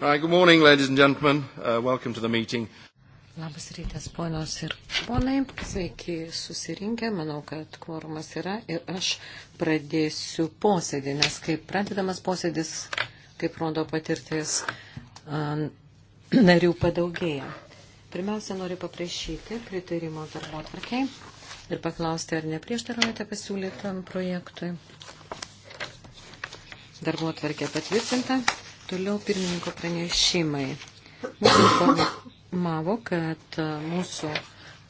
Right, good morning, ladies and gentlemen. Uh, welcome to the meeting. Labas rytas, ponios ir ponai. Sveiki susirinkę. Manau, kad kvorumas yra ir aš pradėsiu posėdį, nes kaip pradedamas posėdis, kaip rodo patirtis, narių padaugėja. Pirmiausia, noriu paprašyti pritarimo darbo tvarkiai ir paklausti, ar neprieštaraujate pasiūlytam projektui. Darbo tvarkė patvirtinta. Toliau pirmininko pranešimai. Mūsų informavo, kad e, mūsų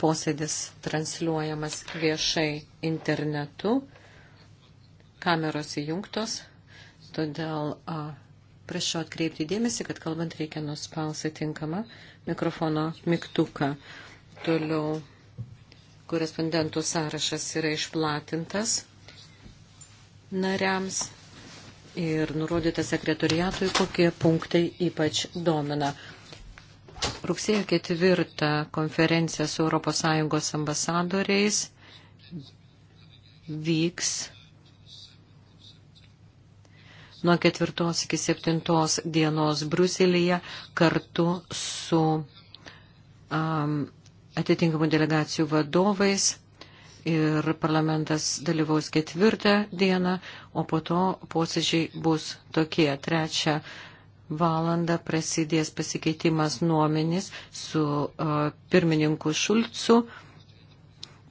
posėdis transliuojamas viešai internetu, kameros įjungtos, todėl a, prašau atkreipti dėmesį, kad kalbant reikia nuspausti tinkamą mikrofono mygtuką. Toliau korespondentų sąrašas yra išplatintas nariams ir nurodyta sekretoriatui, kokie punktai ypač domina. Rugsėjo ketvirtą konferenciją su ES ambasadoriais vyks nuo 4 iki 7 dienos Bruselėje kartu su um, atitinkamų delegacijų vadovais ir parlamentas dalyvaus ketvirtą dieną, o po to posėdžiai bus tokie. Trečią valandą prasidės pasikeitimas nuomenis su uh, pirmininku Šulcu.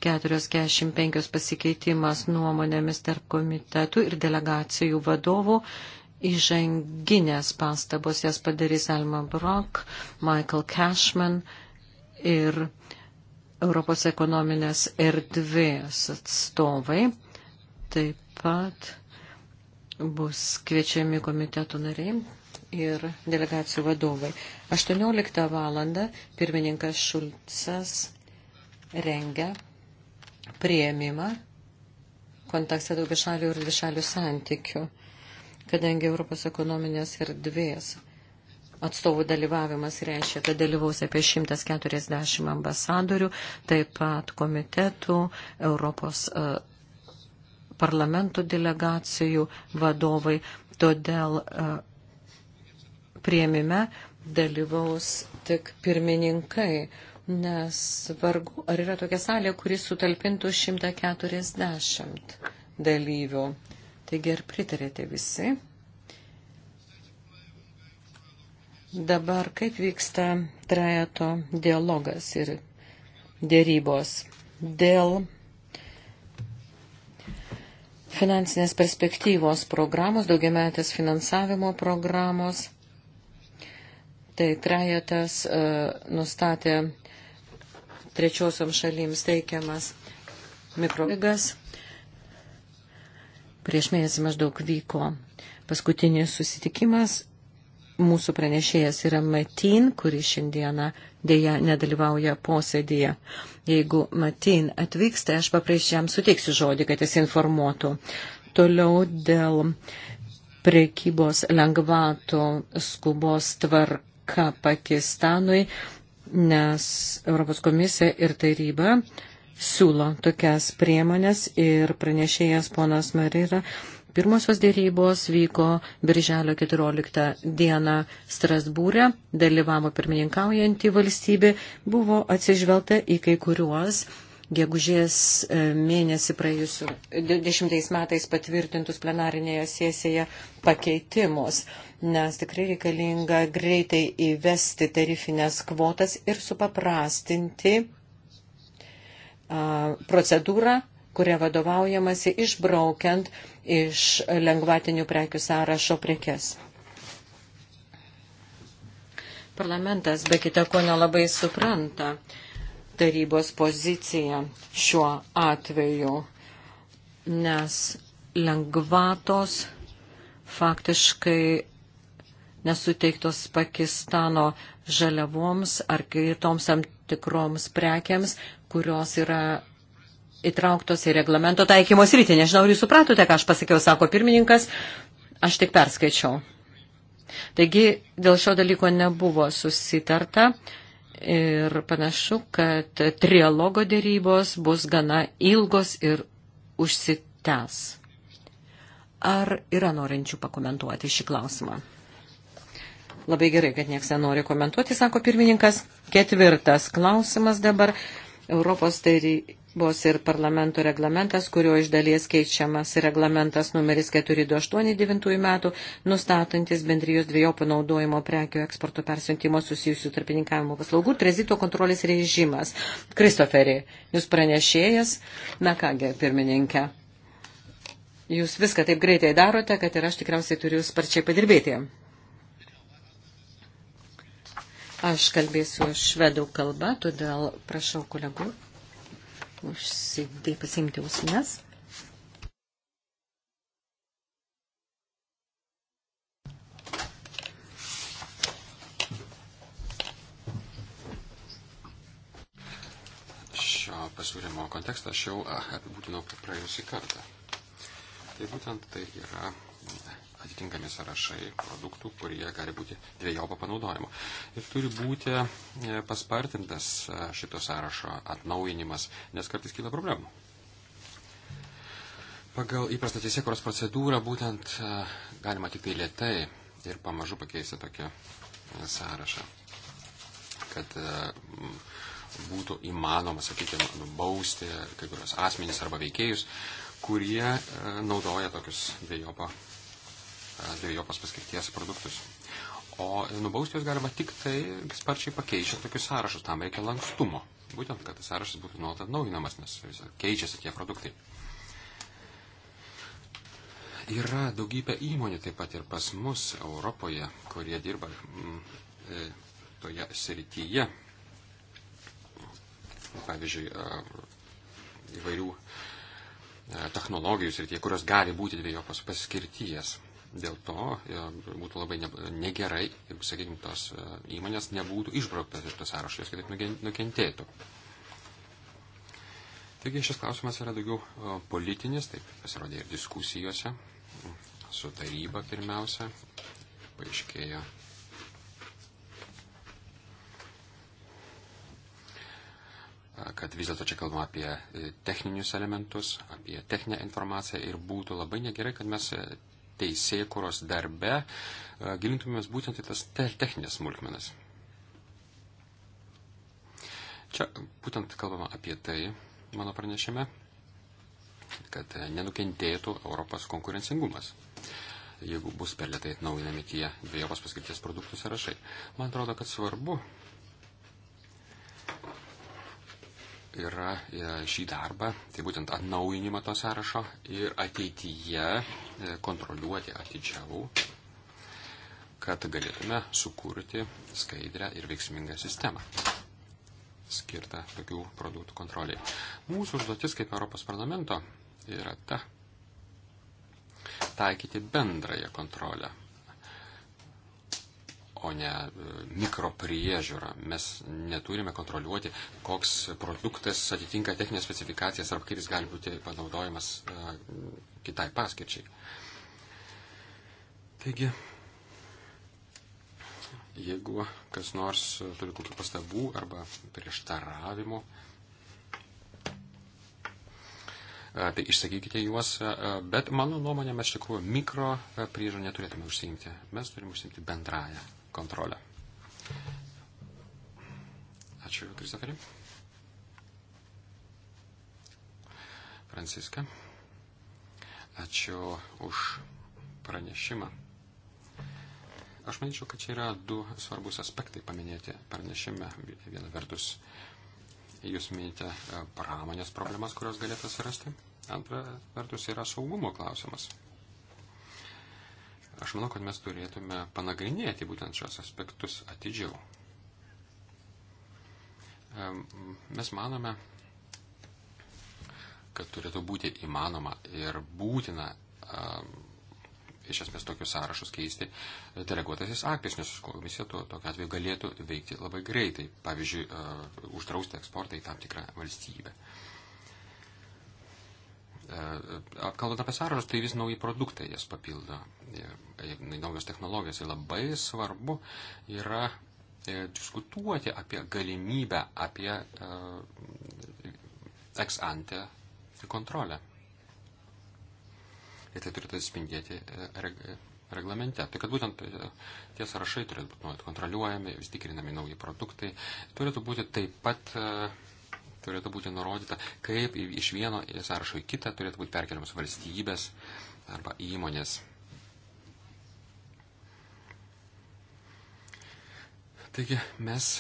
445 pasikeitimas nuomonėmis tarp komitetų ir delegacijų vadovų įžanginės pastabos jas padarys Alma Brock, Michael Cashman ir Europos ekonominės erdvės atstovai. Taip pat bus kviečiami komitetų nariai ir delegacijų vadovai. 18 valandą pirmininkas Šulcas rengia prieimimą kontekste daugiašalių ir dvišalių santykių, kadangi Europos ekonominės erdvės atstovų dalyvavimas reiškia, kad dalyvaus apie 140 ambasadorių, taip pat komitetų, Europos e, parlamentų delegacijų vadovai. Todėl e, prieimime dalyvaus tik pirmininkai, nes vargu, ar yra tokia salė, kuris sutalpintų 140 dalyvių. Taigi ir pritarėte visi. Dabar kaip vyksta trajeto dialogas ir dėrybos dėl finansinės perspektyvos programos, daugiametės finansavimo programos. Tai trajetas uh, e, nustatė trečiosiam šalims teikiamas mikrogas. Prieš mėnesį maždaug vyko paskutinis susitikimas Mūsų pranešėjas yra Matin, kuris šiandieną dėja nedalyvauja posėdėje. Jeigu Matin atvyks, tai aš paprašysiu jam suteiksiu žodį, kad jis informuotų. Toliau dėl prekybos lengvato skubos tvarka Pakistanui, nes Europos komisija ir taryba siūlo tokias priemonės ir pranešėjas ponas Marira Pirmosios dėrybos vyko birželio 14 dieną Strasbūrė, dalyvavo pirmininkaujantį valstybę, buvo atsižvelgta į kai kuriuos gegužės e, mėnesį praėjusiu 10 metais patvirtintus plenarinėje sėsėje pakeitimus, nes tikrai reikalinga greitai įvesti tarifinės kvotas ir supaprastinti procedūrą kuria vadovaujamasi išbraukiant iš lengvatinių prekių sąrašo prekes. Parlamentas be kita ko nelabai supranta tarybos poziciją šiuo atveju, nes lengvatos faktiškai nesuteiktos Pakistano žaliavoms ar kitoms tam tikroms prekiams, kurios yra įtrauktos į reglamento taikymos rytį. Nežinau, ar jūs supratote, ką aš pasakiau, sako pirmininkas, aš tik perskaičiau. Taigi dėl šio dalyko nebuvo susitarta ir panašu, kad trialogo dėrybos bus gana ilgos ir užsitęs. Ar yra norinčių pakomentuoti šį klausimą? Labai gerai, kad nieks nenori komentuoti, sako pirmininkas. Ketvirtas klausimas dabar. Europos tary bus ir parlamento reglamentas, kurio iš dalies keičiamas reglamentas numeris 428 metų, nustatantis bendrijos dviejų panaudojimo prekių eksporto persiuntimo susijusių tarpininkavimo paslaugų ir trezito kontrolės režimas. Kristoferi, jūs pranešėjas? Na kągi, pirmininkė. Jūs viską taip greitai darote, kad ir aš tikriausiai turiu sparčiai padirbėti. Aš kalbėsiu švedų kalbą, todėl prašau kolegų užsidėti pasimti ausines. Šio pasiūlymo kontekstą aš jau apibūdinau praėjusį kartą. Tai būtent tai yra atitinkami sąrašai produktų, kurie gali būti dviejopą panaudojimo. Ir turi būti e, paspartintas e, šito sąrašo atnaujinimas, nes kartais kyla problemų. Pagal įprastą teisėkuros procedūrą būtent e, galima tik tai lietai ir pamažu pakeisti tokį sąrašą, kad būtų įmanoma, sakykime, nubausti kai kurios asmenys arba veikėjus, kurie naudoja tokius dviejopą dviejopos paskirties produktus. O nubausti juos galima tik tai sparčiai pakeičiant tokius sąrašus, tam reikia lankstumo. Būtent, kad tas sąrašas būtų nuolat atnaujinamas, nes keičiasi tie produktai. Yra daugybė įmonių taip pat ir pas mus Europoje, kurie dirba mm, e, toje srityje. Pavyzdžiui, e, įvairių e, technologijų srityje, kurios gali būti dviejopos paskirties. Dėl to e, būtų labai negerai, jeigu, sakykime, tos e, įmonės nebūtų išbrauktas iš to sąrašo, jos kitaip nukentėtų. Taigi šis klausimas yra daugiau politinis, taip pasirodė ir diskusijose su taryba pirmiausia, paaiškėjo. kad vis dėlto čia kalbama apie e, techninius elementus, apie techninę informaciją ir būtų labai negerai, kad mes teisėkuros darbe e, gilintumės būtent į tas te techninės smulkmenas. Čia būtent kalbama apie tai mano pranešime, kad e, nenukentėtų Europos konkurencingumas jeigu bus per lietai atnaujinami tie dviejopos paskirties produktų sąrašai. Man atrodo, kad svarbu yra e, šį darbą, tai būtent atnaujinimą to sąrašo ir ateityje e, kontroliuoti atidžiau, kad galėtume sukurti skaidrę ir veiksmingą sistemą skirtą tokių produktų kontroliai. Mūsų užduotis kaip Europos parlamento yra ta taikyti bendrąją kontrolę o ne e, mikropriežiūra. Mes neturime kontroliuoti, koks produktas atitinka techninės specifikacijas arba kaip jis gali būti panaudojamas e, kitai paskirčiai. Taigi, jeigu kas nors turi kokių pastabų arba prieštaravimų, e, tai išsakykite juos, bet mano nuomonė mes iš tikrųjų mikro priežą neturėtume užsiimti. Mes turime užsiimti bendrąją kontrolę. Ačiū, Kristoferi. Franciska. Ačiū už pranešimą. Aš manyčiau, kad čia yra du svarbus aspektai paminėti pranešime. Viena vertus, jūs minite e, pramonės problemas, kurios galėtų atsirasti. Antra vertus, yra saugumo klausimas. Aš manau, kad mes turėtume panagrinėti būtent šios aspektus atidžiau. Mes manome, kad turėtų būti įmanoma ir būtina iš esmės tokius sąrašus keisti deleguotasis aktais, nes komisija to, tokiu atveju galėtų veikti labai greitai, pavyzdžiui, e, uždrausti eksportą į tam tikrą valstybę. Uh, Kalbant apie sąrašus, tai vis nauji produktai jas papildo, e, naujos technologijos. Ir labai svarbu yra e, diskutuoti apie galimybę, apie e, ex ante kontrolę. Ir tai turėtų atspindėti reglamente. Tai kad būtent tie sąrašai turėtų būti nuolat kontroliuojami, vis tikrinami nauji produktai. Turėtų būti taip pat uh, turėtų būti nurodyta, kaip iš vieno sąrašo į kitą turėtų būti perkeliamos valstybės arba įmonės. Taigi mes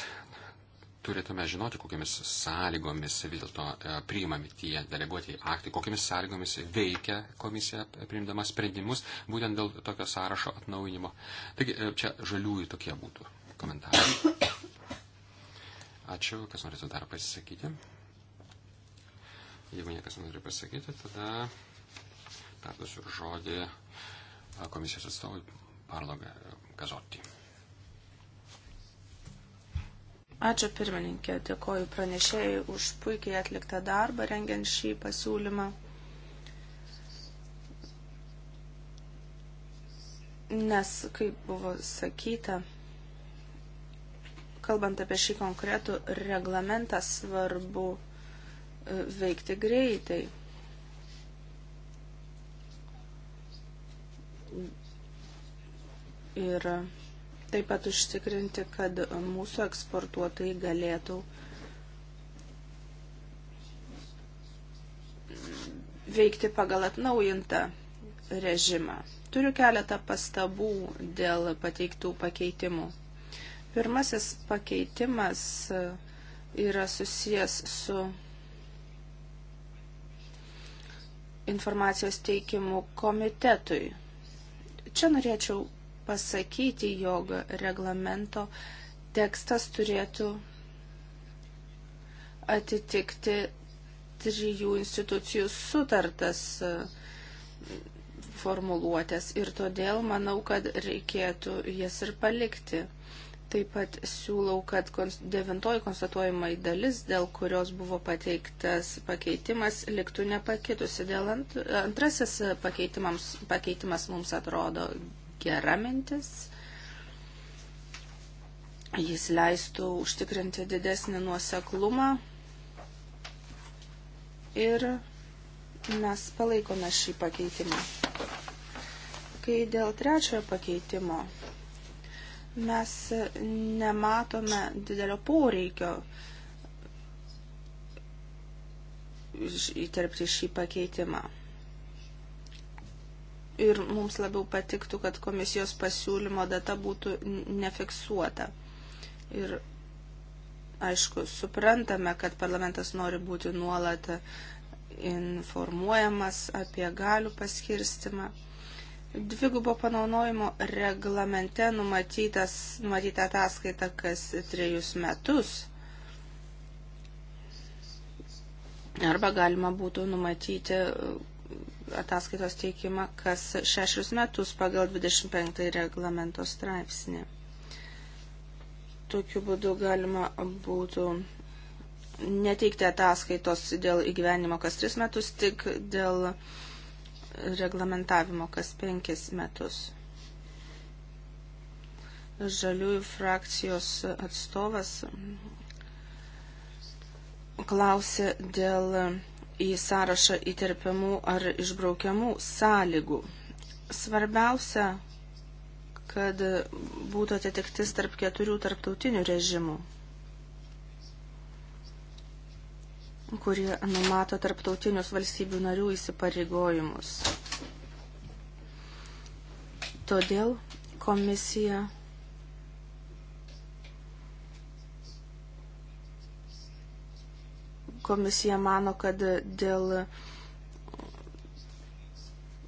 turėtume žinoti, kokiamis sąlygomis vis dėlto e, priimami tie deleguotieji aktai, kokiamis sąlygomis veikia komisija e, priimdama sprendimus būtent dėl tokio sąrašo atnaujinimo. Taigi e, čia žaliųjų tokie būtų komentarai. Ačiū, kas norėtų dar pasisakyti. Jeigu niekas nenori pasakyti, tada perduosiu žodį komisijos atstovui Parlo Gazotti. Ačiū pirmininkė, dėkoju pranešėjai už puikiai atliktą darbą rengiant šį pasiūlymą. Nes, kaip buvo sakyta, kalbant apie šį konkretų reglamentą, svarbu E, veikti greitai. Ir taip pat užtikrinti, kad mūsų eksportuotojai galėtų veikti pagal atnaujintą režimą. Turiu keletą pastabų dėl pateiktų pakeitimų. Pirmasis pakeitimas e, yra susijęs su informacijos teikimu komitetui. Čia norėčiau pasakyti, jog reglamento tekstas turėtų atitikti trijų institucijų sutartas e, formuluotės ir todėl manau, kad reikėtų jas ir palikti. Taip pat siūlau, kad devintoji konstatuojama į dalis, dėl kurios buvo pateiktas pakeitimas, liktų nepakitusi. Dėl ant, antrasis pakeitimas mums atrodo gera mintis. Jis leistų užtikrinti didesnį nuoseklumą ir mes palaikome šį pakeitimą. Kai dėl trečiojo pakeitimo mes nematome didelio poreikio įterpti šį pakeitimą. Ir mums labiau patiktų, kad komisijos pasiūlymo data būtų nefiksuota. Ir aišku, suprantame, kad parlamentas nori būti nuolat informuojamas apie galių paskirstimą. Dvigubo panaudojimo reglamente numatyta ataskaita kas trejus metus. Arba galima būtų numatyti uh, ataskaitos teikimą kas šešius metus pagal 25 reglamento straipsnį. Tokiu būdu galima būtų neteikti ataskaitos dėl įgyvenimo kas tris metus, tik dėl reglamentavimo kas penkis metus. Žaliųjų frakcijos atstovas klausė dėl į sąrašą įterpiamų ar išbraukiamų sąlygų. Svarbiausia, kad būtų atitiktis tarp keturių tarptautinių režimų kurie numato tarptautinius valstybių narių įsipareigojimus. Todėl komisija komisija mano, kad dėl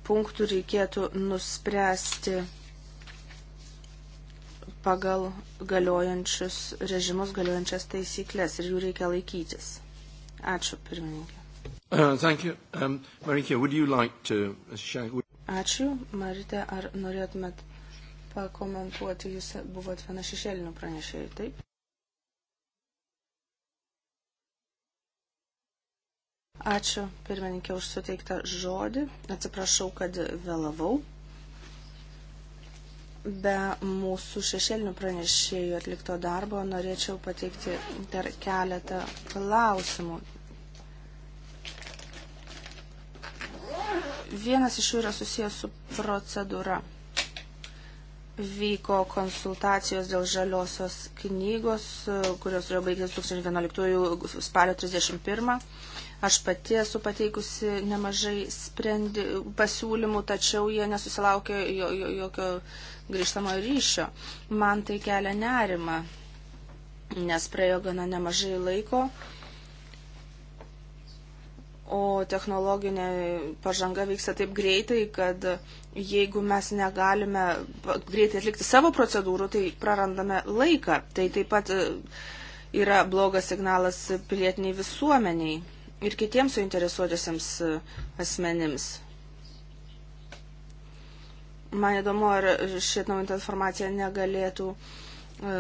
punktų reikėtų nuspręsti pagal galiojančius režimus, galiojančias taisyklės ir jų reikia laikytis. Ačiū, pirmininkė. Uh, thank you. Um, Marike, would you like to... Ačiū. Marite, ar norėtumėt pakomentuoti, jūs buvot viena šešėlinių pranešėjų, taip? Ačiū, pirmininkė, už suteiktą žodį. Atsiprašau, kad vėlavau. Be mūsų šešėlinių pranešėjų atlikto darbo norėčiau pateikti dar keletą klausimų Vienas iš jų yra susijęs su procedūra. Vyko konsultacijos dėl žaliosios knygos, kurios turėjo baigtis 2011 spalio 31. Aš pati esu pateikusi nemažai sprendi, pasiūlymų, tačiau jie nesusilaukė jo, jo, jokio grįžtamo ryšio. Man tai kelia nerima, nes praėjo gana nemažai laiko O technologinė pažanga vyksta taip greitai, kad jeigu mes negalime greitai atlikti savo procedūrų, tai prarandame laiką. Tai taip pat e, yra blogas signalas pilietiniai visuomeniai ir kitiems suinteresuotisiems e, asmenims. Man įdomu, ar ši atnaujinta informacija negalėtų e,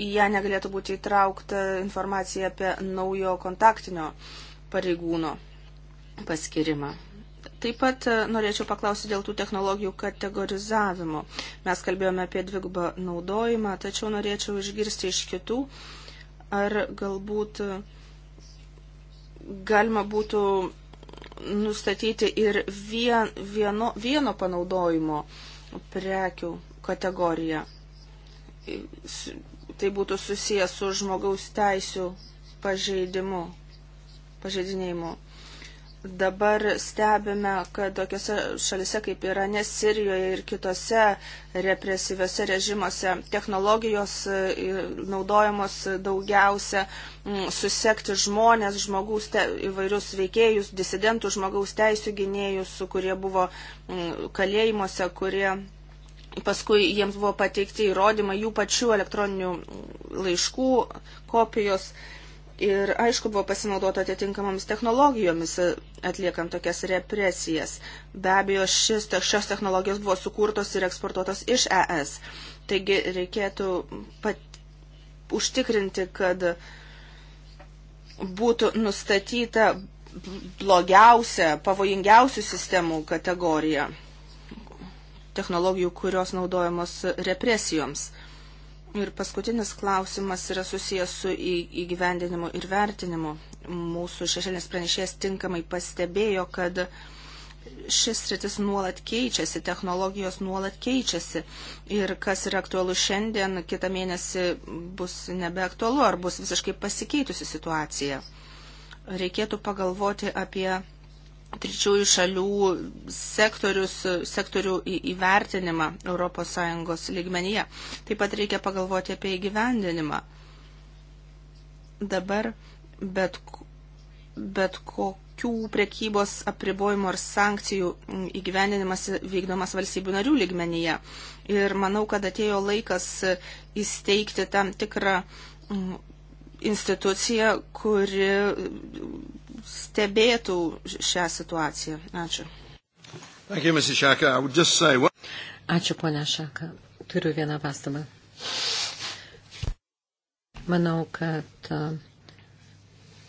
į ją negalėtų būti įtraukta informacija apie naujo kontaktinio pareigūno paskirimą. Taip pat e, norėčiau paklausyti dėl tų technologijų kategorizavimo. Mes kalbėjome apie dvigubą naudojimą, tačiau norėčiau išgirsti iš kitų, ar galbūt e, galima būtų nustatyti ir vien, vieno, vieno panaudojimo prekių kategoriją e, tai būtų susijęs su žmogaus teisų pažeidimu, pažeidinėjimu. Dabar stebime, kad tokiuose šalise kaip Irane, Sirijoje ir kitose represyviuose režimuose technologijos e, naudojamos daugiausia susekti žmonės, žmogaus te, įvairius veikėjus, disidentų žmogaus teisų gynėjus, kurie buvo kalėjimuose, kurie Paskui jiems buvo pateikti įrodymai jų pačių elektroninių laiškų, kopijos ir aišku buvo pasinaudota atitinkamomis technologijomis atliekant tokias represijas. Be abejo, šis, šios technologijos buvo sukurtos ir eksportuotos iš ES. Taigi reikėtų pat, užtikrinti, kad būtų nustatyta blogiausia, pavojingiausių sistemų kategorija technologijų, kurios naudojamos represijoms. Ir paskutinis klausimas yra susijęs su įgyvendinimu ir vertinimu. Mūsų šešėlinis pranešėjas tinkamai pastebėjo, kad šis rytis nuolat keičiasi, technologijos nuolat keičiasi ir kas yra aktualu šiandien, kitą mėnesį bus nebeaktualu ar bus visiškai pasikeitusi situacija. Reikėtų pagalvoti apie trečiųjų šalių sektorius, sektorių įvertinimą ES lygmenyje. Taip pat reikia pagalvoti apie įgyvendinimą. Dabar bet, bet kokių prekybos apribojimų ar sankcijų įgyvendinimas vykdomas valstybių narių lygmenyje. Ir manau, kad atėjo laikas įsteigti tam tikrą mm, institucija, kuri stebėtų šią situaciją. Ačiū. Ačiū, ponia Šaka. Turiu vieną pastabą. Manau, kad e,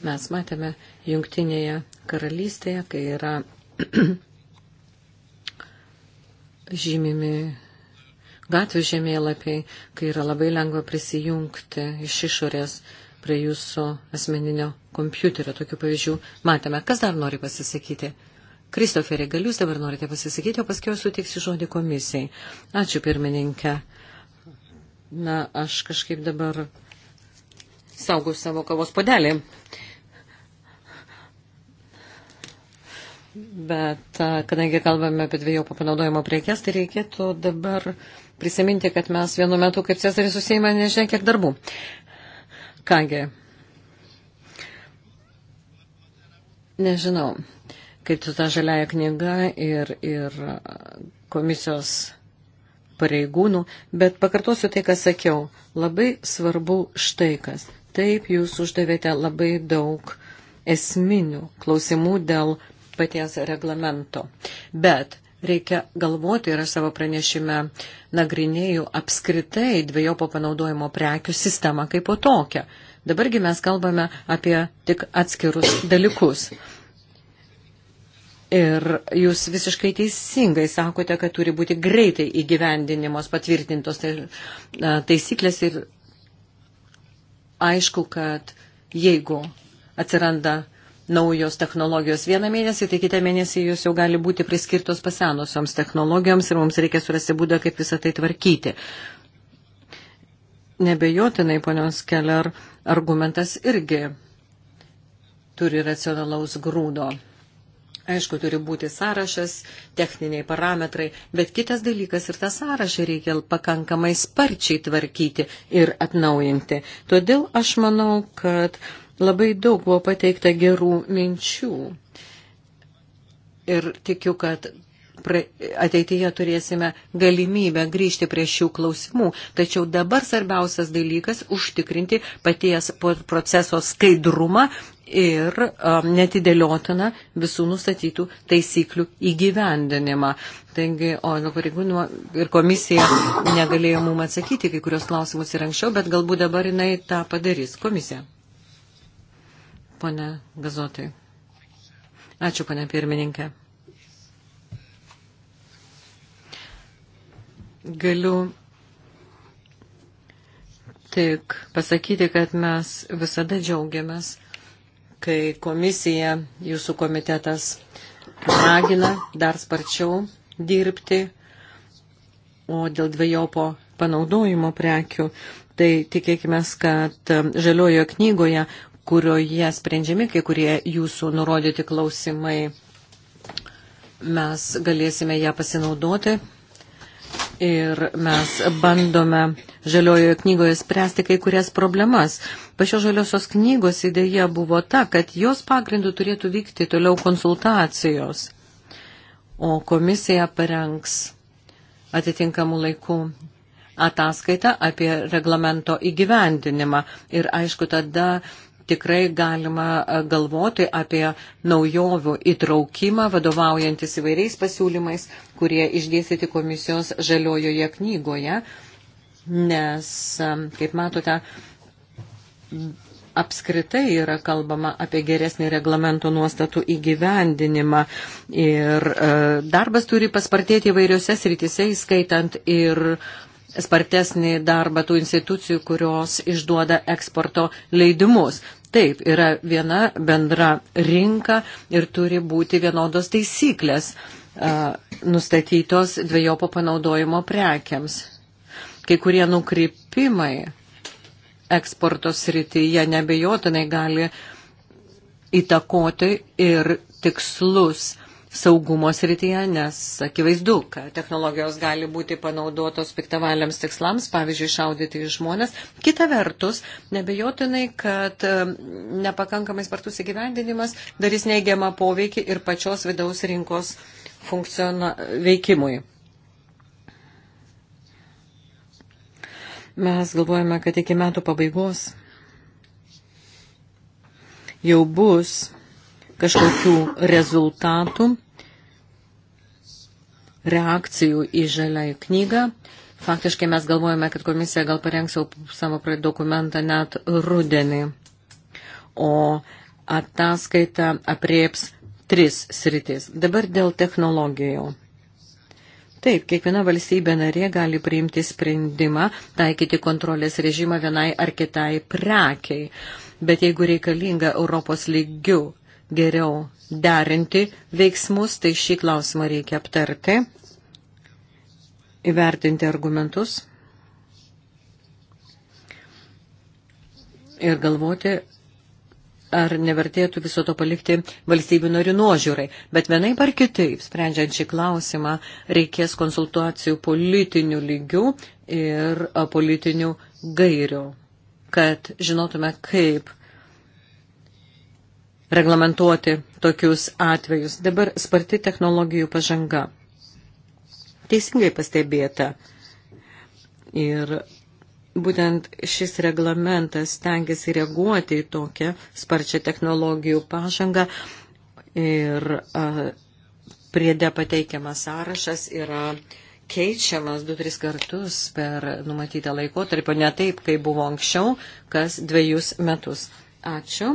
mes matėme jungtinėje karalystėje, kai yra žymimi gatvių žemėlapiai, kai yra labai lengva prisijungti iš išorės prie jūsų asmeninio kompiuterio. Tokių pavyzdžių matėme. Kas dar nori pasisakyti? Kristoferi, gal jūs dabar norite pasisakyti, o paskui sutiksi žodį komisijai. Ačiū pirmininkė. Na, aš kažkaip dabar saugau savo kavos padelį. Bet kadangi kalbame apie dviejopą panaudojimo priekes, tai reikėtų dabar prisiminti, kad mes vienu metu kaip Cezaris susijame nežinia kiek darbų. Kągi, nežinau, kaip su ta žaliaja knyga ir, ir komisijos pareigūnų, bet pakartosiu tai, ką sakiau. Labai svarbu štai kas. Taip, jūs uždavėte labai daug esminių klausimų dėl paties reglamento. Bet reikia galvoti ir aš savo pranešime nagrinėjau apskritai dviejopo panaudojimo prekių sistemą kaip po tokią. Dabargi mes kalbame apie tik atskirus dalykus. Ir jūs visiškai teisingai sakote, kad turi būti greitai įgyvendinimos patvirtintos tai, taisyklės ir aišku, kad jeigu atsiranda naujos technologijos vieną mėnesį, tai kitą mėnesį jūs jau gali būti priskirtos pasenusioms technologijoms ir mums reikia surasti būdą, kaip visą tai tvarkyti. Nebejotinai, ponios Keller, argumentas irgi turi racionalaus grūdo. Aišku, turi būti sąrašas, techniniai parametrai, bet kitas dalykas ir tą sąrašą reikia pakankamai sparčiai tvarkyti ir atnaujinti. Todėl aš manau, kad Labai daug buvo pateikta gerų minčių ir tikiu, kad ateityje turėsime galimybę grįžti prie šių klausimų. Tačiau dabar svarbiausias dalykas - užtikrinti paties proceso skaidrumą ir um, netidėliotiną visų nustatytų taisyklių įgyvendinimą. Taigi, o nu, pareigūnų ir komisija negalėjo mums atsakyti kai kurios klausimus ir anksčiau, bet galbūt dabar jinai tą padarys. Komisija pone Gazotai. Ačiū, pone pirmininkė. Galiu tik pasakyti, kad mes visada džiaugiamės, kai komisija, jūsų komitetas ragina dar sparčiau dirbti, o dėl dviejopo panaudojimo prekių, tai tikėkime, kad žaliojo knygoje kurioje sprendžiami kai kurie jūsų nurodyti klausimai. Mes galėsime ją pasinaudoti ir mes bandome žaliojoje knygoje spręsti kai kurias problemas. Pačios žaliosios knygos idėja buvo ta, kad jos pagrindu turėtų vykti toliau konsultacijos, o komisija parengs atitinkamų laikų ataskaitą apie reglamento įgyvendinimą. Ir aišku, tada tikrai galima e, galvoti apie naujovių įtraukimą, vadovaujantis įvairiais pasiūlymais, kurie išdėstyti komisijos žaliojoje knygoje, nes, e, kaip matote, apskritai yra kalbama apie geresnį reglamento nuostatų įgyvendinimą ir e, darbas turi paspartėti įvairiose srityse, įskaitant ir spartesnį darbą tų institucijų, kurios išduoda eksporto leidimus. Taip, yra viena bendra rinka ir turi būti vienodos taisyklės nustatytos dviejopo panaudojimo prekiams. Kai kurie nukrypimai eksporto srityje nebejotinai gali įtakoti ir tikslus saugumo srityje, nes akivaizdu, kad technologijos gali būti panaudotos piktavaliams tikslams, pavyzdžiui, šaudyti į žmonės. Kita vertus, nebejotinai, kad nepakankamai spartus įgyvendinimas darys neigiamą poveikį ir pačios vidaus rinkos funkciona veikimui. Mes galvojame, kad iki metų pabaigos jau bus kažkokių rezultatų, reakcijų į žaliąją knygą. Faktiškai mes galvojame, kad komisija gal parengs jau savo dokumentą net rudenį, o ataskaita aprieps tris sritis. Dabar dėl technologijų. Taip, kiekviena valstybė narė gali priimti sprendimą taikyti kontrolės režimą vienai ar kitai prekiai. Bet jeigu reikalinga Europos lygių geriau derinti veiksmus, tai šį klausimą reikia aptarti, įvertinti argumentus ir galvoti, ar nevertėtų viso to palikti valstybių norių nuožiūrai. Bet vienai par kitaip, sprendžiant šį klausimą, reikės konsultacijų politinių lygių ir politinių gairių, kad žinotume, kaip reglamentuoti tokius atvejus. Dabar sparti technologijų pažanga. Teisingai pastebėta. Ir būtent šis reglamentas tengiasi reaguoti į tokią sparčią technologijų pažangą ir priede pateikiamas sąrašas yra keičiamas du, tris kartus per numatytą laikotarpį, ne taip, kaip buvo anksčiau, kas dviejus metus. Ačiū.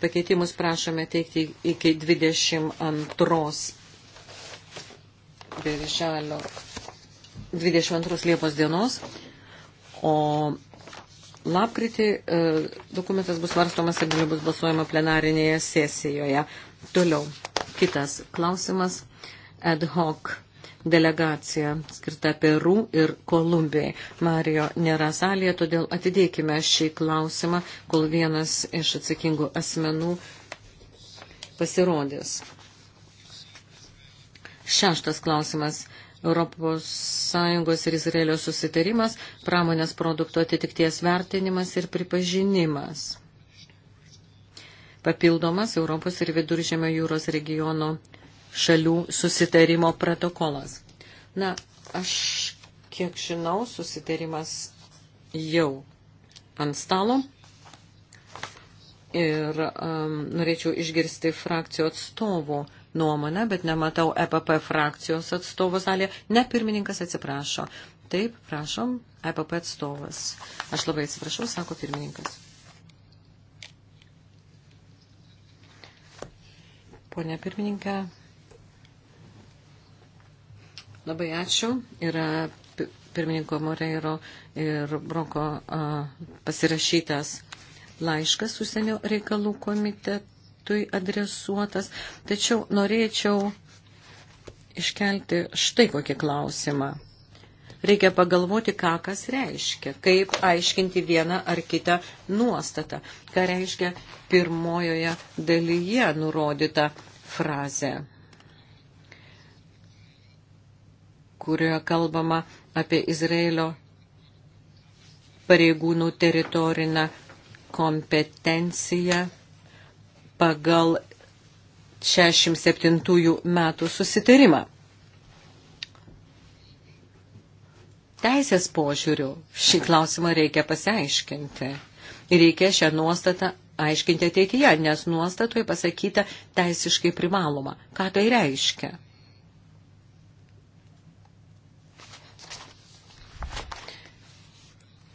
Pakeitimus prašome teikti iki 22 birželio 22 Liepos dienos, o lapkritį e, dokumentas bus varstomas ir vėliau bus balsuojama plenarinėje sesijoje. Toliau, kitas klausimas ad hoc delegacija skirta Peru ir Kolumbijai. Mario nėra salėje, todėl atidėkime šį klausimą, kol vienas iš atsakingų asmenų pasirodys. Šeštas klausimas. ES ir Izraelio susitarimas, pramonės produkto atitikties vertinimas ir pripažinimas. Papildomas Europos ir Viduržėmio jūros regiono šalių susitarimo protokolas. Na, aš kiek žinau, susitarimas jau ant stalo. Ir um, norėčiau išgirsti frakcijų atstovų nuomonę, bet nematau EPP frakcijos atstovų salėje. Ne, pirmininkas atsiprašo. Taip, prašom, EPP atstovas. Aš labai atsiprašau, sako pirmininkas. Pone pirmininkė, Labai ačiū. Yra pirmininko Moreiro ir Broko pasirašytas laiškas užsienio reikalų komitetui adresuotas. Tačiau norėčiau iškelti štai kokį klausimą. Reikia pagalvoti, ką kas reiškia, kaip aiškinti vieną ar kitą nuostatą, ką reiškia pirmojoje dalyje nurodyta frazė. kurioje kalbama apie Izraelio pareigūnų teritorinę kompetenciją pagal 67 metų susitarimą. Teisės požiūrių šį klausimą reikia pasiaiškinti. Ir reikia šią nuostatą aiškinti ateityje, nes nuostatoje pasakyta teisiškai privaloma. Ką tai reiškia?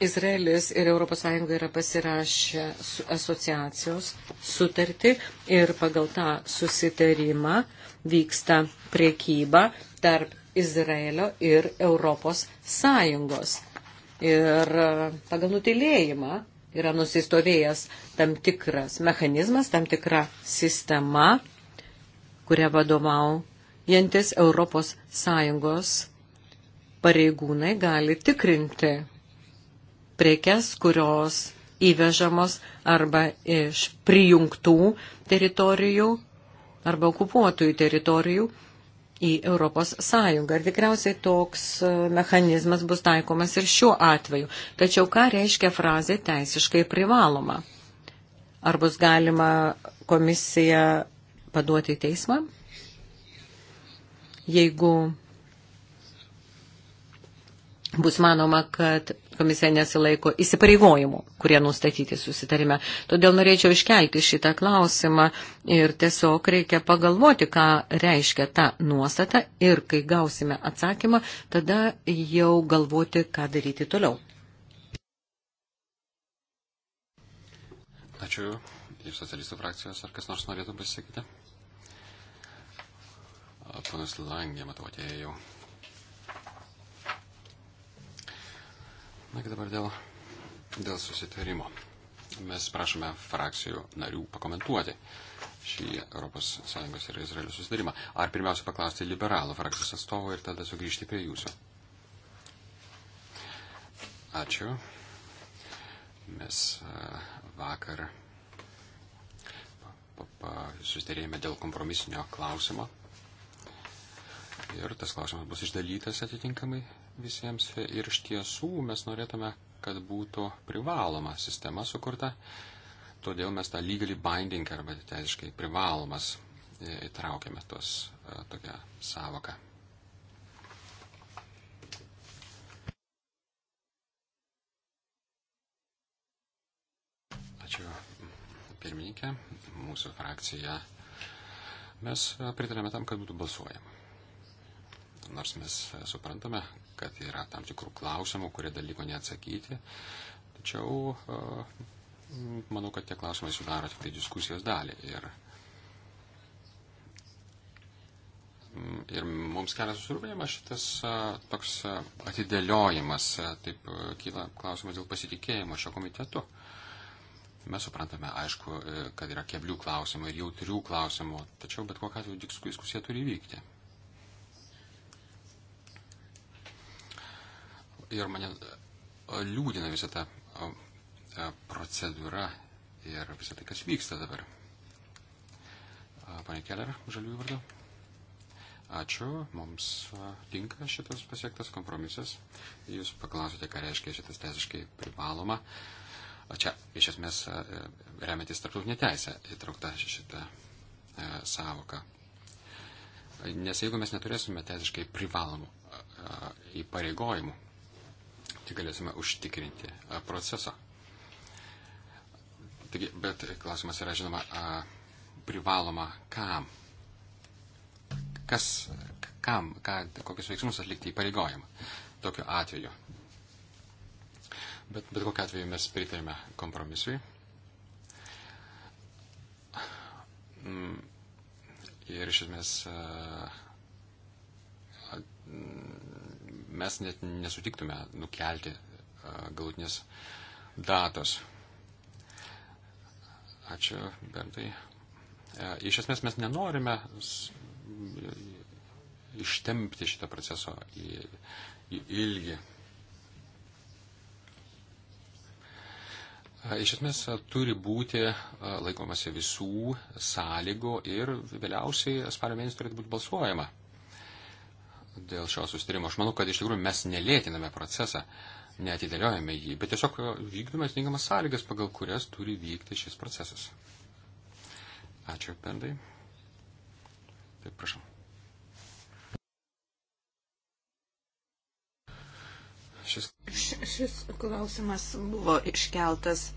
Izraelis ir ES yra pasirašę asociacijos sutartį ir pagal tą susitarimą vyksta priekyba tarp Izraelio ir ES. Ir e, pagal nutilėjimą yra nusistovėjęs tam tikras mechanizmas, tam tikra sistema, kurią vadovaujantis ES pareigūnai gali tikrinti prekes, kurios įvežamos arba iš prijungtų teritorijų arba okupuotųjų teritorijų į Europos Sąjungą. Ir tikriausiai toks e, mechanizmas bus taikomas ir šiuo atveju. Tačiau ką reiškia frazė teisiškai privaloma? Ar bus galima komisiją paduoti į teismą? Jeigu bus manoma, kad komisija nesilaiko įsipareigojimų, kurie nustatyti susitarime. Todėl norėčiau iškelti šitą klausimą ir tiesiog reikia pagalvoti, ką reiškia ta nuostata ir kai gausime atsakymą, tada jau galvoti, ką daryti toliau. Ačiū. Iš socialistų frakcijos ar kas nors norėtų pasisakyti? Ponas Langė, matau, atėjo jau. Na, dabar dėl, dėl susitarimo. Mes prašome frakcijų narių pakomentuoti šį ES ir Izraelio susitarimą. Ar pirmiausia paklausti liberalų frakcijos atstovų ir tada sugrįžti prie jūsų. Ačiū. Mes e, vakar susitarėjome dėl kompromisinio klausimo. Ir tas klausimas bus išdalytas atitinkamai visiems ir iš tiesų mes norėtume, kad būtų privaloma sistema sukurta, todėl mes tą legally binding arba teisiškai privalomas e, įtraukėme tos e, tokią savoką. Ačiū pirmininkė, mūsų frakcija. Mes e, pritarėme tam, kad būtų balsuojama. Nors mes e, suprantame, kad yra tam tikrų klausimų, kurie dar liko neatsakyti. Tačiau e, manau, kad tie klausimai sudaro tik tai diskusijos dalį. Ir, ir mums kelia susirūpinimas šitas e, toks atidėliojimas. Taip kyla klausimas dėl pasitikėjimo šio komitetu. Mes suprantame, aišku, kad yra keblių klausimų ir jautrių klausimų, tačiau bet kokia atveju diskusija turi vykti. ir mane e, liūdina visą tą e, procedūrą ir visą tai, kas vyksta dabar. Pane Keller, žaliųjų vardu. Ačiū, mums tinka šitas pasiektas kompromisas. Jūs paklausite, ką reiškia šitas teisiškai privaloma. Čia, iš esmės, e, remiantis tarptautinė teisė įtraukta šitą savoką. Nes jeigu mes neturėsime teisiškai privalomų įpareigojimų, tik galėsime užtikrinti procesą. Taigi, bet klausimas yra, žinoma, privaloma kam. Kas, kam, ką, kokius veiksmus atlikti įpareigojama tokiu atveju. Bet, bet kokiu atveju mes pritarėme kompromisui. Mm, ir iš esmės mes net nesutiktume nukelti galutinės datos. Ačiū, Bentai. E, iš esmės mes nenorime ištempti šitą procesą į, į ilgį. E, iš esmės e, turi būti laikomasi visų sąlygų ir vėliausiai spalio mėnesį turėtų būti balsuojama dėl šio sustarimo. Aš manau, kad iš tikrųjų mes nelėtiname procesą, neatidėliojame jį, bet tiesiog vykdome atitinkamas sąlygas, pagal kurias turi vykti šis procesas. Ačiū, Pendai. Taip, prašau. Šis, šis klausimas buvo iškeltas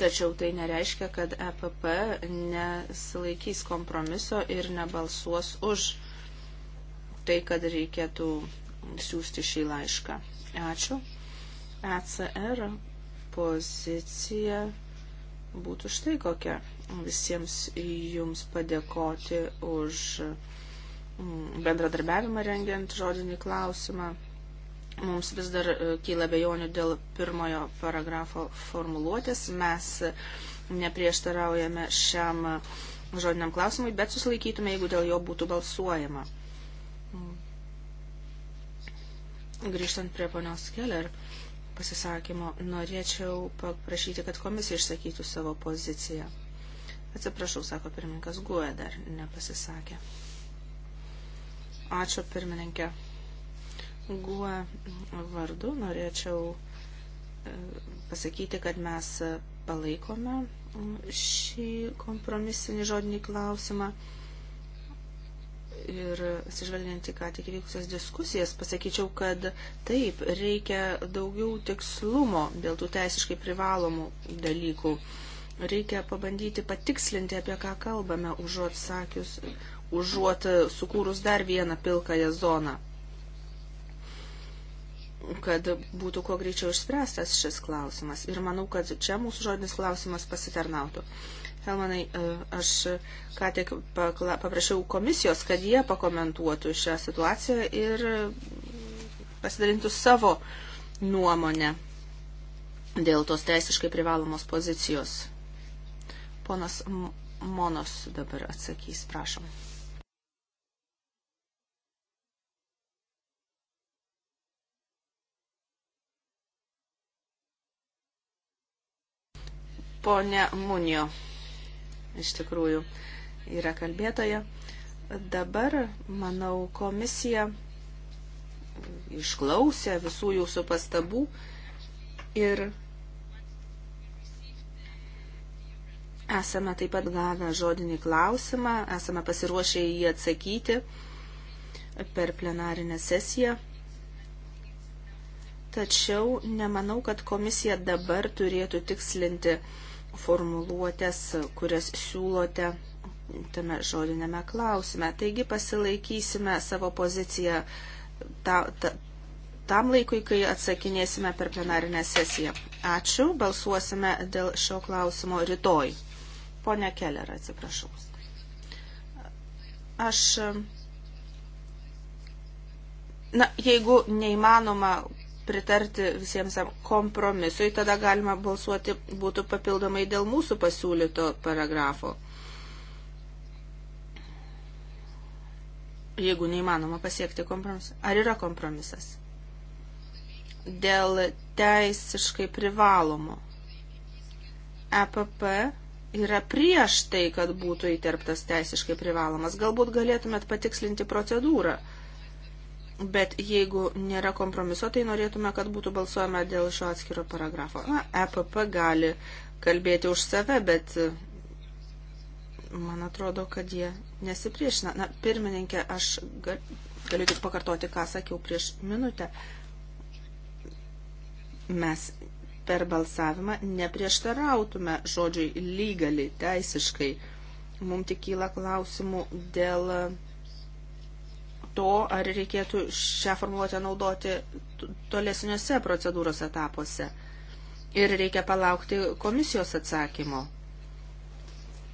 Tačiau tai nereiškia, kad EPP nesilaikys kompromiso ir nebalsuos už tai, kad reikėtų siūsti šį laišką. Ačiū. ECR pozicija būtų štai kokia. Visiems jums padėkoti už mm, bendradarbiavimą rengiant žodinį klausimą. Mums vis dar e, kyla bejonių dėl pirmojo paragrafo formuluotės. Mes neprieštaraujame šiam žodiniam klausimui, bet susilaikytume, jeigu dėl jo būtų balsuojama. Grįžtant prie ponios Keller pasisakymo, norėčiau paprašyti, kad komisija išsakytų savo poziciją. Atsiprašau, sako pirmininkas Guoja dar nepasisakė. Ačiū pirmininkė. Guoja vardu norėčiau e, pasakyti, kad mes palaikome šį kompromisinį žodinį klausimą ir atsižvelgiant į ką tik vykusias diskusijas, pasakyčiau, kad taip, reikia daugiau tikslumo dėl tų teisiškai privalomų dalykų. Reikia pabandyti patikslinti, apie ką kalbame, užuot sakius, užuot sukūrus dar vieną pilkąją zoną, kad būtų kuo greičiau išspręstas šis klausimas. Ir manau, kad čia mūsų žodinis klausimas pasitarnautų. Helmanai, e, aš ką tik paprašiau komisijos, kad jie pakomentuotų šią situaciją ir pasidalintų savo nuomonę dėl tos teisiškai privalomos pozicijos. Ponas Monos dabar atsakys, prašom. Pone Munio iš tikrųjų yra kalbėtoja. Dabar, manau, komisija išklausė visų jūsų pastabų ir esame taip pat gavę žodinį klausimą, esame pasiruošę jį atsakyti per plenarinę sesiją. Tačiau nemanau, kad komisija dabar turėtų tikslinti uh, formuluotės, kurias siūlote tame žodinėme klausime. Taigi pasilaikysime savo poziciją ta, ta, tam laikui, kai atsakinėsime per plenarinę sesiją. Ačiū, balsuosime dėl šio klausimo rytoj. Pone Keller, atsiprašau. Aš. Na, jeigu neįmanoma pritarti visiems kompromisui, tada galima balsuoti būtų papildomai dėl mūsų pasiūlyto paragrafo. Jeigu neįmanoma pasiekti kompromisą. Ar yra kompromisas? Dėl teisiškai privalomo. EPP yra prieš tai, kad būtų įterptas teisiškai privalomas. Galbūt galėtumėt patikslinti procedūrą. Bet jeigu nėra kompromiso, tai norėtume, kad būtų balsuojama dėl šio atskiro paragrafo. Na, EPP gali kalbėti už save, bet e, man atrodo, kad jie nesipriešina. Na, pirmininkė, aš gal, galiu tik pakartoti, ką sakiau prieš minutę. Mes per balsavimą neprieštarautume žodžiui lygaliai, teisiškai. Mums tik kyla klausimų dėl to, ar reikėtų šią formuluotę naudoti tolesniuose procedūros etapuose. Ir reikia palaukti komisijos atsakymo.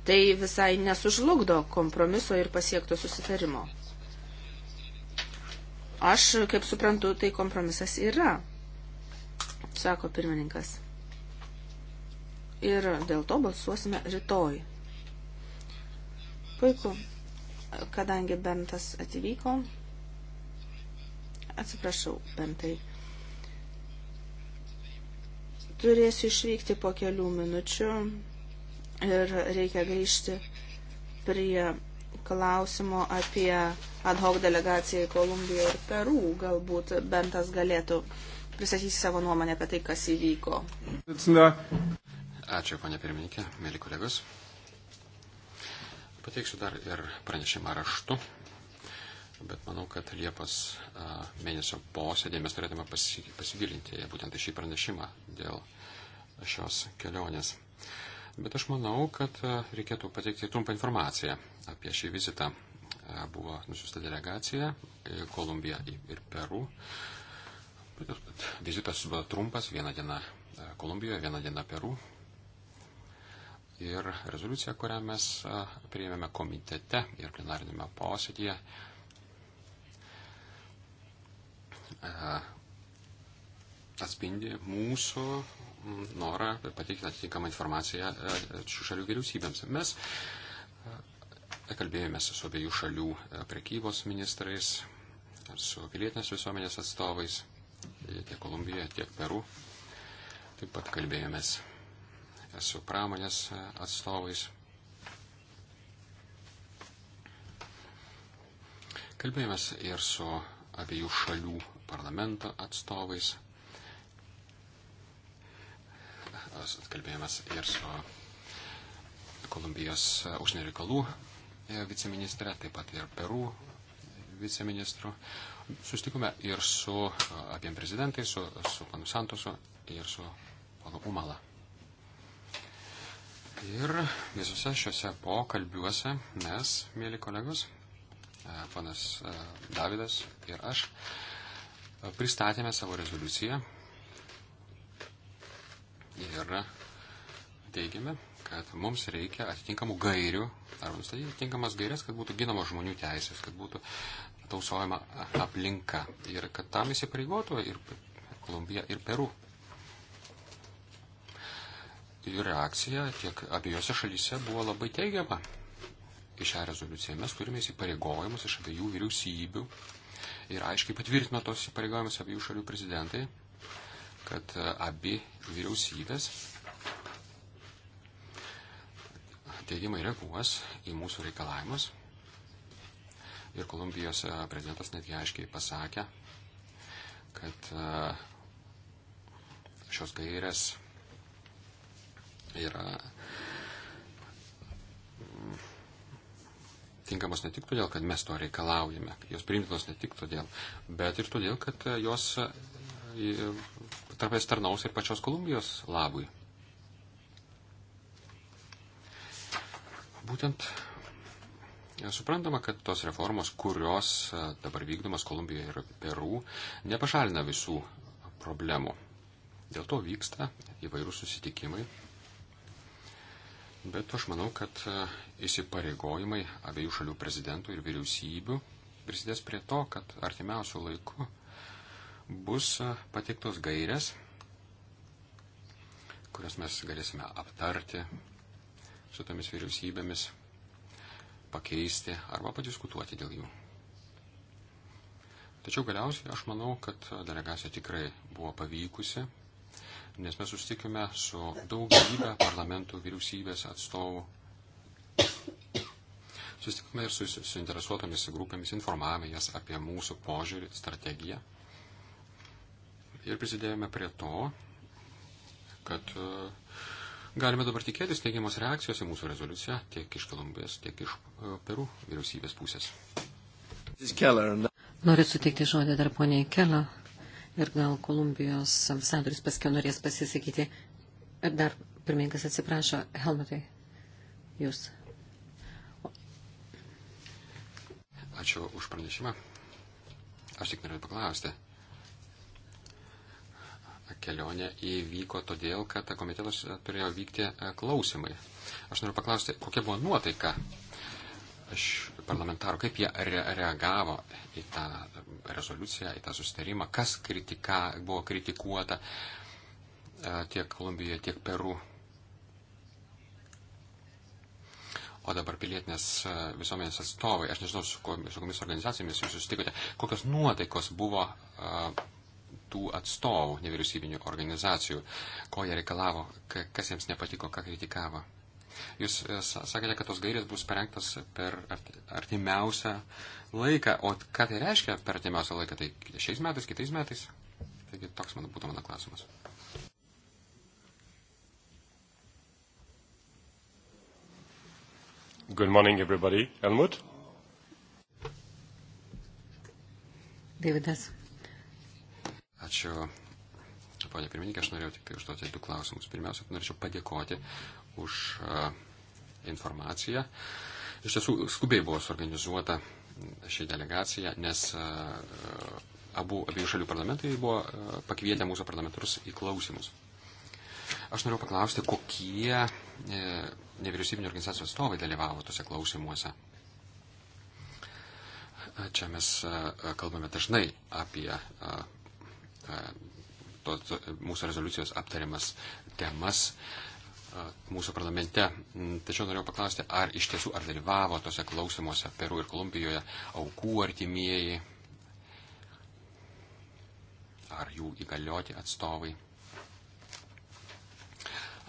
Tai visai nesužlugdo kompromiso ir pasiekto susitarimo. Aš, kaip suprantu, tai kompromisas yra, sako pirmininkas. Ir dėl to balsuosime rytoj. Puiku kadangi Bentas atvyko. Atsiprašau, Bentai. Turėsiu išvykti po kelių minučių ir reikia grįžti prie klausimo apie ad hoc delegaciją į Kolumbiją ir Peru. Galbūt Bentas galėtų pristatyti savo nuomonę apie tai, kas įvyko. Ačiū, ponė pirmininkė, mėly kolegos. Pateiksiu dar ir pranešimą raštu, bet manau, kad Liepos mėnesio posėdėje mes turėtume pasigilinti būtent šį pranešimą dėl šios kelionės. Bet aš manau, kad reikėtų pateikti trumpą informaciją apie šį vizitą. Buvo nusiusta delegacija į Kolumbiją ir Peru. Vizitas buvo trumpas, viena diena Kolumbijoje, viena diena Peru. Ir rezoliucija, kurią mes priėmėme komitete ir plenarinėme posėdėje, atspindi mūsų norą pateikti atitinkamą informaciją šių šalių vyriausybėms. Mes kalbėjomės su abiejų šalių prekybos ministrais, su pilietinės visuomenės atstovais, tiek Kolumbijoje, tiek Peru. Taip pat kalbėjomės su pramonės atstovais. Kalbėjomės ir su abiejų šalių parlamento atstovais. Kalbėjomės ir su Kolumbijos užsienio reikalų viceministre, taip pat ir Peru viceministru. Sustikome ir su abiem prezidentais, su, su panu Santosu ir su panu Umala. Ir visuose šiuose pokalbiuose mes, mėly kolegos, e, panas e, Davidas ir aš, e, pristatėme savo rezoliuciją ir teigiame, kad mums reikia atitinkamų gairių, arba nustatyti atitinkamas gairias, kad būtų ginamos žmonių teisės, kad būtų tausojama aplinka ir kad tam įsipareigotų ir Kolumbija, ir Peru jų reakcija tiek abiejose šalyse buvo labai teigiama į šią rezoliuciją. Mes turime įsipareigojimus iš abiejų vyriausybių ir aiškiai patvirtino tos įsipareigojimus abiejų šalių prezidentai, kad e, abi vyriausybės teigiamai reaguos į mūsų reikalavimus. Ir Kolumbijos e, prezidentas netgi aiškiai pasakė, kad e, šios gairės yra tinkamos ne tik todėl, kad mes to reikalaujame, jos priimtinos ne tik todėl, bet ir todėl, kad e, jos e, tarpės tarnaus ir pačios Kolumbijos labui. Būtent e, suprantama, kad tos reformos, kurios dabar vykdomas Kolumbijoje ir Peru, nepašalina visų problemų. Dėl to vyksta įvairūs susitikimai Bet aš manau, kad e, įsipareigojimai abiejų šalių prezidentų ir vyriausybių prisidės prie to, kad artimiausių laikų bus e, pateiktos gairės, kurias mes galėsime aptarti su tomis vyriausybėmis, pakeisti arba padiskutuoti dėl jų. Tačiau galiausiai aš manau, kad delegacija tikrai buvo pavykusi nes mes susitikime su daugybė parlamentų vyriausybės atstovų. Susitikome ir su suinteresuotomis grupėmis, informavome jas apie mūsų požiūrį, strategiją. Ir prisidėjome prie to, kad e, galime dabar tikėtis teigiamos reakcijos į mūsų rezoliuciją tiek iš Kolumbijos, tiek iš e, Peru vyriausybės pusės. Noriu suteikti žodį dar poniai Kelą ir gal Kolumbijos ambasadoris paskui norės pasisakyti. Ir dar pirmininkas atsiprašo, Helmutai, jūs. Ačiū už pranešimą. Aš tik noriu paklausti. Kelionė įvyko todėl, kad komitetas turėjo vykti e, klausimai. Aš noriu paklausti, kokia buvo nuotaika parlamentarų, kaip jie re reagavo į tą rezoliuciją, į tą susitarimą, kas kritika, buvo kritikuota e, tiek Kolumbijoje, tiek Peru. O dabar pilietinės e, visuomenės atstovai, aš nežinau, su kokiamis organizacijomis jūs susitikote, kokios nuotaikos buvo e, tų atstovų nevyriausybinių organizacijų, ko jie reikalavo, kas jiems nepatiko, ką kritikavo. Jūs e, sakėte, kad tos gairės bus parengtas per artimiausią laiką. O ką tai reiškia per artimiausią laiką? Tai šiais metais, kitais metais? Taigi toks man būtų mano klausimas. Good morning, everybody. Helmut? Davidas. Ačiū. Pane pirmininkė, aš norėjau tik tai užduoti du klausimus. Pirmiausia, norėčiau padėkoti už informaciją. Iš tiesų, skubiai buvo suorganizuota ši delegacija, nes abu abiejų šalių parlamentai buvo pakvietę mūsų parlamentarus į klausimus. Aš noriu paklausti, kokie e, nevyriausybinio organizacijos atstovai dalyvavo tose klausimuose. Čia mes kalbame dažnai apie to, to, mūsų rezoliucijos aptariamas temas mūsų parlamente. Mm, tačiau norėjau paklausti, ar iš tiesų, ar dalyvavo tose klausimuose Peru ir Kolumbijoje aukų artimieji, ar jų įgalioti atstovai,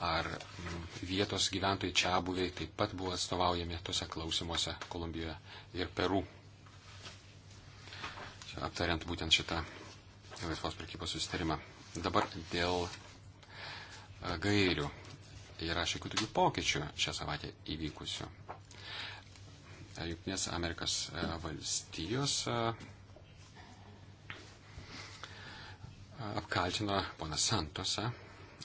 ar mm, vietos gyventojai čia buviai taip pat buvo atstovaujami tose klausimuose Kolumbijoje ir Peru. Čia aptariant būtent šitą laisvos prekybos susitarimą. Dabar dėl gairių Tai yra šiek tiek tokių pokyčių šią savaitę įvykusių. E, Junktinės Amerikos e, valstijos e, apkaltino poną Santosą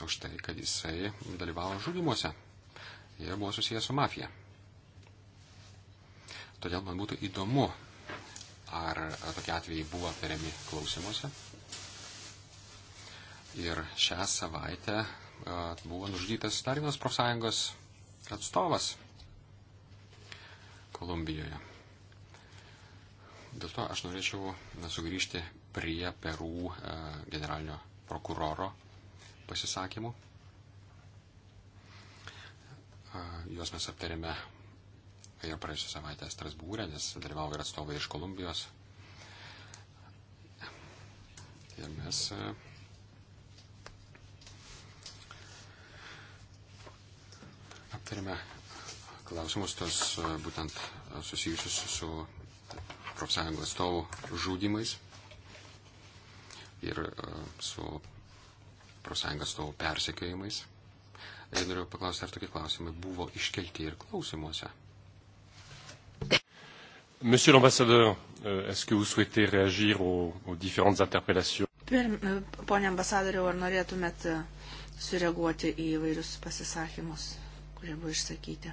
už tai, kad jisai dalyvavo žudimuose ir buvo susijęs su mafija. Todėl man būtų įdomu, ar tokie atvejai buvo aptariami klausimuose. Ir šią savaitę buvo nužudytas dar vienas profsąjungos atstovas Kolumbijoje. Dėl to aš norėčiau sugrįžti prie Perų e, generalinio prokuroro pasisakymų. E, juos mes aptarėme ir praėjusią savaitę Strasbūrė, nes dalyvavo ir atstovai iš Kolumbijos. Ir mes e, aptarėme klausimus tos e, būtent e, susijusius su profsąjungų atstovų žudimais ir e, su profsąjungų atstovų persekiojimais. Ir noriu paklausti, ar tokie klausimai buvo iškelti ir klausimuose. Monsieur l'ambassadeur, euh, est-ce que vous souhaitez réagir aux, aux différentes interpellations Pone ambasadoriau, ar norėtumėt sureaguoti į vairius pasisakymus? kurie buvo išsakyti.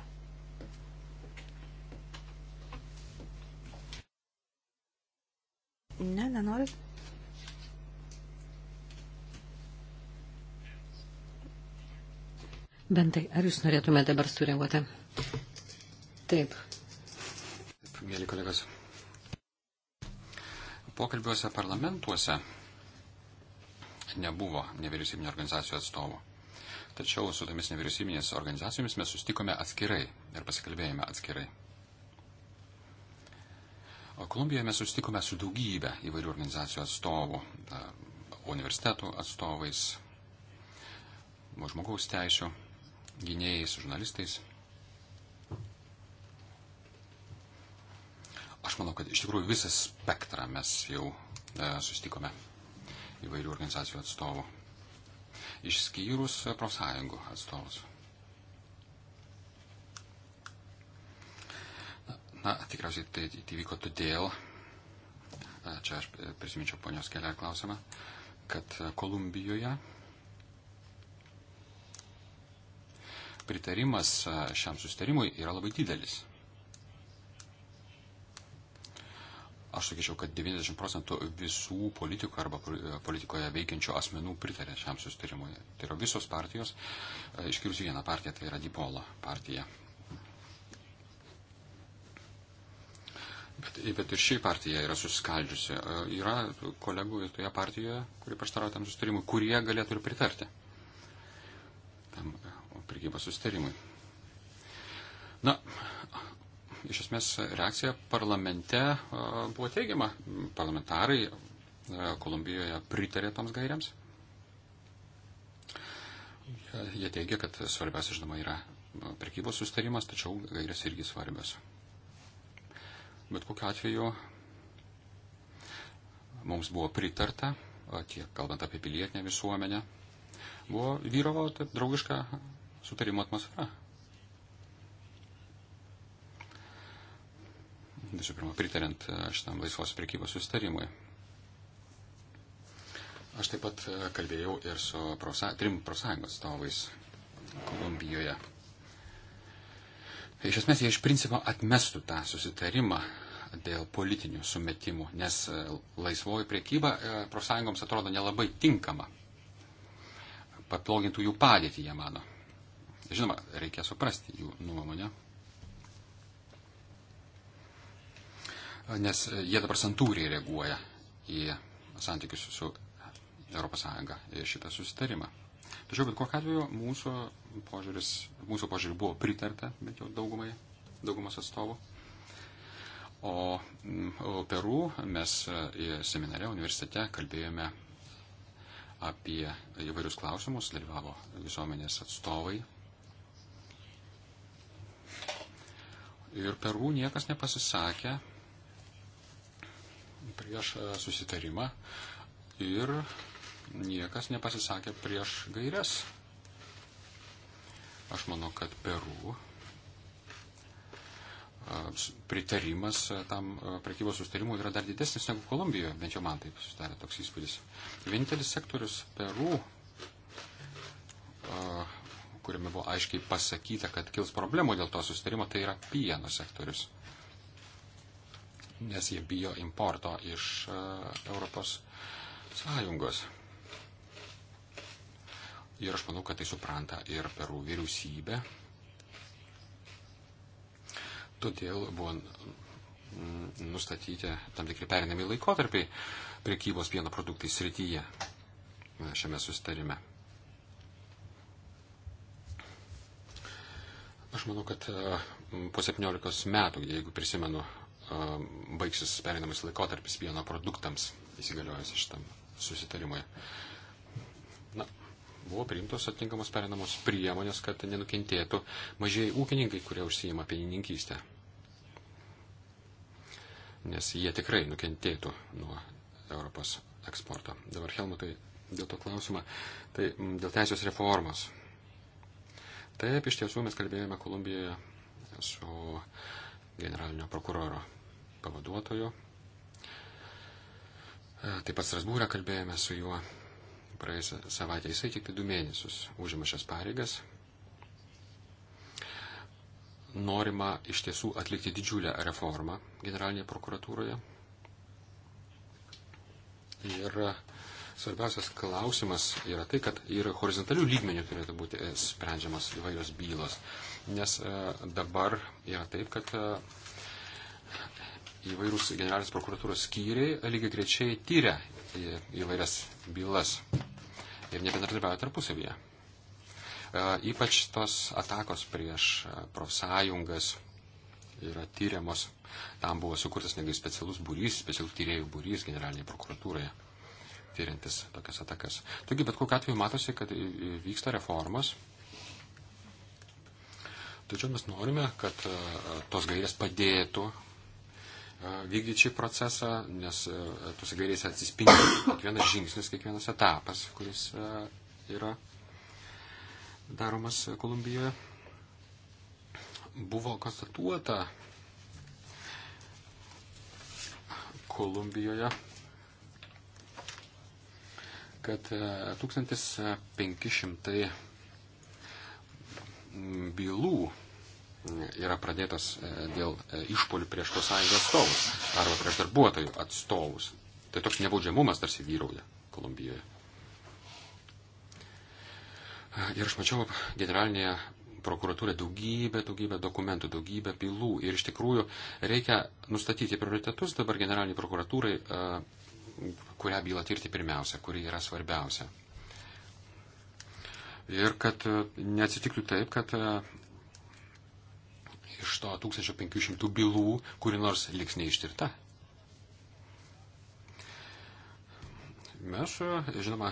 Ne, nenorit? Bentai, ar jūs norėtumėte dabar sureaguoti? Taip. Mėly kolegos. Pokalbiuose parlamentuose nebuvo nevyriausybinio organizacijų atstovų. Tačiau su tomis nevyriausybinės organizacijomis mes sustikome atskirai ir pasikalbėjome atskirai. O Kolumbijoje mes sustikome su daugybė įvairių organizacijų atstovų, universitetų atstovais, žmogaus teisų gynėjais, žurnalistais. Aš manau, kad iš tikrųjų visą spektrą mes jau sustikome įvairių organizacijų atstovų išskyrus profsąjungų atstovus. Na, tikriausiai tai, tai, tai vyko todėl, čia aš prisiminčiau ponios kelią klausimą, kad Kolumbijoje pritarimas šiam sustarimui yra labai didelis. Aš sakyčiau, kad 90 procentų visų politikų arba e, politikoje veikiančių asmenų pritarė šiam sustarimui. Tai yra visos partijos, e, išskyrus vieną partiją, tai yra Dipola partija. Bet, bet ir ši partija yra susiskaldžiusi. E, yra kolegų toje partijoje, kurie prieštarauja tam sustarimui, kurie galėtų ir pritarti tam prekybos sustarimui. Na, iš esmės reakcija parlamente buvo teigiama. Parlamentarai Kolumbijoje pritarė toms gairiams. Jie teigia, kad svarbiausia, žinoma, yra prekybos sustarimas, tačiau gairės irgi svarbios. Bet kokiu atveju mums buvo pritarta, tiek kalbant apie pilietinę visuomenę, buvo vyravo draugiška sutarimo atmosfera. visų pirma, pritarint e, šitam laisvos priekybos sustarimui. Aš taip pat e, kalbėjau ir su prosa, trim profsąjungos atstovais Kolumbijoje. Iš esmės, jie iš principo atmestų tą susitarimą dėl politinių sumetimų, nes e, laisvoji priekyba profsąjungoms atrodo nelabai tinkama. Paplogintų jų padėtį, jie mano. Žinoma, reikia suprasti jų nuomonę. nes jie dabar santūriai reaguoja į santykius su ES ir šitą susitarimą. Tačiau bet kokiu atveju mūsų požiūris, mūsų požiūrį buvo pritarta, bent jau daugumai, daugumos atstovų. O, o Peru mes e, seminare, universitete kalbėjome apie įvairius klausimus, dalyvavo visuomenės atstovai. Ir Peru niekas nepasisakė prieš e, susitarimą ir niekas nepasisakė prieš gairias. Aš manau, kad Peru e, pritarimas e, tam prekybos sustarimui yra dar didesnis negu Kolumbijoje, bent jau man taip susidarė toks įspūdis. Vienintelis sektorius Peru, kuriame buvo aiškiai pasakyta, kad kils problemų dėl to sustarimo, tai yra pieno sektorius nes jie bijo importo iš e, Europos Sąjungos. Ir aš manau, kad tai supranta ir Perų vyriausybė. Todėl buvo nustatyti tam tikri perinami laikotarpiai priekybos pieno produktai srityje e, šiame sustarime. Aš manau, kad e, po 17 metų, jeigu prisimenu baigsis perinamas laikotarpis pieno produktams įsigaliojus šitam susitarimui. Na, buvo priimtos atinkamos perinamos priemonės, kad nenukentėtų mažieji ūkininkai, kurie užsijima pienininkystę. Nes jie tikrai nukentėtų nuo Europos eksporto. Dabar Helmutai dėl to klausimą. Tai dėl teisės reformos. Taip, iš tiesų mes kalbėjome Kolumbijoje su generalinio prokuroro pavaduotoju. E, taip pat Strasbūrė kalbėjome su juo praėjusią savaitę. Jisai tik tai du mėnesius užima šias pareigas. Norima iš tiesų atlikti didžiulę reformą generalinėje prokuratūroje. Ir svarbiausias klausimas yra tai, kad ir horizontalių lygmenių turėtų būti e, sprendžiamas įvairios bylos nes e, dabar yra taip, kad e, įvairūs generalinės prokuratūros skyriai lygiai grečiai tyria įvairias bylas ir nebendradarbiauja tarpusavyje. E, ypač tos atakos prieš profsąjungas yra tyriamos. Tam buvo sukurtas negi specialus būrys, specialus tyriejų būrys generalinėje prokuratūroje, tyrintis tokias atakas. Taigi, bet kokiu atveju matosi, kad vyksta reformos Tačiau mes norime, kad e, tos gairės padėtų e, vykdyti šį procesą, nes e, tose gairėse atsispindi kiekvienas žingsnis, kiekvienas etapas, kuris yra daromas Kolumbijoje. Buvo konstatuota Kolumbijoje, kad 1500 bylų yra pradėtas e, dėl e, išpolių prieš profsąjungų atstovus arba prieš darbuotojų atstovus. Tai toks nebaudžiamumas tarsi vyrauja Kolumbijoje. Ir aš mačiau generalinėje prokuratūroje daugybę, daugybę dokumentų, daugybę bylų. Ir iš tikrųjų reikia nustatyti prioritetus dabar generaliniai prokuratūrai, e, kurią bylą tirti pirmiausia, kuri yra svarbiausia ir kad e, neatsitiktų taip, kad e, iš to 1500 bylų kuri nors liks neištirta. Mes, e, žinoma,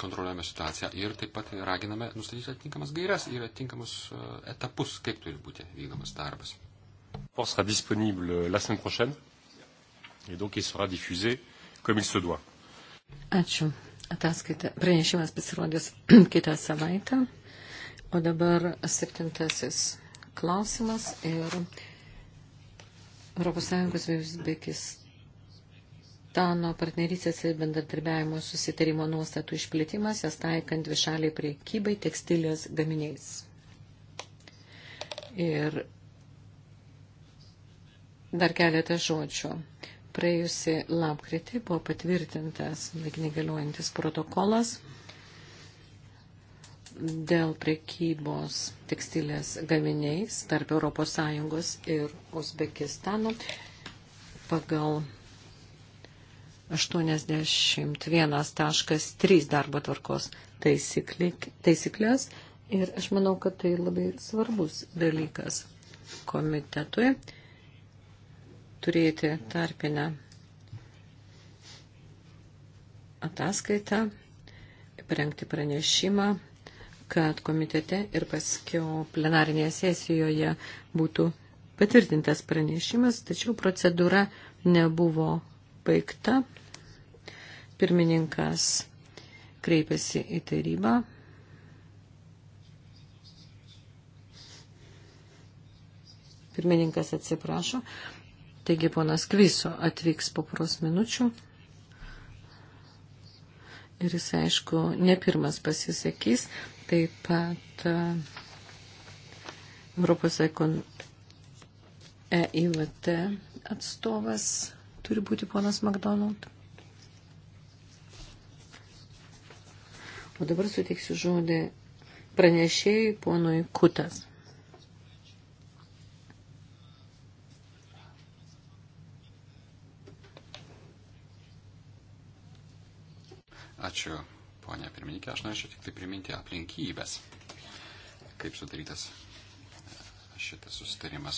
kontroliuojame situaciją ir taip pat raginame nustatyti atitinkamas gairias ir atitinkamus etapus, kaip turi būti vykdomas darbas. sera disponible la semaine prochaine et donc il sera diffusé comme il se doit. Ačiū. Ataskaita, pranešimas pasirodys kitą savaitę. O dabar septintasis klausimas ir ES Uzbekistano partnerystės ir bendradarbiavimo susitarimo nuostatų išplėtimas, jas taikant višaliai priekybai tekstilės gaminiais. Ir dar keletą žodžių praėjusi lapkritį buvo patvirtintas laikinai galiojantis protokolas dėl prekybos tekstilės gaminiais tarp ES ir Uzbekistano pagal 81.3 darbo tvarkos taisyklės ir aš manau, kad tai labai svarbus dalykas komitetui turėti tarpinę ataskaitą, parengti pranešimą, kad komitete ir paskiau plenarinėje sesijoje būtų patvirtintas pranešimas, tačiau procedūra nebuvo baigta. Pirmininkas kreipėsi į tarybą. Pirmininkas atsiprašo. Taigi ponas Kviso atvyks po poros minučių. Ir jis, aišku, ne pirmas pasisakys. Taip pat e, Europos ekon EIVT atstovas turi būti ponas McDonald. O dabar suteiksiu žodį pranešėjai ponui Kutas. Ačiū, ponė pirmininkė. Aš norėčiau tik tai priminti aplinkybės, kaip sudarytas e, šitas susitarimas.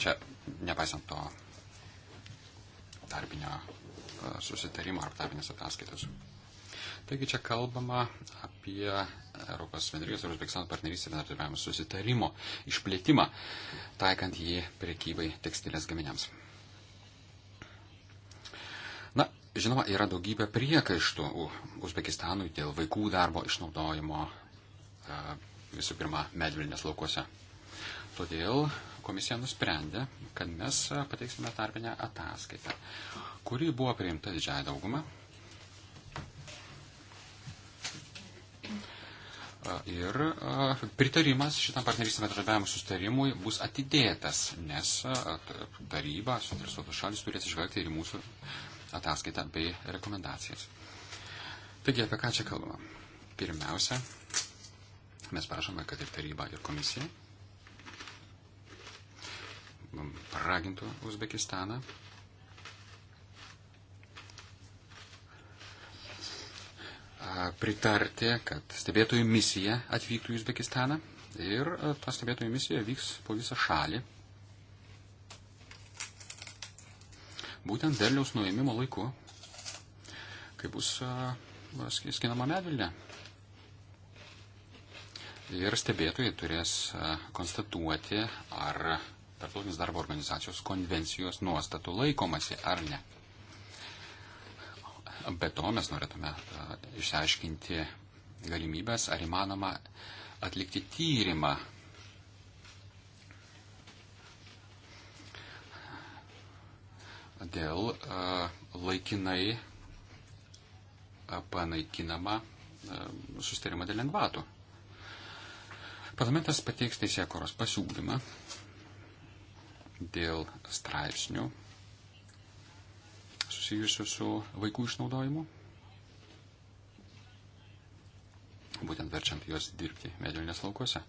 Čia, nepaisant to tarpinio e, susitarimo ar tarpinės ataskaitos. Taigi čia kalbama apie Europos bendrijos ir Uzbekistano partnerystės bendradarbiavimo susitarimo išplėtimą, taikant jį priekybai tekstilės gaminiams. Žinoma, yra daugybė priekaištų Uzbekistanui dėl vaikų darbo išnaudojimo e, visų pirma medvilnės laukuose. Todėl komisija nusprendė, kad mes e, pateiksime tarpinę ataskaitą, kuri buvo priimta didžiąją daugumą. E, ir pritarimas šitam partnerystės bendradarbiavimo sustarimui bus atidėtas, nes taryba, suinteresuotos šalis turės išvelgti ir mūsų ataskaitą bei rekomendacijas. Taigi, apie ką čia kalbama? Pirmiausia, mes prašome, kad ir taryba, ir komisija paragintų Uzbekistaną pritarti, kad stebėtojų misija atvyktų į Uzbekistaną ir ta stebėtojų misija vyks po visą šalį būtent derliaus nuėmimo laiku, kai bus skinama medvilnė. Ir stebėtojai turės konstatuoti, ar Tartautinės darbo organizacijos konvencijos nuostatų laikomasi ar ne. Be to mes norėtume išsiaiškinti galimybės, ar įmanoma atlikti tyrimą dėl e, laikinai e, panaikinama e, susitarimą dėl lengvatų. Parlamentas pateiks teisėkoros pasiūlymą dėl straipsnių susijusių su vaikų išnaudojimu, būtent verčiant juos dirbti medvilnės laukuose.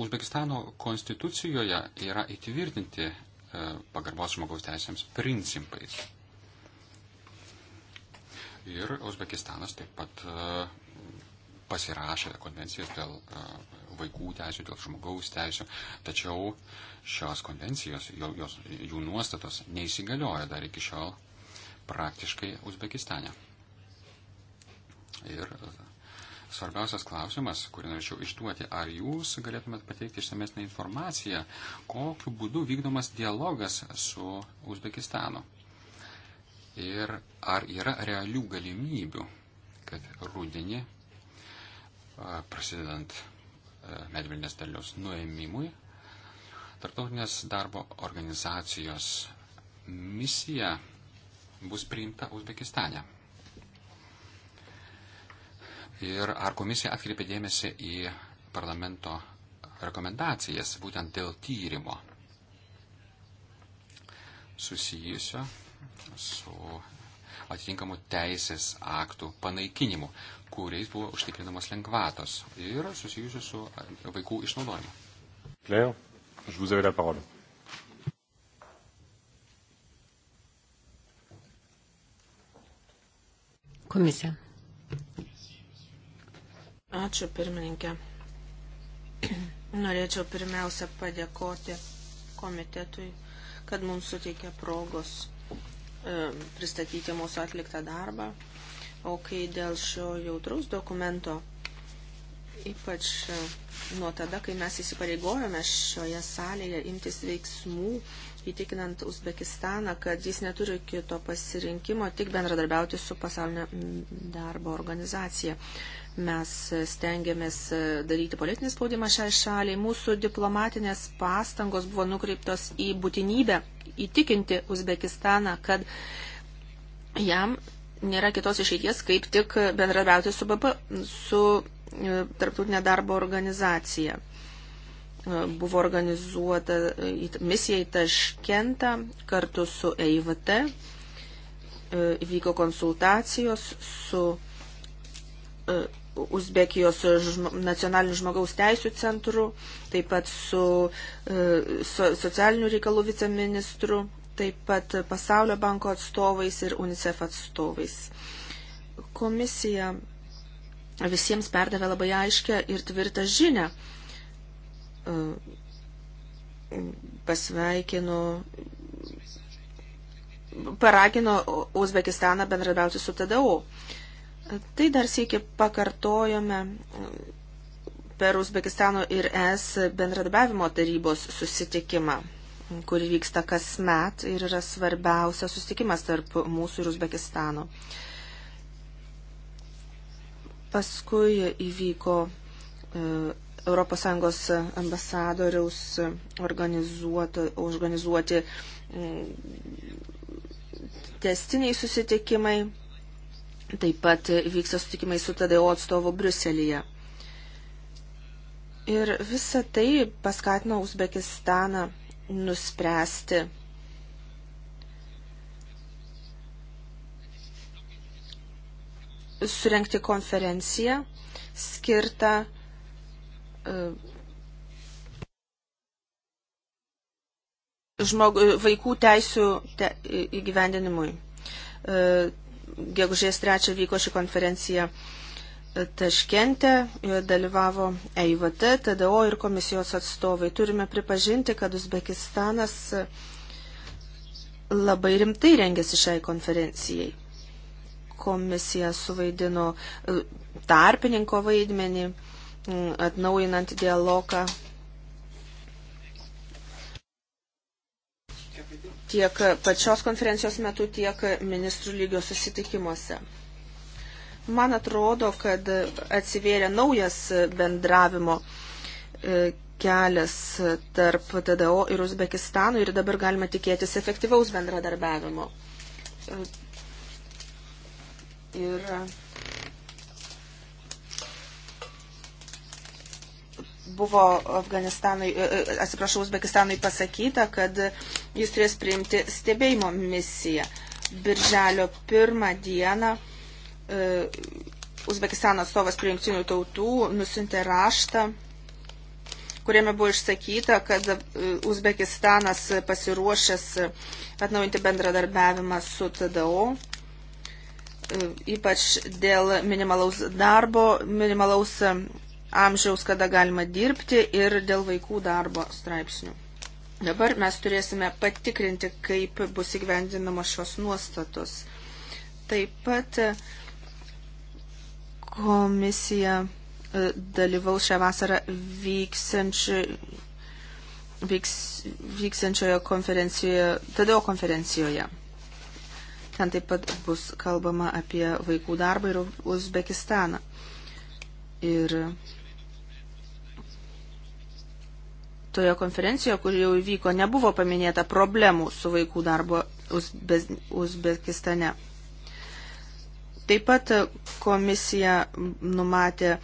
Uzbekistano konstitucijoje yra įtvirtinti e, pagarbos žmogaus teisėms principais. Ir Uzbekistanas taip pat e, pasirašė konvencijas dėl e, vaikų teisų, dėl žmogaus teisų, tačiau šios konvencijos, jos, jų nuostatos neįsigalioja dar iki šiol praktiškai Uzbekistane. Ir Svarbiausias klausimas, kurį norėčiau išduoti, ar jūs galėtumėt pateikti išsamesnę informaciją, kokiu būdu vykdomas dialogas su Uzbekistanu ir ar yra realių galimybių, kad rudenį, prasidedant medvilnės derliaus nuėmimui, Tartautinės darbo organizacijos misija bus priimta Uzbekistane. Ir ar komisija atkreipė dėmesį į parlamento rekomendacijas būtent dėl tyrimo susijusio su atitinkamu teisės aktų panaikinimu, kuriais buvo užtikrinamos lengvatos ir susijusiu su vaikų išnaudojimu. Claire, je vous avez la parole. Komisija. Ačiū pirmininkė. Norėčiau pirmiausia padėkoti komitetui, kad mums suteikė progos e, pristatyti mūsų atliktą darbą. O kai dėl šio jautraus dokumento ypač e, nuo tada, kai mes įsipareigojome šioje salėje imtis veiksmų, įtikinant Uzbekistaną, kad jis neturi kito pasirinkimo, tik bendradarbiauti su pasaulinė darbo organizacija. Mes stengiamės e, daryti politinį spaudimą šiai šaliai. Mūsų diplomatinės pastangos buvo nukreiptos į būtinybę įtikinti Uzbekistaną, kad jam nėra kitos išeities, kaip tik bendradarbiauti su, BP, su E, tarptautinė darbo organizacija. E, buvo organizuota e, misija į Taškentą kartu su EIVT. Vyko konsultacijos su Uzbekijos nacionaliniu žmogaus teisų centru, taip pat su socialinių reikalų viceministru, taip pat pasaulio banko atstovais ir UNICEF atstovais. Komisija visiems perdavė labai aiškę ir tvirtą žinę. E, Pasveikinu, paragino Uzbekistaną bendradarbiauti su TDO. E, tai dar sėki pakartojome e, per Uzbekistano ir ES bendradarbiavimo tarybos susitikimą kuri vyksta kasmet ir yra svarbiausia susitikimas tarp mūsų ir Uzbekistano. Uh, Paskui įvyko ES ambasadoriaus organizuoti e, testiniai susitikimai. Taip pat vyksta susitikimai su TDO atstovu Bruselėje. Ir visa tai paskatino Uzbekistaną nuspręsti surenkti konferenciją skirtą e, žmog, vaikų teisų te, įgyvendinimui. E, gegužės trečią vyko ši konferencija e, Taškente, dalyvavo EIVT, TDO ir komisijos atstovai. Turime pripažinti, kad Uzbekistanas labai rimtai rengėsi šiai konferencijai. Komisija suvaidino e, tarpininko vaidmenį, atnaujinant dialogą tiek pačios konferencijos metu, tiek ministrų lygio susitikimuose. Man atrodo, kad atsivėrė naujas bendravimo e, kelias tarp TDO ir Uzbekistano ir dabar galima tikėtis efektyvaus bendradarbiavimo ir buvo Afganistanui, e, e, atsiprašau, Uzbekistanui pasakyta, kad jis turės priimti stebėjimo misiją. Birželio pirmą dieną e, Uzbekistano atstovas prie jungtinių tautų nusintė raštą, kuriame buvo išsakyta, kad Uzbekistanas pasiruošęs atnaujinti bendradarbiavimą su TDO E, ypač dėl minimalaus darbo, minimalaus e, amžiaus, kada galima dirbti ir dėl vaikų darbo straipsnių. Dabar mes turėsime patikrinti, kaip bus įgyvendinamos šios nuostatos. Taip pat e, komisija dalyvaus šią vasarą vyksiančioje konferencijoje, TDO konferencijoje. Ten taip pat bus kalbama apie vaikų darbą ir Uzbekistaną. Ir toje konferencijoje, kur jau įvyko, nebuvo paminėta problemų su vaikų darbo Uzbe Uzbekistane. Taip pat komisija numatė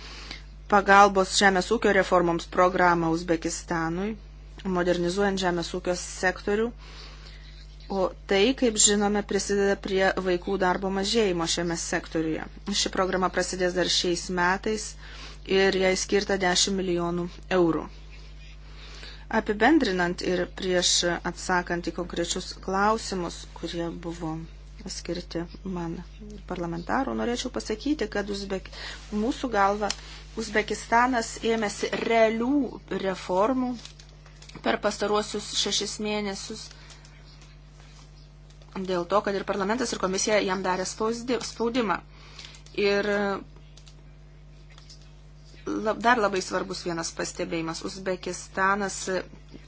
pagalbos žemės ūkio reformoms programą Uzbekistanui, modernizuojant žemės ūkio sektorių O tai, kaip žinome, prisideda prie vaikų darbo mažėjimo šiame sektoriuje. Ši programa prasidės dar šiais metais ir jai skirta 10 milijonų eurų. Apibendrinant ir prieš atsakant į konkrečius klausimus, kurie buvo skirti man parlamentarų, norėčiau pasakyti, kad Uzbek, mūsų galva Uzbekistanas ėmėsi realių reformų per pastaruosius šešis mėnesius dėl to, kad ir parlamentas, ir komisija jam darė spaudimą. Ir dar labai svarbus vienas pastebėjimas. Uzbekistanas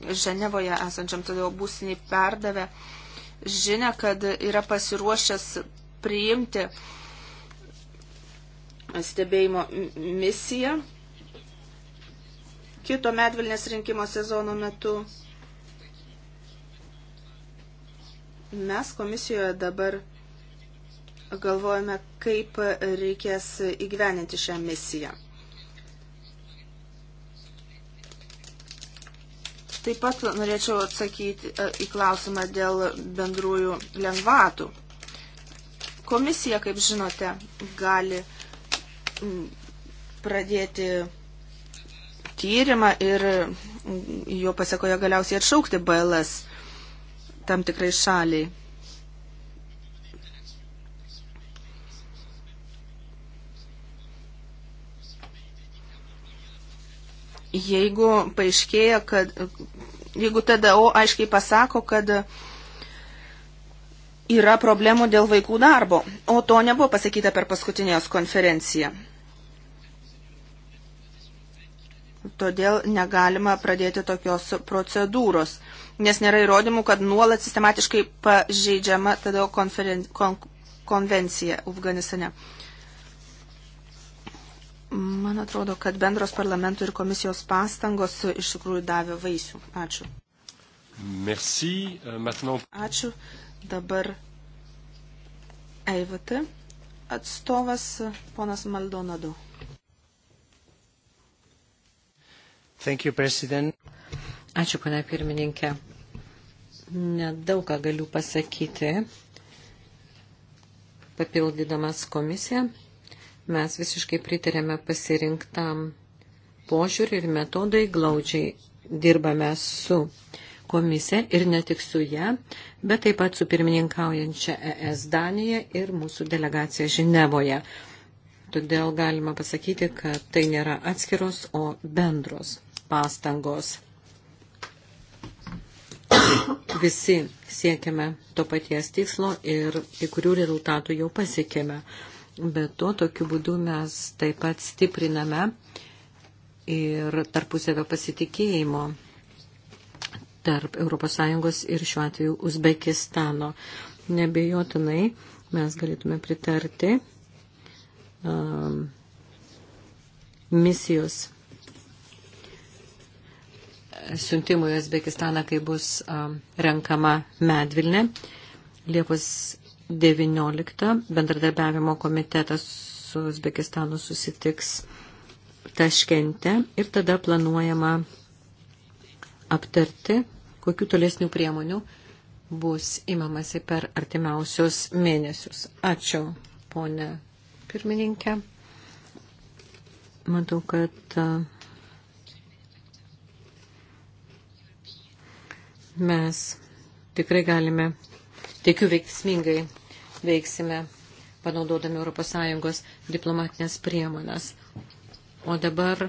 Ženevoje esančiam todėl būsiniai perdavė žinia, kad yra pasiruošęs priimti stebėjimo misiją kito medvilnės rinkimo sezono metu Mes komisijoje dabar galvojame, kaip reikės įgyveninti šią misiją. Taip pat norėčiau atsakyti e, į klausimą dėl bendrųjų lengvatų. Komisija, kaip žinote, gali pradėti tyrimą ir jo pasakoje galiausiai atšaukti BLS tam tikrai šaliai. Jeigu paaiškėja, kad jeigu TDO aiškiai pasako, kad yra problemų dėl vaikų darbo, o to nebuvo pasakyta per paskutinės konferenciją. Todėl negalima pradėti tokios procedūros nes nėra įrodymų, kad nuolat sistematiškai pažeidžiama tada konferen... kon... konvencija Afganistane. Man atrodo, kad bendros parlamentų ir komisijos pastangos iš tikrųjų davė vaisių. Ačiū. Merci. Euh, maintenant... Ačiū. Dabar EIVT atstovas ponas Maldonado. Thank you, President. Ačiū, pane pirmininkė. Nedaug ką galiu pasakyti. Papildydamas komisiją, mes visiškai pritarėme pasirinktam požiūrį ir metodai glaudžiai dirbame su komisija ir ne tik su ją, bet taip pat su pirmininkaujančia ES Danija ir mūsų delegacija Ženevoje. Todėl galima pasakyti, kad tai nėra atskiros, o bendros pastangos. Visi siekiame to paties tikslo ir kai kurių rezultatų jau pasiekėme. Bet to tokiu būdu mes taip pat stipriname ir tarpusėvio pasitikėjimo tarp ES ir šiuo atveju Uzbekistano. Nebejotinai mes galėtume pritarti um, misijos siuntimų į Uzbekistaną, kai bus renkama medvilnė. Liepos 19 bendradarbiavimo komitetas su Uzbekistanu susitiks taškente ir tada planuojama aptarti, kokiu tolesnių priemonių bus imamasi per artimiausius mėnesius. Ačiū, ponė pirmininkė. Matau, kad mes tikrai galime, tiekiu veiksmingai veiksime, panaudodami ES diplomatinės priemonės. O dabar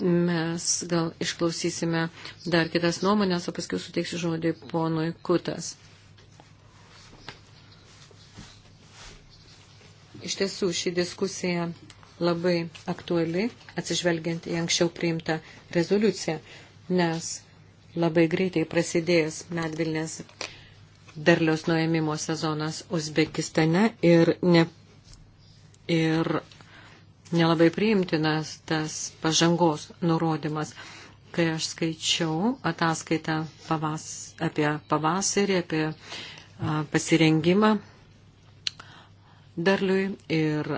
mes gal išklausysime dar kitas nuomonės, o paskui suteiksiu žodį ponui Kutas. Iš tiesų, ši diskusija labai aktuali, atsižvelgiant į anksčiau priimtą rezoliuciją, nes labai greitai prasidėjęs medvilnės derliaus nuėmimo sezonas Uzbekistane ir, ne, ir nelabai priimtinas tas pažangos nurodymas. Kai aš skaičiau ataskaitą pavas, apie pavasarį, apie a, pasirengimą derliui ir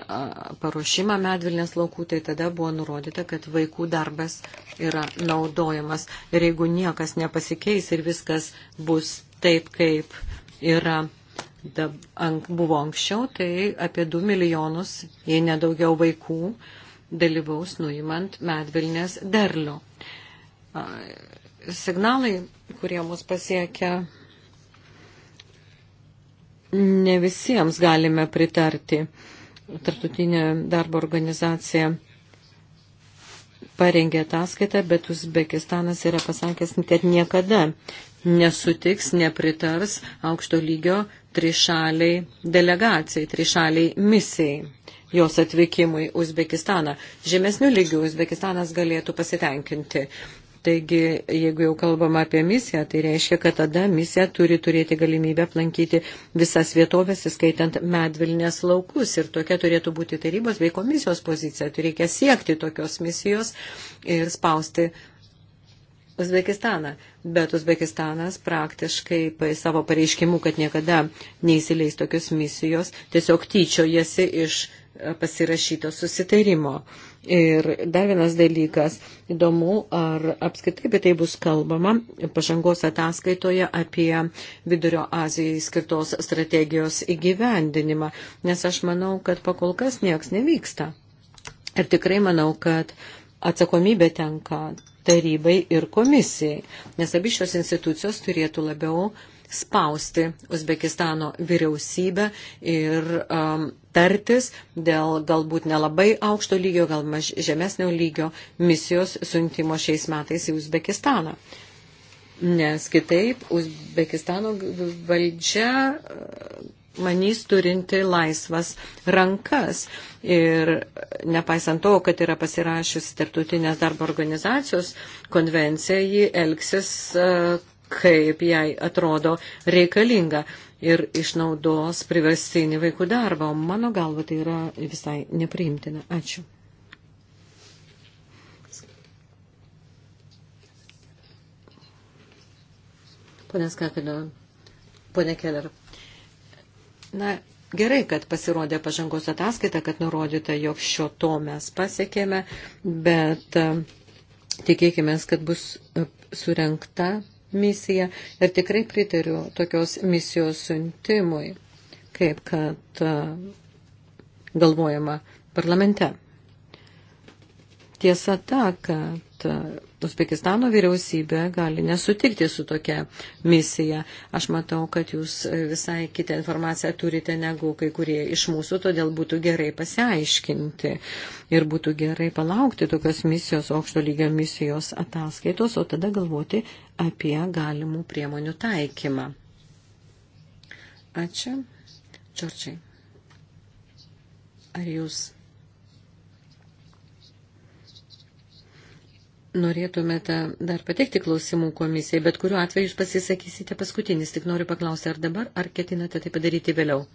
paruošimą medvilnės laukų, tai tada buvo nurodyta, kad vaikų darbas yra naudojamas. Ir jeigu niekas nepasikeis ir viskas bus taip, kaip yra, dab, ank, buvo anksčiau, tai apie 2 milijonus, jei nedaugiau vaikų, dalyvaus nuimant medvilnės derlių. Signalai, kurie mus pasiekia ne visiems galime pritarti. Tartutinė darbo organizacija parengė ataskaitą, bet Uzbekistanas yra pasakęs, kad niekada nesutiks, nepritars aukšto lygio trišaliai delegacijai, trišaliai misijai jos atvykimui Uzbekistaną. Žemesnių lygių Uzbekistanas galėtų pasitenkinti Taigi, jeigu jau kalbam apie misiją, tai reiškia, kad tada misija turi turėti galimybę aplankyti visas vietovės, įskaitant medvilnės laukus. Ir tokia turėtų būti tarybos bei komisijos pozicija. Tai reikia siekti tokios misijos ir spausti. Uzbekistaną. Bet Uzbekistanas praktiškai savo pareiškimu, kad niekada neįsileis tokios misijos, tiesiog tyčiojasi iš e, pasirašyto susitarimo. Uh, Ir dar vienas dalykas, įdomu, ar apskritai apie tai bus kalbama pažangos ataskaitoje apie Vidurio Azijai skirtos strategijos įgyvendinimą, nes aš manau, kad pakol kas nieks nevyksta. Ir tikrai manau, kad atsakomybė tenka tarybai ir komisijai, nes abi šios institucijos turėtų labiau spausti Uzbekistano vyriausybę ir um, tartis dėl galbūt nelabai aukšto lygio, gal maž, žemesnio lygio misijos suntimo šiais metais į Uzbekistaną. Nes kitaip Uzbekistano valdžia e, manys turinti laisvas rankas. Ir nepaisant to, kad yra pasirašiusi tarptautinės darbo organizacijos konvencija, ji elgsis e, kaip jai atrodo reikalinga ir išnaudos priverstinį vaikų darbą. O mano galva tai yra visai nepriimtina. Ačiū. Pone Skakino, pone Keller. Na, Gerai, kad pasirodė pažangos ataskaita, kad nurodyta, jog šio to mes pasiekėme, bet e, tikėkime, kad bus e, surenkta misiją ir tikrai pritariu tokios misijos siuntimui, kaip kad e, galvojama parlamente. Tiesa ta, kad e, Uzbekistano vyriausybė gali nesutikti su tokia misija. Aš matau, kad jūs e, visai kitą informaciją turite negu kai kurie iš mūsų, todėl būtų gerai pasiaiškinti ir būtų gerai palaukti tokios misijos, aukšto lygio misijos ataskaitos, o tada galvoti apie galimų priemonių taikymą. Ačiū. Čorčiai. Ar jūs norėtumėte dar pateikti klausimų komisijai, bet kuriuo atveju jūs pasisakysite paskutinis. Tik noriu paklausti, ar dabar, ar ketinate tai padaryti vėliau.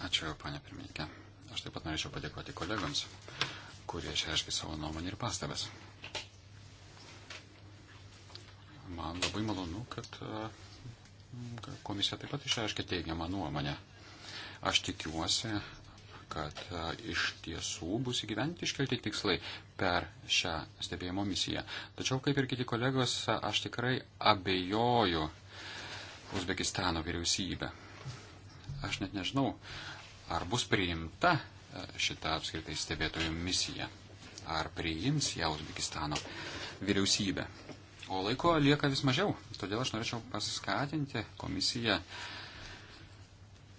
Ačiū, panė pirmininkė. Aš taip pat norėčiau padėkoti kolegams, kurie išreiškė savo nuomonę ir pastabas. Man labai malonu, kad e, komisija taip pat išreiškė teigiamą nuomonę. Aš tikiuosi, kad e, iš tiesų bus įgyventi iškelti tikslai per šią stebėjimo misiją. Tačiau, kaip ir kiti kolegos, e, aš tikrai abejoju Uzbekistano vyriausybę. Aš net nežinau, ar bus priimta e, šita apskritai stebėtojų misija, ar priims ją Uzbekistano vyriausybė. O laiko lieka vis mažiau, todėl aš norėčiau paskatinti komisiją uh,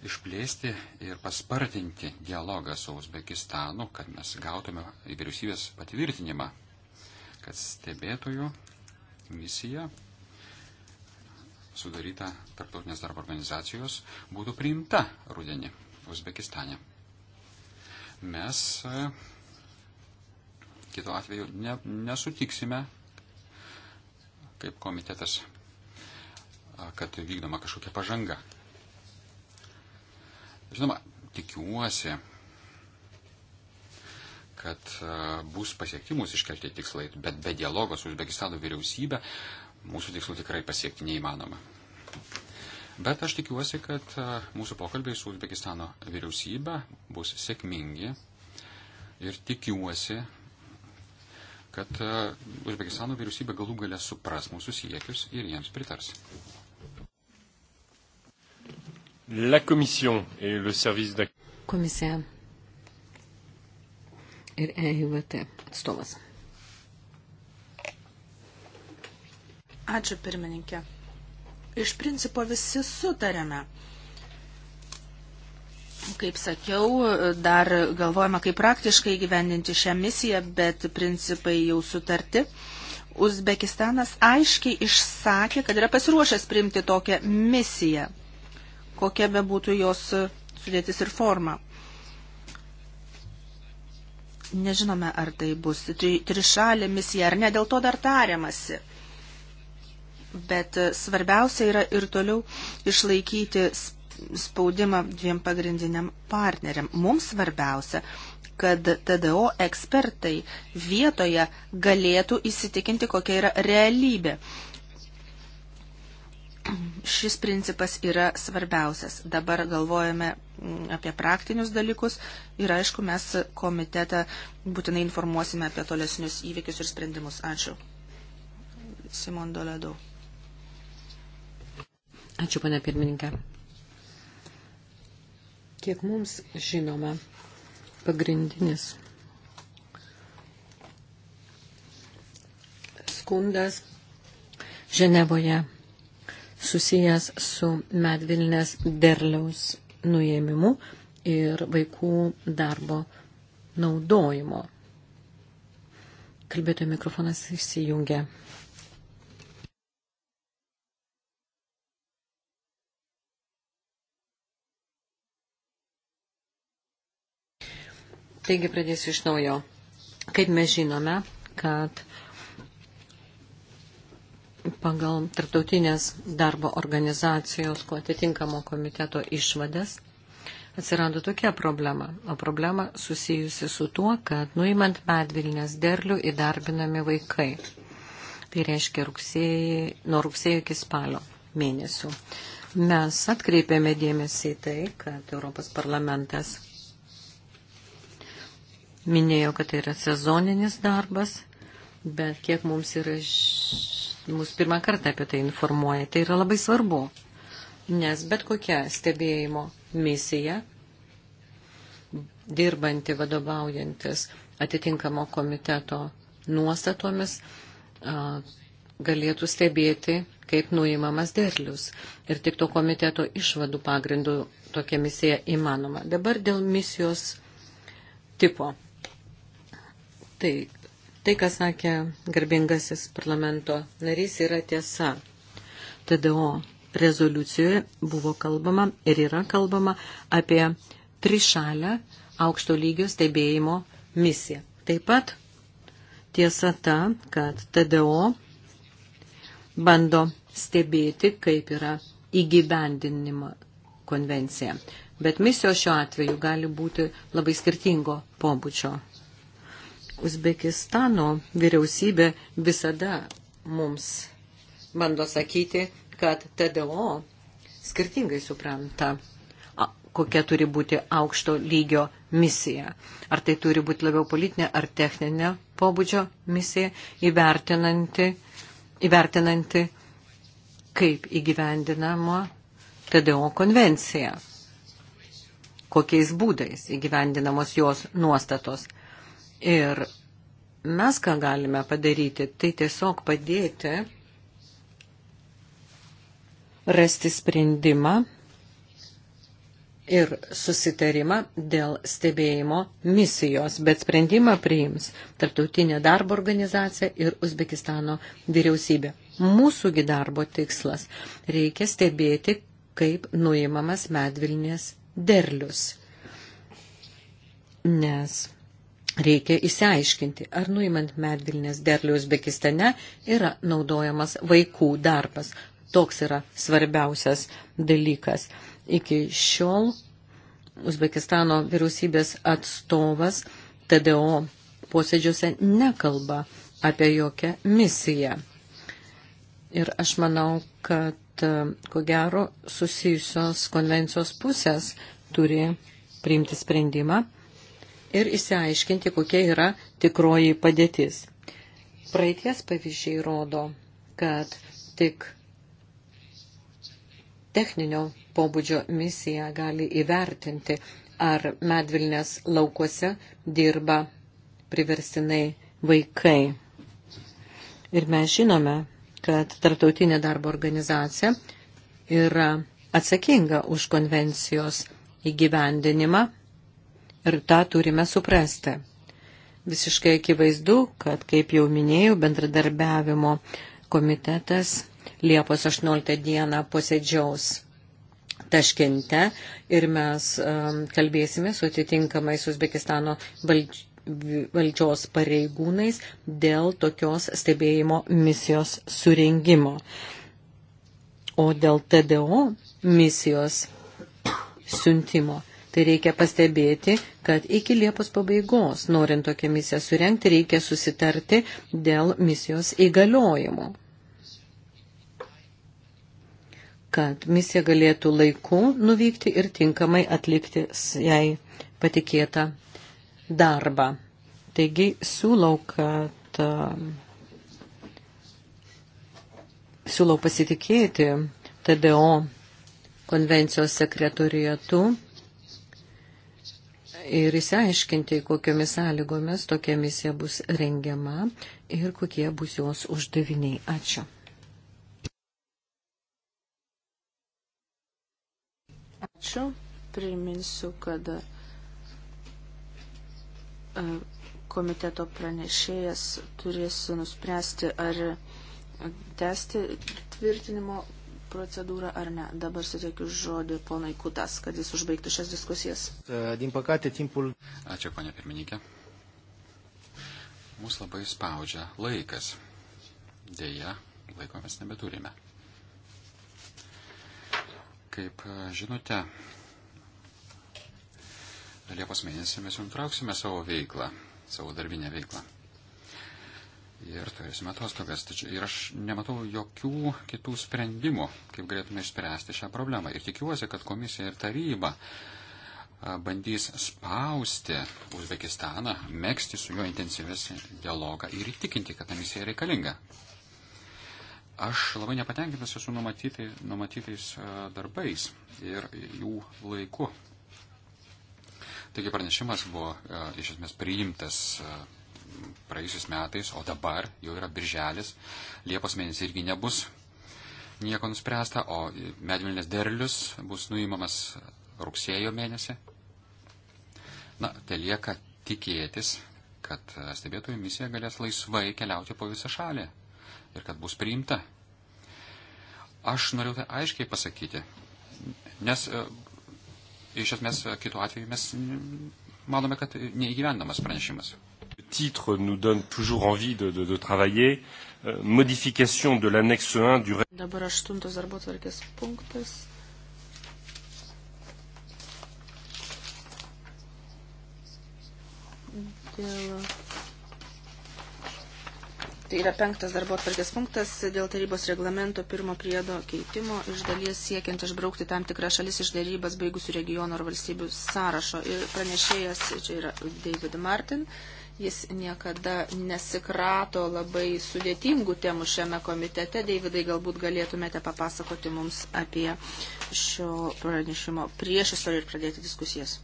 išplėsti ir paspartinti dialogą su Uzbekistanu, kad mes gautume vyriausybės patvirtinimą, kad stebėtojų misija sudaryta tarptautinės darbo organizacijos būtų priimta rudenį Uzbekistane. Mes e, kito atveju ne, nesutiksime, kaip komitetas, kad vykdoma kažkokia pažanga Žinoma, tikiuosi, kad e, bus pasiekti mūsų iškelti tikslai, bet be dialogo su Uzbekistano vyriausybė mūsų tikslų tikrai pasiekti neįmanoma. Bet aš tikiuosi, kad e, mūsų pokalbiai su Uzbekistano vyriausybė bus sėkmingi ir tikiuosi, kad e, Uzbekistano vyriausybė galų galę supras mūsų siekius ir jiems pritars. La Commission et le service d'accueil. Komisija ir EIVT atstovas. Ačiū pirmininkė. Iš principo visi sutarėme. Kaip sakiau, dar galvojame, kaip praktiškai gyvendinti šią misiją, bet principai jau sutarti. Uzbekistanas aiškiai išsakė, kad yra pasiruošęs priimti tokią misiją kokia be būtų jos sudėtis ir forma. Nežinome, ar tai bus trišalė misija ar ne, dėl to dar tariamasi. Bet svarbiausia yra ir toliau išlaikyti spaudimą dviem pagrindiniam partneriam. Mums svarbiausia, kad TDO ekspertai vietoje galėtų įsitikinti, kokia yra realybė šis principas yra svarbiausias. Dabar galvojame mm, apie praktinius dalykus ir aišku, mes komitetą būtinai informuosime apie tolesnius įvykius ir sprendimus. Ačiū. Simon Doledau. Ačiū, pane pirmininkė. Kiek mums žinoma, pagrindinis skundas Ženevoje susijęs su medvilnės derliaus nuėmimu ir vaikų darbo naudojimo. Kalbėtojo mikrofonas išsijungia. Taigi pradėsiu iš naujo. Kaip mes žinome, kad pagal tarptautinės darbo organizacijos, kuo atitinkamo komiteto išvadas, atsirado tokia problema. O problema susijusi su tuo, kad nuimant medvilnės derlių įdarbinami vaikai. Tai reiškia rugsėjai, nuo rugsėjo iki spalio mėnesių. Mes atkreipėme dėmesį į tai, kad Europos parlamentas minėjo, kad tai yra sezoninis darbas, bet kiek mums yra ž mus pirmą kartą apie tai informuoja. Tai yra labai svarbu, nes bet kokia stebėjimo misija, dirbanti vadovaujantis atitinkamo komiteto nuostatomis, galėtų stebėti, kaip nuimamas derlius. Ir tik to komiteto išvadų pagrindų tokia misija įmanoma. Dabar dėl misijos tipo. Tai Tai, kas sakė garbingasis parlamento narys, yra tiesa. TDO rezoliucijoje buvo kalbama ir yra kalbama apie trišalę aukšto lygio stebėjimo misiją. Taip pat tiesa ta, kad TDO bando stebėti, kaip yra įgyvendinima konvencija. Bet misijos šiuo atveju gali būti labai skirtingo pobūdžio Uzbekistano vyriausybė visada mums bando sakyti, kad TDO skirtingai supranta, kokia turi būti aukšto lygio misija. Ar tai turi būti labiau politinė ar techninė pobūdžio misija, įvertinanti, įvertinanti kaip įgyvendinama TDO konvencija, kokiais būdais įgyvendinamos jos nuostatos. Ir mes ką galime padaryti, tai tiesiog padėti rasti sprendimą ir susitarimą dėl stebėjimo misijos, bet sprendimą priims Tarptautinė darbo organizacija ir Uzbekistano vyriausybė. Mūsųgi darbo tikslas - reikia stebėti, kaip nuimamas medvilnės derlius. Nes reikia įsiaiškinti, ar nuimant medvilnės derlių Uzbekistane yra naudojamas vaikų darbas. Toks yra svarbiausias dalykas. Iki šiol Uzbekistano vyriausybės atstovas TDO posėdžiuose nekalba apie jokią misiją. Ir aš manau, kad e, ko gero susijusios konvencijos pusės turi priimti sprendimą ir įsiaiškinti, kokia yra tikroji padėtis. Praeities pavyzdžiai rodo, kad tik techninio pobūdžio misija gali įvertinti, ar medvilnės laukuose dirba priverstinai vaikai. Ir mes žinome, kad Tartautinė darbo organizacija yra atsakinga už konvencijos įgyvendinimą ir tą turime suprasti. Visiškai akivaizdu, kad, kaip jau minėjau, bendradarbiavimo komitetas Liepos 18 dieną posėdžiaus taškente ir mes um, kalbėsime su atitinkamai su Uzbekistano valdž valdžios pareigūnais dėl tokios stebėjimo misijos surengimo. O dėl TDO misijos siuntimo Tai reikia pastebėti, kad iki Liepos pabaigos, norint tokią misiją surenkti, reikia susitarti dėl misijos įgaliojimo. Kad misija galėtų laiku nuvykti ir tinkamai atlikti jai patikėtą darbą. Taigi siūlau, kad um, siūlau pasitikėti TBO konvencijos sekretoriatu ir įsiaiškinti, kokiomis sąlygomis tokia misija bus rengiama ir kokie bus jos uždaviniai. Ačiū. Ačiū. Priminsiu, kad e, komiteto pranešėjas turės nuspręsti, ar tęsti tvirtinimo procedūrą ar ne. Dabar suteikiu žodį ponui Kutas, kad jis užbaigtų šias diskusijas. E, din păcate, timpul... Ačiū, ponia pirmininkė. Mūsų labai spaudžia laikas. Deja, laiko mes nebeturime. Kaip e, žinote, Liepos mėnesį mes jau nutrauksime savo veiklą, savo darbinę veiklą ir turėsime atostogas. Tačiau ir aš nematau jokių kitų sprendimų, kaip galėtume išspręsti šią problemą. Ir tikiuosi, kad komisija ir taryba bandys spausti Uzbekistaną, mėgsti su juo intensyvesnį dialogą ir įtikinti, kad ta misija reikalinga. Aš labai nepatenkintas esu numatytai, numatytais darbais ir jų laiku. Taigi pranešimas buvo iš esmės priimtas praėjusiais metais, o dabar jau yra birželis, Liepos mėnesį irgi nebus nieko nuspręsta, o medvilnės derlius bus nuimamas rugsėjo mėnesį. Na, tai lieka tikėtis, kad stebėtojų misija galės laisvai keliauti po visą šalį ir kad bus priimta. Aš norėjau tai aiškiai pasakyti, nes e, iš esmės kitų atveju mes manome, kad neįgyvendamas pranešimas titre nous donne toujours envie de, de, de travailler. Euh, modification de l'annexe 1 du Dabar aštuntas darbo tvarkės punktas. Dėl... Tai yra penktas darbo atvarkės punktas dėl tarybos reglamento pirmo priedo keitimo iš dalies siekiant išbraukti tam tikrą šalis iš darybas baigusių regiono ar valstybių sąrašo. Ir pranešėjas čia yra David Martin. Uh, Jis niekada nesikrato labai sudėtingų temų šiame komitete. Deividai, galbūt galėtumėte papasakoti mums apie šio pranešimo priešistorį ir pradėti diskusijas.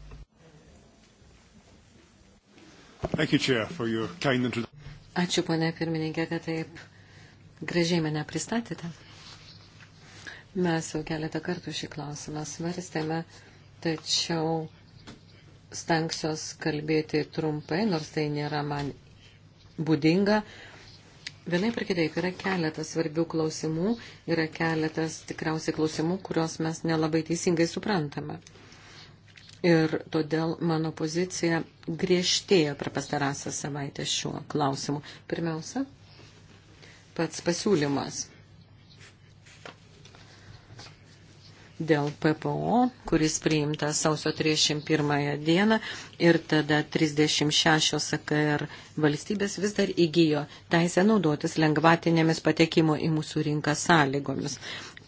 Ačiū, ponia pirmininkė, kad taip gražiai mane pristatėte. Mes jau keletą kartų šį klausimą svarstėme, tačiau stengsiuos kalbėti trumpai, nors tai nėra man būdinga. Vienai per kitaip yra keletas svarbių klausimų, yra keletas tikriausiai klausimų, kuriuos mes nelabai teisingai suprantame. Ir todėl mano pozicija griežtėja per pastarąsią savaitę šiuo klausimu. Pirmiausia, pats pasiūlymas dėl PPO, kuris priimtas sausio 31 dieną ir tada 36 AKR valstybės vis dar įgyjo teisę naudotis lengvatinėmis patekimo į mūsų rinką sąlygomis.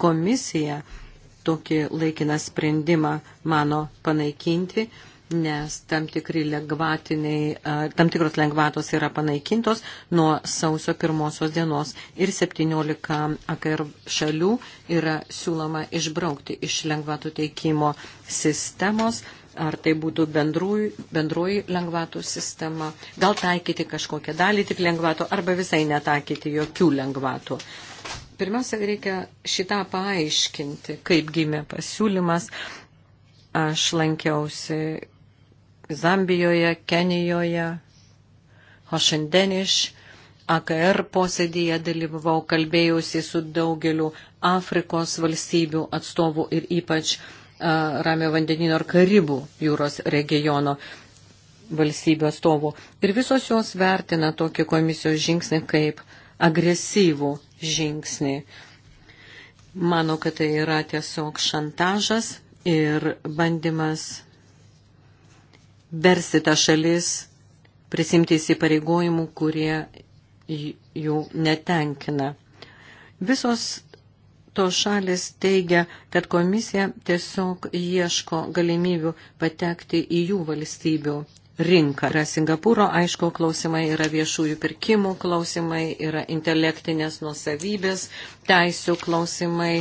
Komisija tokį laikiną sprendimą mano panaikinti nes tam, tam tikros lengvatos yra panaikintos nuo sausio pirmosios dienos ir 17 AKR šalių yra siūloma išbraukti iš lengvatų teikimo sistemos. Ar tai būtų bendroji lengvatų sistema, gal taikyti kažkokią dalį tik lengvatų, arba visai netaikyti jokių lengvatų. Pirmiausia, reikia šitą paaiškinti, kaip gimė pasiūlymas. Aš lankiausi Zambijoje, Kenijoje, Hošindeniš, AKR posėdėje dalyvavau, kalbėjausi su daugeliu Afrikos valstybių atstovų ir ypač uh, Ramio vandenino ar Karibų jūros regiono valstybių atstovų. Ir visos jos vertina tokį komisijos žingsnį kaip agresyvų žingsnį. Mano, kad tai yra tiesiog šantažas ir bandymas versti tą šalis prisimti įsipareigojimų, kurie jų netenkina. Visos tos šalis teigia, kad komisija tiesiog ieško galimybių patekti į jų valstybių rinką. Yra Singapūro, aišku, klausimai yra viešųjų pirkimų klausimai, yra intelektinės nusavybės, teisų klausimai,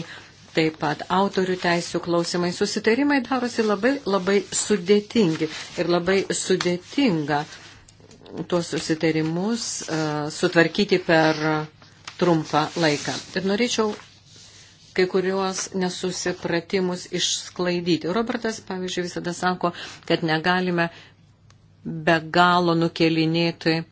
taip pat autorių teisų klausimai. Susitarimai darosi labai, labai sudėtingi ir labai sudėtinga tuos susitarimus uh, sutvarkyti per trumpą laiką. Ir norėčiau kai kuriuos nesusipratimus išsklaidyti. Robertas, pavyzdžiui, visada sako, kad negalime be galo nukelinėti uh,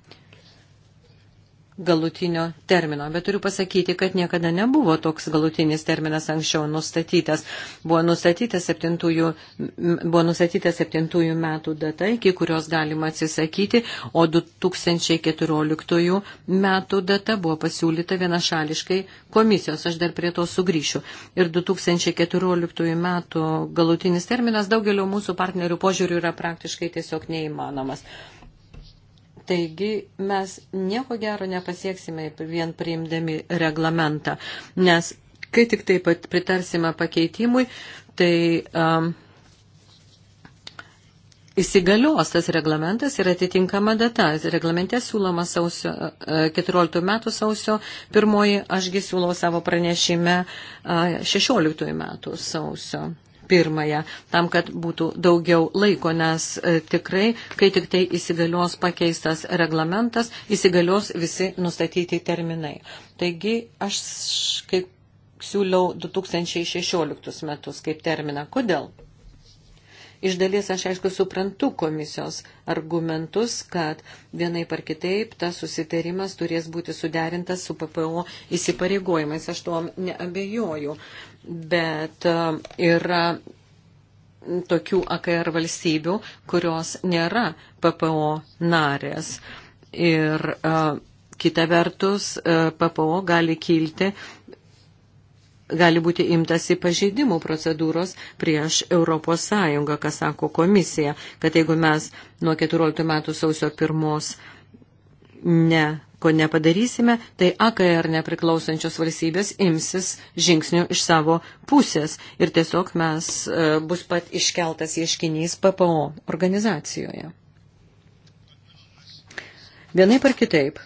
galutinio termino. Bet turiu pasakyti, kad niekada nebuvo toks galutinis terminas anksčiau nustatytas. Buvo nustatyta septintųjų, buvo nustatyta septintųjų metų data, iki kurios galima atsisakyti, o 2014 metų data buvo pasiūlyta vienašališkai komisijos. Aš dar prie to sugrįšiu. Ir 2014 metų galutinis terminas daugelio mūsų partnerių požiūrių yra praktiškai tiesiog neįmanomas. Taigi mes nieko gero nepasieksime vien priimdami reglamentą, nes kai tik taip pat pritarsime pakeitimui, tai um, įsigalios tas reglamentas ir atitinkama data. Reglamente siūloma sausio, 14 e, metų sausio pirmoji, ašgi siūlau savo pranešime 16 metų sausio pirmąją, tam, kad būtų daugiau laiko, nes e, tikrai, kai tik tai įsigalios pakeistas reglamentas, įsigalios visi nustatyti terminai. Taigi aš kaip siūliau 2016 metus kaip terminą. Kodėl? Iš dalies aš aišku suprantu komisijos argumentus, kad vienai par kitaip tas susitarimas turės būti suderintas su PPO įsipareigojimais. Aš tuom neabejoju bet e, yra tokių AKR valstybių, kurios nėra PPO narės. Ir e, kita vertus, e, PPO gali kilti gali būti imtasi pažeidimų procedūros prieš Europos Sąjungą, kas sako komisija, kad jeigu mes nuo 14 metų sausio pirmos ne ko nepadarysime, tai AKR nepriklausančios valstybės imsis žingsnių iš savo pusės ir tiesiog mes e, bus pat iškeltas ieškinys PPO organizacijoje. Vienaip ar kitaip,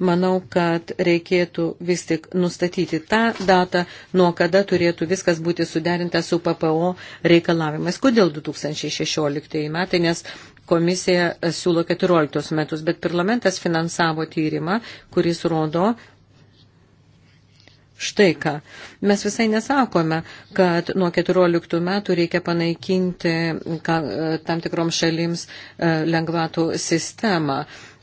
manau, kad reikėtų vis tik nustatyti tą datą, nuo kada turėtų viskas būti suderinta su PPO reikalavimais. Kodėl 2016 metai? Nes Komisija siūlo 14 metus, bet parlamentas finansavo tyrimą, kuris rodo štai ką. Mes visai nesakome, kad nuo 14 metų reikia panaikinti tam tikroms šalims e, lengvatų sistemą.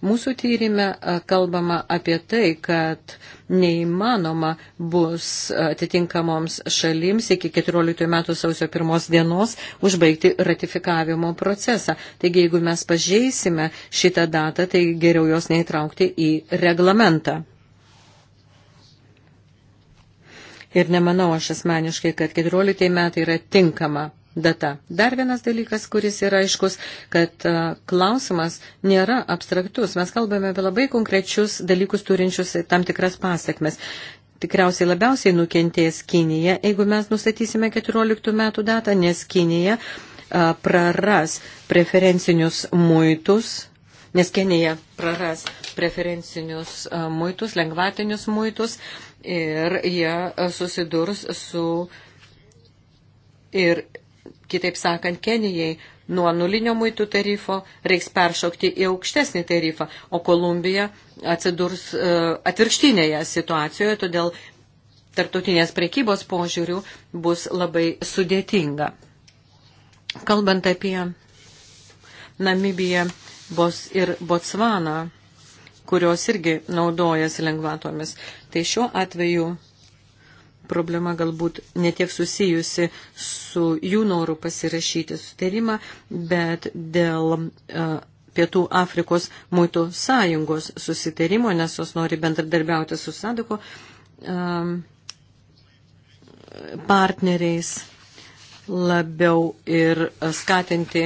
Mūsų tyrimė kalbama apie tai, kad neįmanoma bus atitinkamoms šalims iki 14 metų sausio pirmos dienos užbaigti ratifikavimo procesą. Taigi, jeigu mes pažeisime šitą datą, tai geriau jos neįtraukti į reglamentą. Ir nemanau aš asmeniškai, kad 14 metai yra tinkama data. Dar vienas dalykas, kuris yra aiškus, kad klausimas nėra abstraktus. Mes kalbame apie labai konkrečius dalykus turinčius tam tikras pasiekmes. Tikriausiai labiausiai nukentės Kinija, jeigu mes nustatysime 14 metų datą, nes Kinija praras preferencinius muitus, nes Kinija praras preferencinius muitus, lengvatinius muitus ir jie susidurs su ir Kitaip sakant, Kenijai nuo nulinio muitų tarifo reiks peršokti į aukštesnį tarifą, o Kolumbija atsidurs e, atvirkštinėje situacijoje, todėl tarptautinės prekybos požiūrių bus labai sudėtinga. Kalbant apie Namibiją Bos ir Botsvaną, kurios irgi naudojasi lengvatomis, tai šiuo atveju problema galbūt netiek susijusi su jų noru pasirašyti sutarimą, bet dėl uh, Pietų Afrikos muitų sąjungos susitarimo, nes jos nori bendradarbiauti su Sadako um, partneriais labiau ir skatinti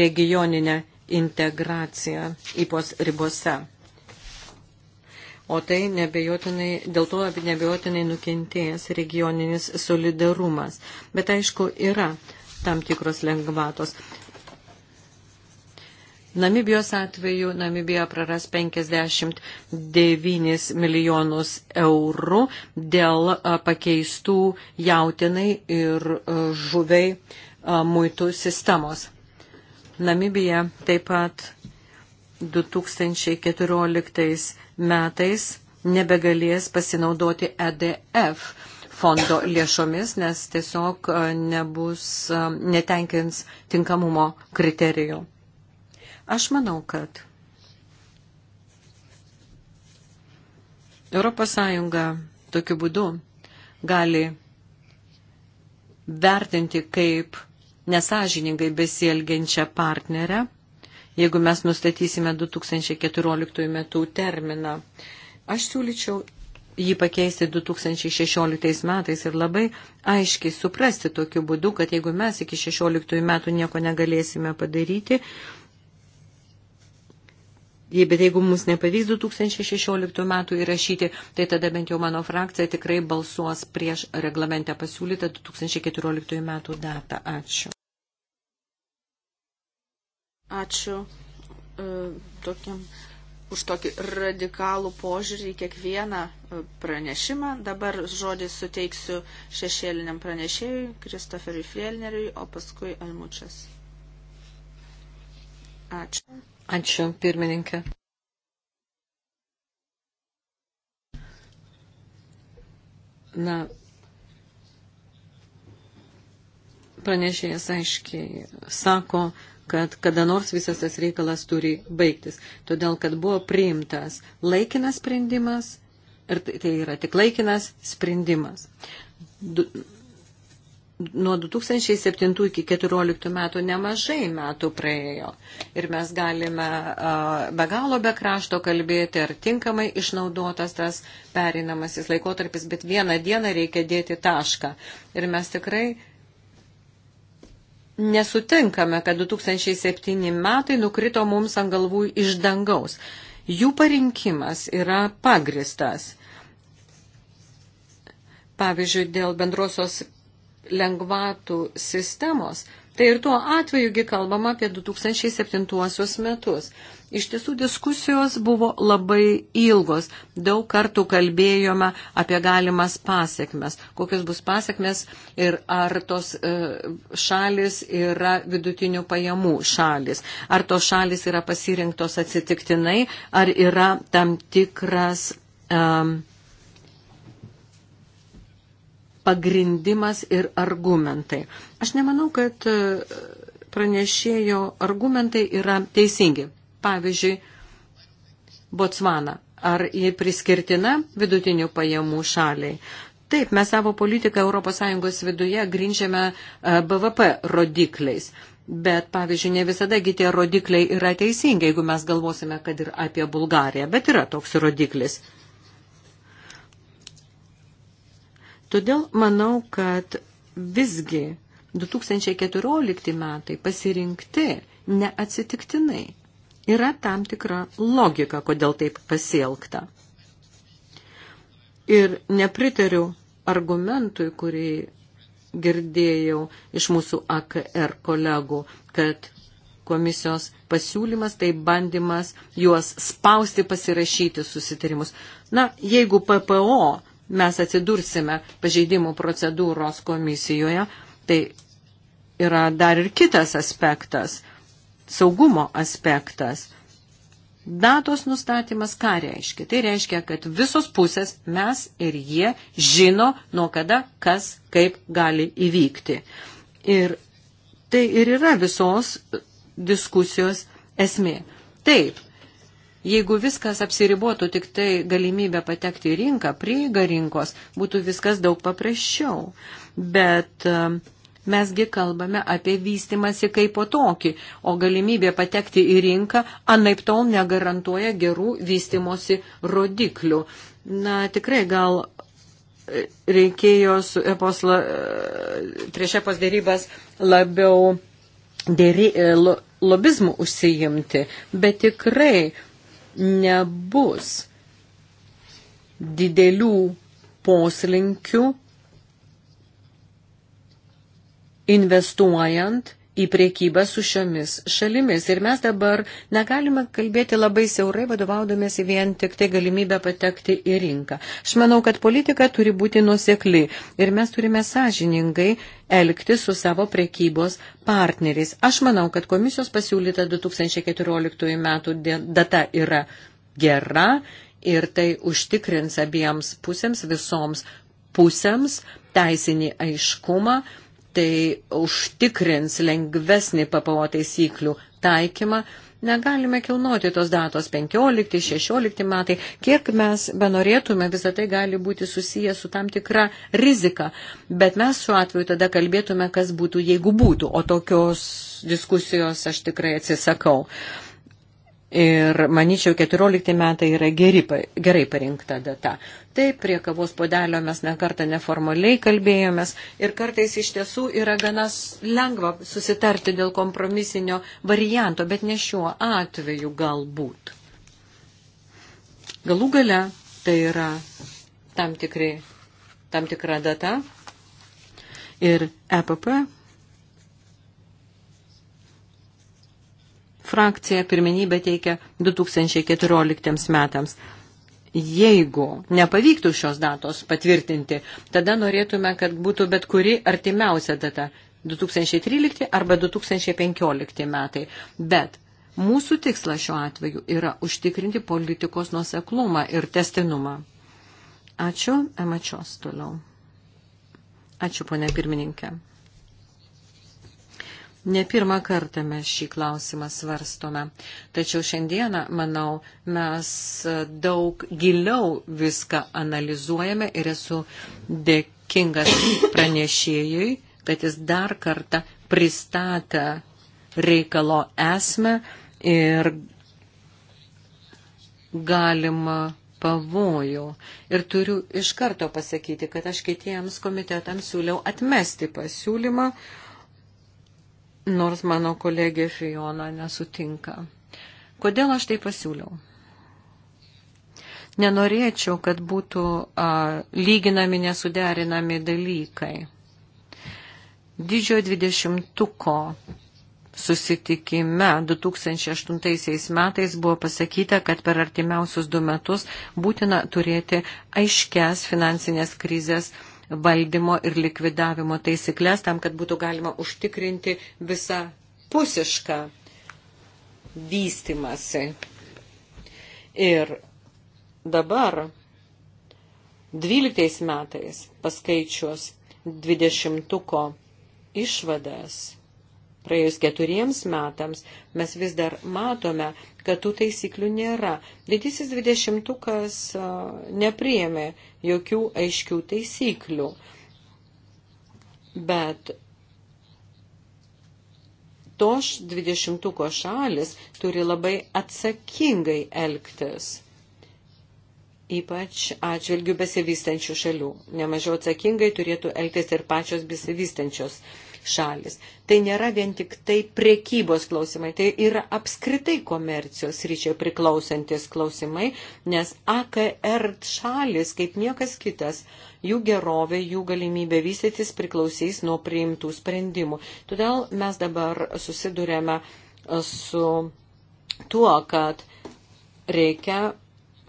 regioninę integraciją įpos ribose o tai nebejotinai, dėl to nebejotinai nukentėjęs regioninis solidarumas. Bet aišku, yra tam tikros lengvatos. Namibijos atveju Namibija praras 59 milijonus eurų dėl pakeistų jautinai ir žuviai muitų sistemos. Namibija taip pat 2014 metais nebegalės pasinaudoti EDF fondo lėšomis, nes tiesiog e, nebus, e, netenkins tinkamumo kriterijų. Aš manau, kad Europos Sąjunga tokiu būdu gali vertinti kaip nesažiningai besielgiančią partnerę jeigu mes nustatysime 2014 metų terminą. Aš siūlyčiau jį pakeisti 2016 metais ir labai aiškiai suprasti tokiu būdu, kad jeigu mes iki 16 metų nieko negalėsime padaryti, jei, bet jeigu mums nepavyks 2016 metų įrašyti, tai tada bent jau mano frakcija tikrai balsuos prieš reglamentę pasiūlytą 2014 metų datą. Ačiū. Ačiū e, tokiam, už tokį radikalų požiūrį į kiekvieną e, pranešimą. Dabar žodį suteiksiu šešėliniam pranešėjui, Kristoferiui Fielneriui, o paskui Almučias. Ačiū. Ačiū, pirmininkė. Na, pranešėjas aiškiai sako, kad kada nors visas tas reikalas turi baigtis. Todėl, kad buvo priimtas laikinas sprendimas ir tai yra tik laikinas sprendimas. Du, nuo 2007 iki 2014 metų nemažai metų praėjo. Ir mes galime be galo be krašto kalbėti, ar tinkamai išnaudotas tas perinamasis laikotarpis, bet vieną dieną reikia dėti tašką. Ir mes tikrai nesutinkame, kad 2007 metai nukrito mums ant galvų iš dangaus. Jų parinkimas yra pagristas. Pavyzdžiui, dėl bendrosios lengvatų sistemos Tai ir tuo atvejugi kalbama apie 2007 metus. Iš tiesų diskusijos buvo labai ilgos. Daug kartų kalbėjome apie galimas pasiekmes. Kokios bus pasiekmes ir ar tos e, šalis yra vidutinių pajamų šalis. Ar tos šalis yra pasirinktos atsitiktinai, ar yra tam tikras. Um, pagrindimas ir argumentai. Aš nemanau, kad e, pranešėjo argumentai yra teisingi. Pavyzdžiui, Botsvana. Ar ji priskirtina vidutinių pajamų šaliai? Taip, mes savo politiką ES viduje grindžiame e, BVP rodikliais. Bet, pavyzdžiui, ne visadagi tie rodikliai yra teisingi, jeigu mes galvosime, kad ir apie Bulgariją, bet yra toks rodiklis. Todėl manau, kad visgi 2014 metai pasirinkti neatsitiktinai. Yra tam tikra logika, kodėl taip pasielgta. Ir nepritariu argumentui, kurį girdėjau iš mūsų AKR kolegų, kad komisijos pasiūlymas tai bandymas juos spausti pasirašyti susitarimus. Na, jeigu PPO mes atsidursime pažeidimų procedūros komisijoje, tai yra dar ir kitas aspektas, saugumo aspektas. Datos nustatymas ką reiškia? Tai reiškia, kad visos pusės mes ir jie žino, nuo kada kas kaip gali įvykti. Ir tai ir yra visos diskusijos esmė. Taip, Jeigu viskas apsiribotų tik tai galimybę patekti į rinką, prieiga rinkos, būtų viskas daug paprasčiau. Bet e, mesgi kalbame apie vystimąsi kaip po tokį, o galimybė patekti į rinką anaip tol negarantuoja gerų vystimosi rodiklių. Na, tikrai gal e, reikėjo su epos, la, e, prieš epos dėrybas labiau dėry, lobizmų užsijimti, bet tikrai nebus didelių poslinkių investuojant į priekybą su šiomis šalimis. Ir mes dabar negalime kalbėti labai siaurai, vadovaudomėsi vien tik tai galimybę patekti į rinką. Aš manau, kad politika turi būti nusekli ir mes turime sąžiningai elgti su savo priekybos partneriais. Aš manau, kad komisijos pasiūlyta 2014 metų data yra gera. Ir tai užtikrins abiems pusėms, visoms pusėms teisinį aiškumą, tai užtikrins lengvesnį PPO taisyklių taikymą. Negalime kilnoti tos datos 15-16 metai. Kiek mes benorėtume, visą tai gali būti susiję su tam tikra rizika. Bet mes šiuo atveju tada kalbėtume, kas būtų, jeigu būtų. O tokios diskusijos aš tikrai atsisakau. Uh, Ir manyčiau, 14 metai yra geri, gerai parinkta data. Taip, prie kavos podelio mes nekartą neformaliai kalbėjomės ir kartais iš tiesų yra ganas lengva susitarti dėl kompromisinio varianto, bet ne šiuo atveju galbūt. Galų gale tai yra tam, tikri, tam tikra data ir EPP frakcija pirmenybę teikia 2014 metams. Jeigu nepavyktų šios datos patvirtinti, tada norėtume, kad būtų bet kuri artimiausia data 2013 arba 2015 metai. Bet mūsų tikslas šiuo atveju yra užtikrinti politikos nuoseklumą ir testinumą. Ačiū, emačios toliau. Ačiū, ponė pirmininkė. Ne pirmą kartą mes šį klausimą svarstome, tačiau šiandieną, manau, mes e, daug giliau viską analizuojame ir esu dėkingas pranešėjui, kad jis dar kartą pristatė reikalo esmę ir galima pavojų. Ir turiu iš karto pasakyti, kad aš kitiems komitetams siūliau atmesti pasiūlymą, uh, nors mano kolegė Fiona nesutinka. Kodėl aš tai pasiūliau? Nenorėčiau, kad būtų a, lyginami nesuderinami dalykai. Didžiojo dvidešimtuko susitikime 2008 metais buvo pasakyta, kad per artimiausius du metus būtina turėti aiškes finansinės krizės valdymo ir likvidavimo taisyklės tam, kad būtų galima užtikrinti visą pusišką vystimasi. Ir dabar 12 metais paskaičius 20 išvadas praėjus keturiems metams, mes vis dar matome, kad tų taisyklių nėra. Didysis dvidešimtukas nepriėmė jokių aiškių taisyklių. Bet tos dvidešimtuko šalis turi labai atsakingai elgtis ypač atžvilgių besivystančių šalių. Nemažiau atsakingai turėtų elgtis ir pačios besivystančios šalis. Tai nėra vien tik tai prekybos klausimai, tai yra apskritai komercijos ryčiai priklausantis klausimai, nes AKR šalis, kaip niekas kitas, jų gerovė, jų galimybė vystytis priklausys nuo priimtų sprendimų. Todėl mes dabar susidurėme e, su tuo, kad reikia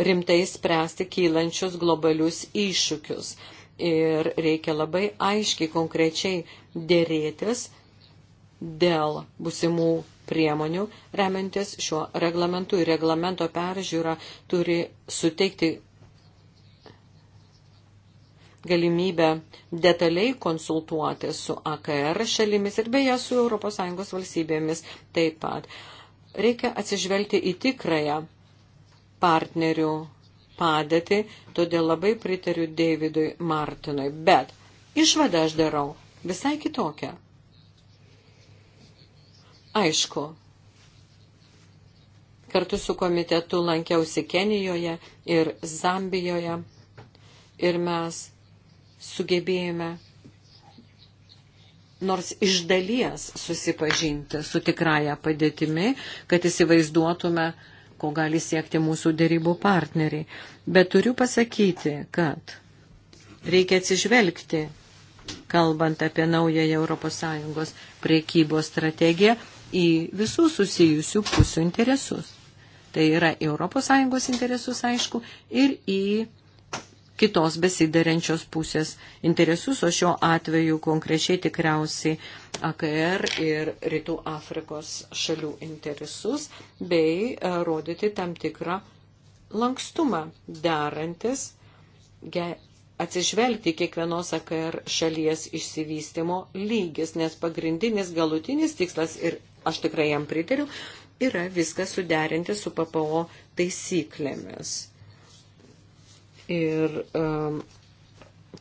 rimtai spręsti kylančius globalius iššūkius. Ir reikia labai aiškiai, konkrečiai dėrėtis dėl busimų priemonių remiantis šiuo reglamentu. Ir reglamento peržiūra turi suteikti galimybę detaliai konsultuoti su AKR šalimis ir beje su ES valstybėmis taip pat. Reikia atsižvelgti į tikrąją partnerių padėtį, todėl labai pritariu Davidui Martinui. Bet išvadą aš darau visai kitokia. Aišku, kartu su komitetu lankiausi Kenijoje ir Zambijoje ir mes sugebėjome nors iš dalies susipažinti su tikrąją padėtimi, kad įsivaizduotume, ko gali siekti mūsų dėrybų partneriai. Bet turiu pasakyti, kad reikia atsižvelgti kalbant apie naująją ES priekybos strategiją, į visų susijusių pusių interesus. Tai yra ES interesus, aišku, ir į kitos besidarenčios pusės interesus, o šiuo atveju konkrečiai tikriausiai AKR ir Rytų Afrikos šalių interesus, bei e, rodyti tam tikrą lankstumą darantis atsižvelgti kiekvienos AKR šalies išsivystimo lygis, nes pagrindinis galutinis tikslas, ir aš tikrai jam pritariu, yra viskas suderinti su PPO taisyklėmis. Ir um,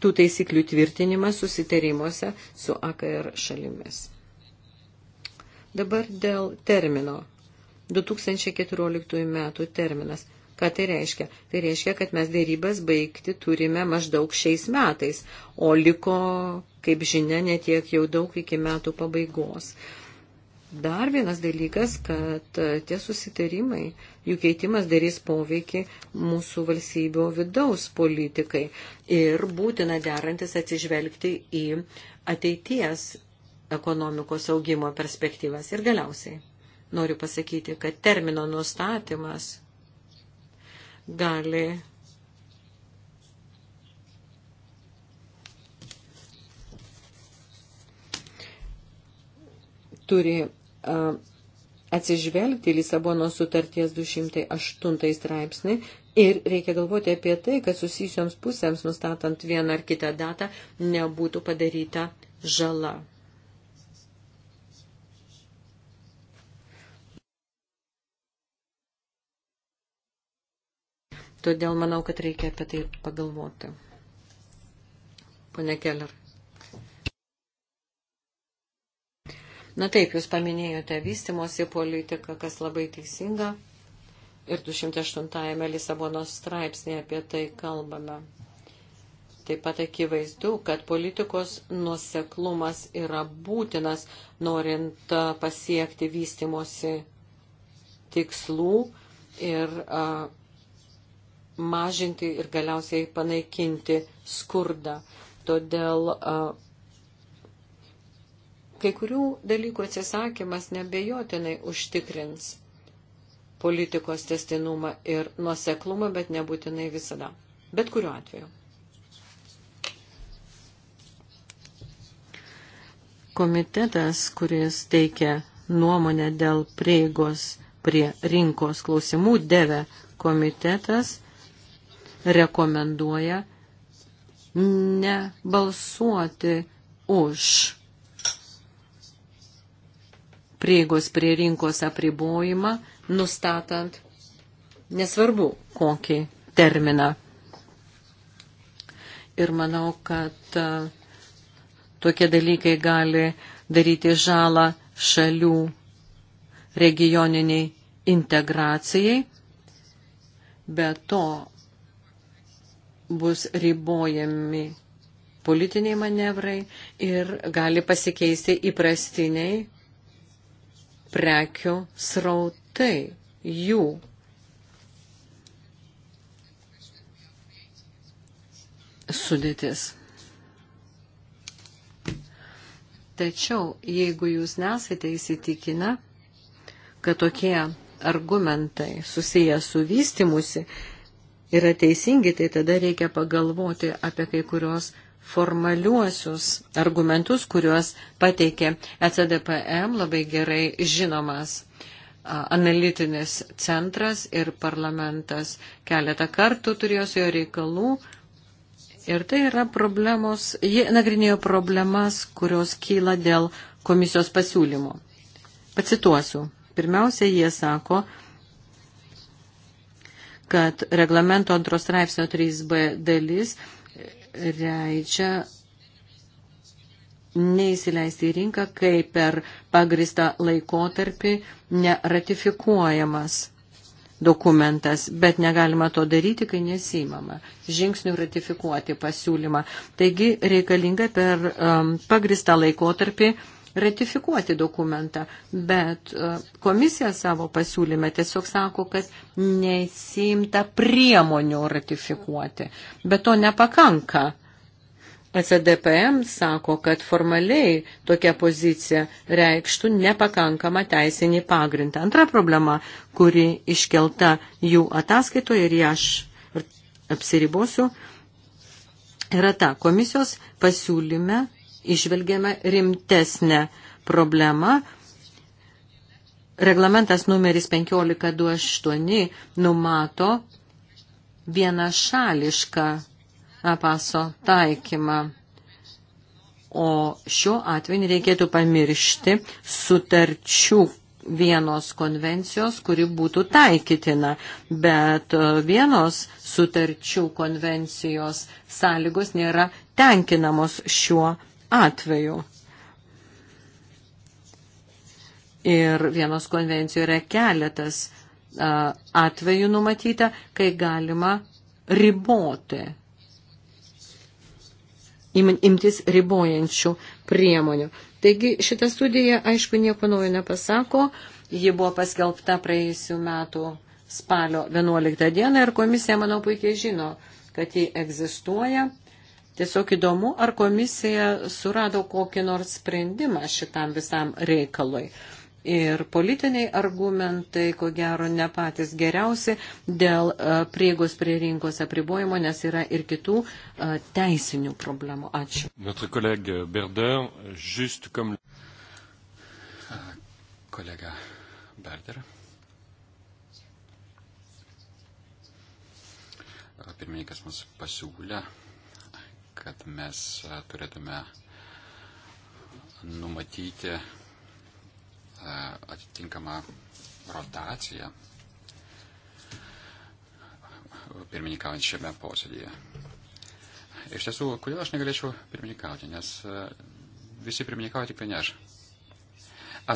tų taisyklių tvirtinimas susitarimuose su AKR šalimis. Dabar dėl termino. 2014 metų terminas. Ką tai reiškia? Tai reiškia, kad mes dėrybas baigti turime maždaug šiais metais, o liko, kaip žinia, netiek jau daug iki metų pabaigos. Dar vienas dalykas, kad tie susitarimai, jų keitimas darys poveikį mūsų valstybių vidaus politikai ir būtina derantis atsižvelgti į ateities ekonomikos augimo perspektyvas. Ir galiausiai noriu pasakyti, kad termino nustatymas gali turi atsižvelgti Lisabono sutarties 208 straipsnį ir reikia galvoti apie tai, kad susijusioms pusėms, nustatant vieną ar kitą datą, nebūtų padaryta žala. Todėl manau, kad reikia apie tai pagalvoti. Pone Keller. Na taip, jūs paminėjote vystimosi politiką, kas labai teisinga. Ir 208 Lisabonos straipsnėje apie tai kalbame. Taip pat akivaizdu, kad politikos nuseklumas yra būtinas, norint pasiekti vystimosi tikslų ir mažinti ir galiausiai panaikinti skurdą. Todėl kai kurių dalykų atsisakymas nebejotinai užtikrins politikos testinumą ir nuoseklumą, bet nebūtinai visada. Bet kuriuo atveju. Komitetas, kuris teikia nuomonę dėl prieigos prie rinkos klausimų, devė komitetas rekomenduoja nebalsuoti už prieigos prie rinkos apribojimą, nustatant nesvarbu kokį terminą. Ir manau, kad e, tokie dalykai gali daryti žalą šalių regioniniai integracijai. Be to, bus ribojami politiniai manevrai ir gali pasikeisti įprastiniai prekių srautai, jų sudėtis. Tačiau, jeigu jūs nesate įsitikinę, kad tokie argumentai susiję su vystimusi, yra teisingi, tai tada reikia pagalvoti apie kai kurios formaliuosius argumentus, kuriuos pateikė ECDPM, labai gerai žinomas analitinis centras ir parlamentas keletą kartų turėjo su jo reikalų. Ir tai yra problemos, jie nagrinėjo problemas, kurios kyla dėl komisijos pasiūlymų. Pacituosiu. Pirmiausia, jie sako, kad reglamento antros straipsnio 3b dalis reičia neįsileisti į rinką, kai per pagristą laikotarpį neratifikuojamas dokumentas, bet negalima to daryti, kai nesimama žingsnių ratifikuoti pasiūlymą. Taigi reikalinga per um, pagristą laikotarpį uh, ratifikuoti dokumentą, bet e, komisija savo pasiūlyme tiesiog sako, kad nesimta priemonių ratifikuoti, bet to nepakanka. ECDPM sako, kad formaliai tokia pozicija reikštų nepakankamą teisinį pagrindą. Antra problema, kuri iškelta jų ataskaitoje ir ją aš apsiribosiu, yra ta, komisijos pasiūlyme išvelgėme rimtesnę problemą. Reglamentas numeris 1528 numato vienašališką paso taikymą. O šiuo atveju reikėtų pamiršti sutarčių vienos konvencijos, kuri būtų taikytina, bet e, vienos sutarčių konvencijos sąlygos nėra tenkinamos šiuo atveju. Ir vienos konvencijoje yra keletas atvejų numatyta, kai galima riboti, imtis ribojančių priemonių. Taigi šita studija, aišku, nieko naujo nepasako. Ji buvo paskelbta praėjusių metų spalio 11 dieną ir komisija, manau, puikiai žino, kad ji egzistuoja Tiesiog įdomu, ar komisija surado kokį nors sprendimą šitam visam reikalui. Ir politiniai argumentai, ko gero, ne patys geriausi dėl e, prieigos prie rinkos apribojimo, nes yra ir kitų e, teisinių problemų. Ačiū. Berder, comme... Kolega Berder. Pirmininkas mums pasiūlė kad mes turėtume numatyti atitinkamą rotaciją pirmininkaujant šiame posėdėje. Iš tiesų, kodėl aš negalėčiau pirmininkauti, nes visi pirmininkauja tik ne aš.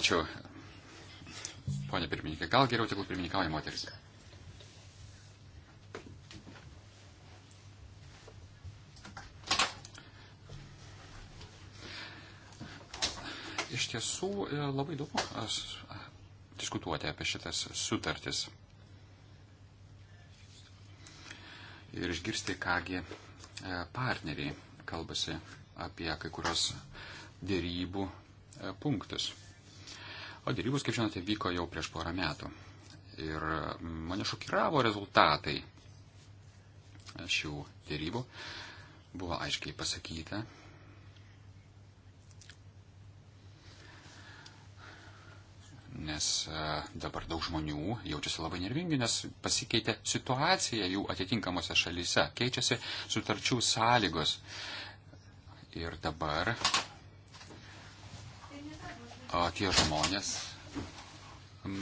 Ačiū, ponė pirmininkė. Gal geriau tegul pirmininkauja moteris. Iš tiesų e, labai įdomu diskutuoti apie šitas sutartis. Ir išgirsti, kągi e, partneriai kalbasi apie kai kurios dėrybų e, punktus. O dėrybos, kaip žinote, vyko jau prieš porą metų. Ir mane šokiravo rezultatai šių dėrybų. Buvo aiškiai pasakyta, nes e, dabar daug žmonių jaučiasi labai nervingi, nes pasikeitė situacija jų atitinkamose šalyse, keičiasi sutarčių sąlygos. Ir dabar a, tie žmonės m,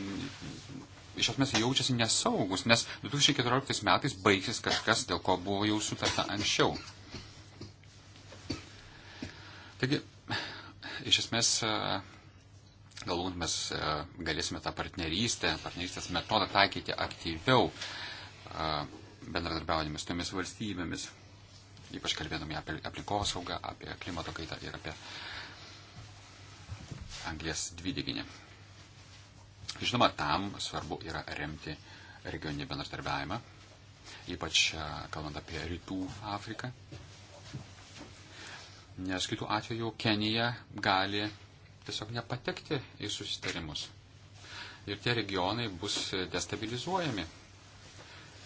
iš esmės jaučiasi nesaugus, nes 2014 metais baigsis kažkas, dėl ko buvo jau sutarta anksčiau. Taigi, iš esmės a, e, galbūt mes e, galėsime tą partnerystę, partnerystės metodą taikyti aktyviau e, bendradarbiaudami su tomis valstybėmis, ypač kalbėdami apie aplinkosaugą, apie klimato kaitą ir apie anglės dvideginį. Žinoma, tam svarbu yra remti regioninį bendradarbiavimą, ypač e, kalbant apie rytų Afriką, nes kitų atveju Kenija gali tiesiog nepatekti į susitarimus. Ir tie regionai bus destabilizuojami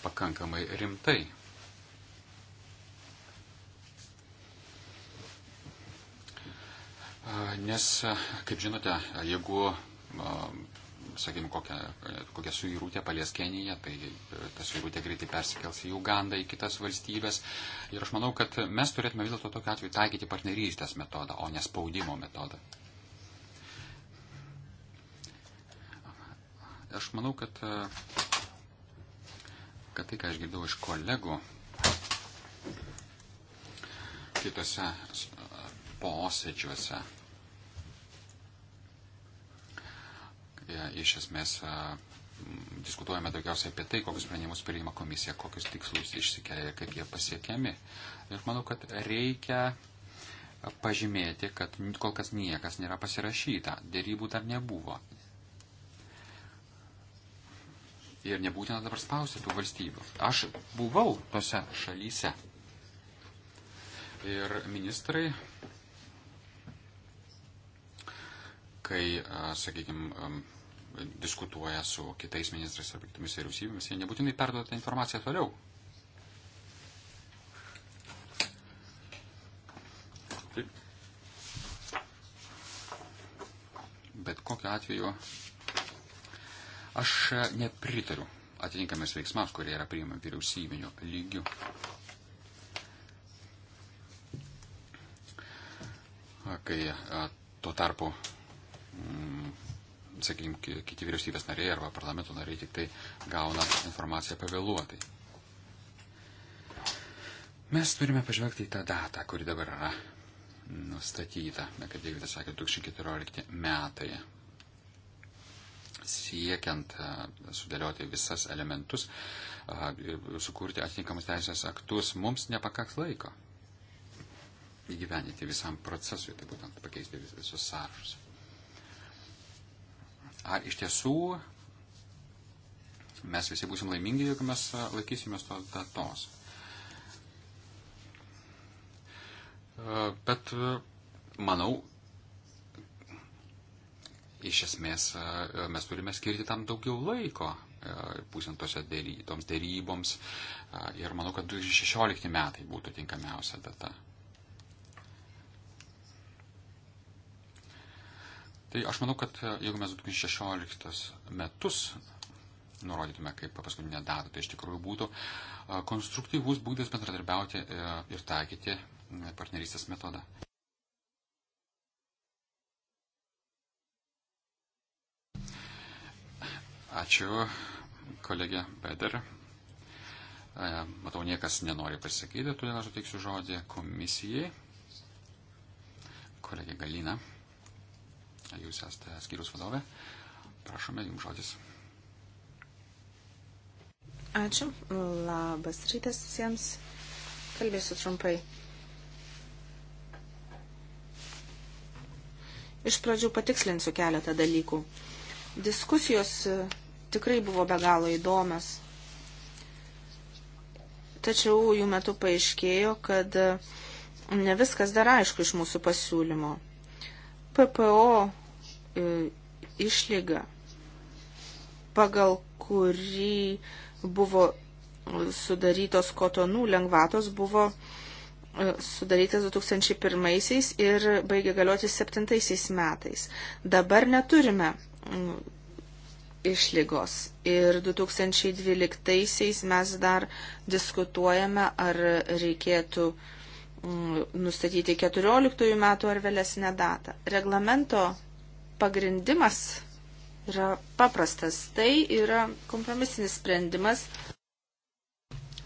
pakankamai rimtai. Nes, kaip žinote, jeigu, sakykime, kokia, kokia suirūtė palies Keniją, tai e, ta suirūtė greitai persikels į Ugandą, į kitas valstybės. Ir aš manau, kad mes turėtume vis dėlto tokiu atveju taikyti partnerystės metodą, o ne spaudimo metodą. Aš manau, kad, e, kad tai, ką aš girdėjau iš kolegų kitose e, posėdžiuose, e, iš esmės diskutuojame daugiausiai apie tai, kokius sprendimus priima komisija, kokius tikslus išsikelia ir kaip jie pasiekiami. Ir aš manau, kad reikia pažymėti, kad kol kas niekas nėra pasirašyta, dėrybų dar nebuvo. Ir nebūtina dabar spausti tų valstybių. Aš buvau tose šalyse. Ir ministrai, kai, sakykime, diskutuoja su kitais ministrais ar kitomis vyriausybėmis, jie nebūtinai perduoda tą informaciją toliau. Taip. Bet kokiu atveju Aš e, nepritariu atitinkamės veiksmams, kurie yra priimami vyriausybinio lygių. Kai e, tuo tarpu, mm, sakykime, kiti vyriausybės nariai arba parlamento nariai tik tai gauna informaciją pavėluotai. Mes turime pažvelgti į tą datą, kuri dabar yra nustatyta, kaip Deividas sakė, 2014 metai siekiant e, sudėlioti visas elementus, sukurti atitinkamus teisės aktus, mums nepakaks laiko įgyveninti visam procesui, tai būtent pakeisti visus sąrašus. Ar iš tiesų mes visi būsim laimingi, jeigu mes laikysimės tos datos? Bet manau, iš esmės e, e, mes turime skirti tam daugiau laiko, e, būtent tose dėry, toms dėryboms. Ir manau, kad 2016 metai būtų tinkamiausia data. Tai aš manau, kad jeigu mes 2016 metus nurodytume kaip paskutinę datą, tai iš tikrųjų būtų konstruktyvus būdas bendradarbiauti ir taikyti partnerystės metodą. Ačiū, kolegė Peder. E, matau, niekas nenori pasakyti, todėl aš suteiksiu žodį komisijai. Kolegė Galina, jūs esate skyrius vadovė. Prašome, jums žodis. Ačiū. Labas rytas visiems. Kalbėsiu trumpai. Iš pradžių patikslinsiu keletą dalykų. Diskusijos tikrai buvo be galo įdomios. Tačiau jų metu paaiškėjo, kad e, ne viskas dar aišku iš mūsų pasiūlymo. PPO e, išlyga, pagal kurį buvo e, sudarytos kotonų lengvatos, buvo sudarytas 2001 ir baigė galioti 2007 metais. Dabar neturime išlygos. Ir 2012 mes dar diskutuojame, ar reikėtų mm, nustatyti 14 metų ar vėlesnę datą. Reglamento pagrindimas yra paprastas. Tai yra kompromisinis sprendimas.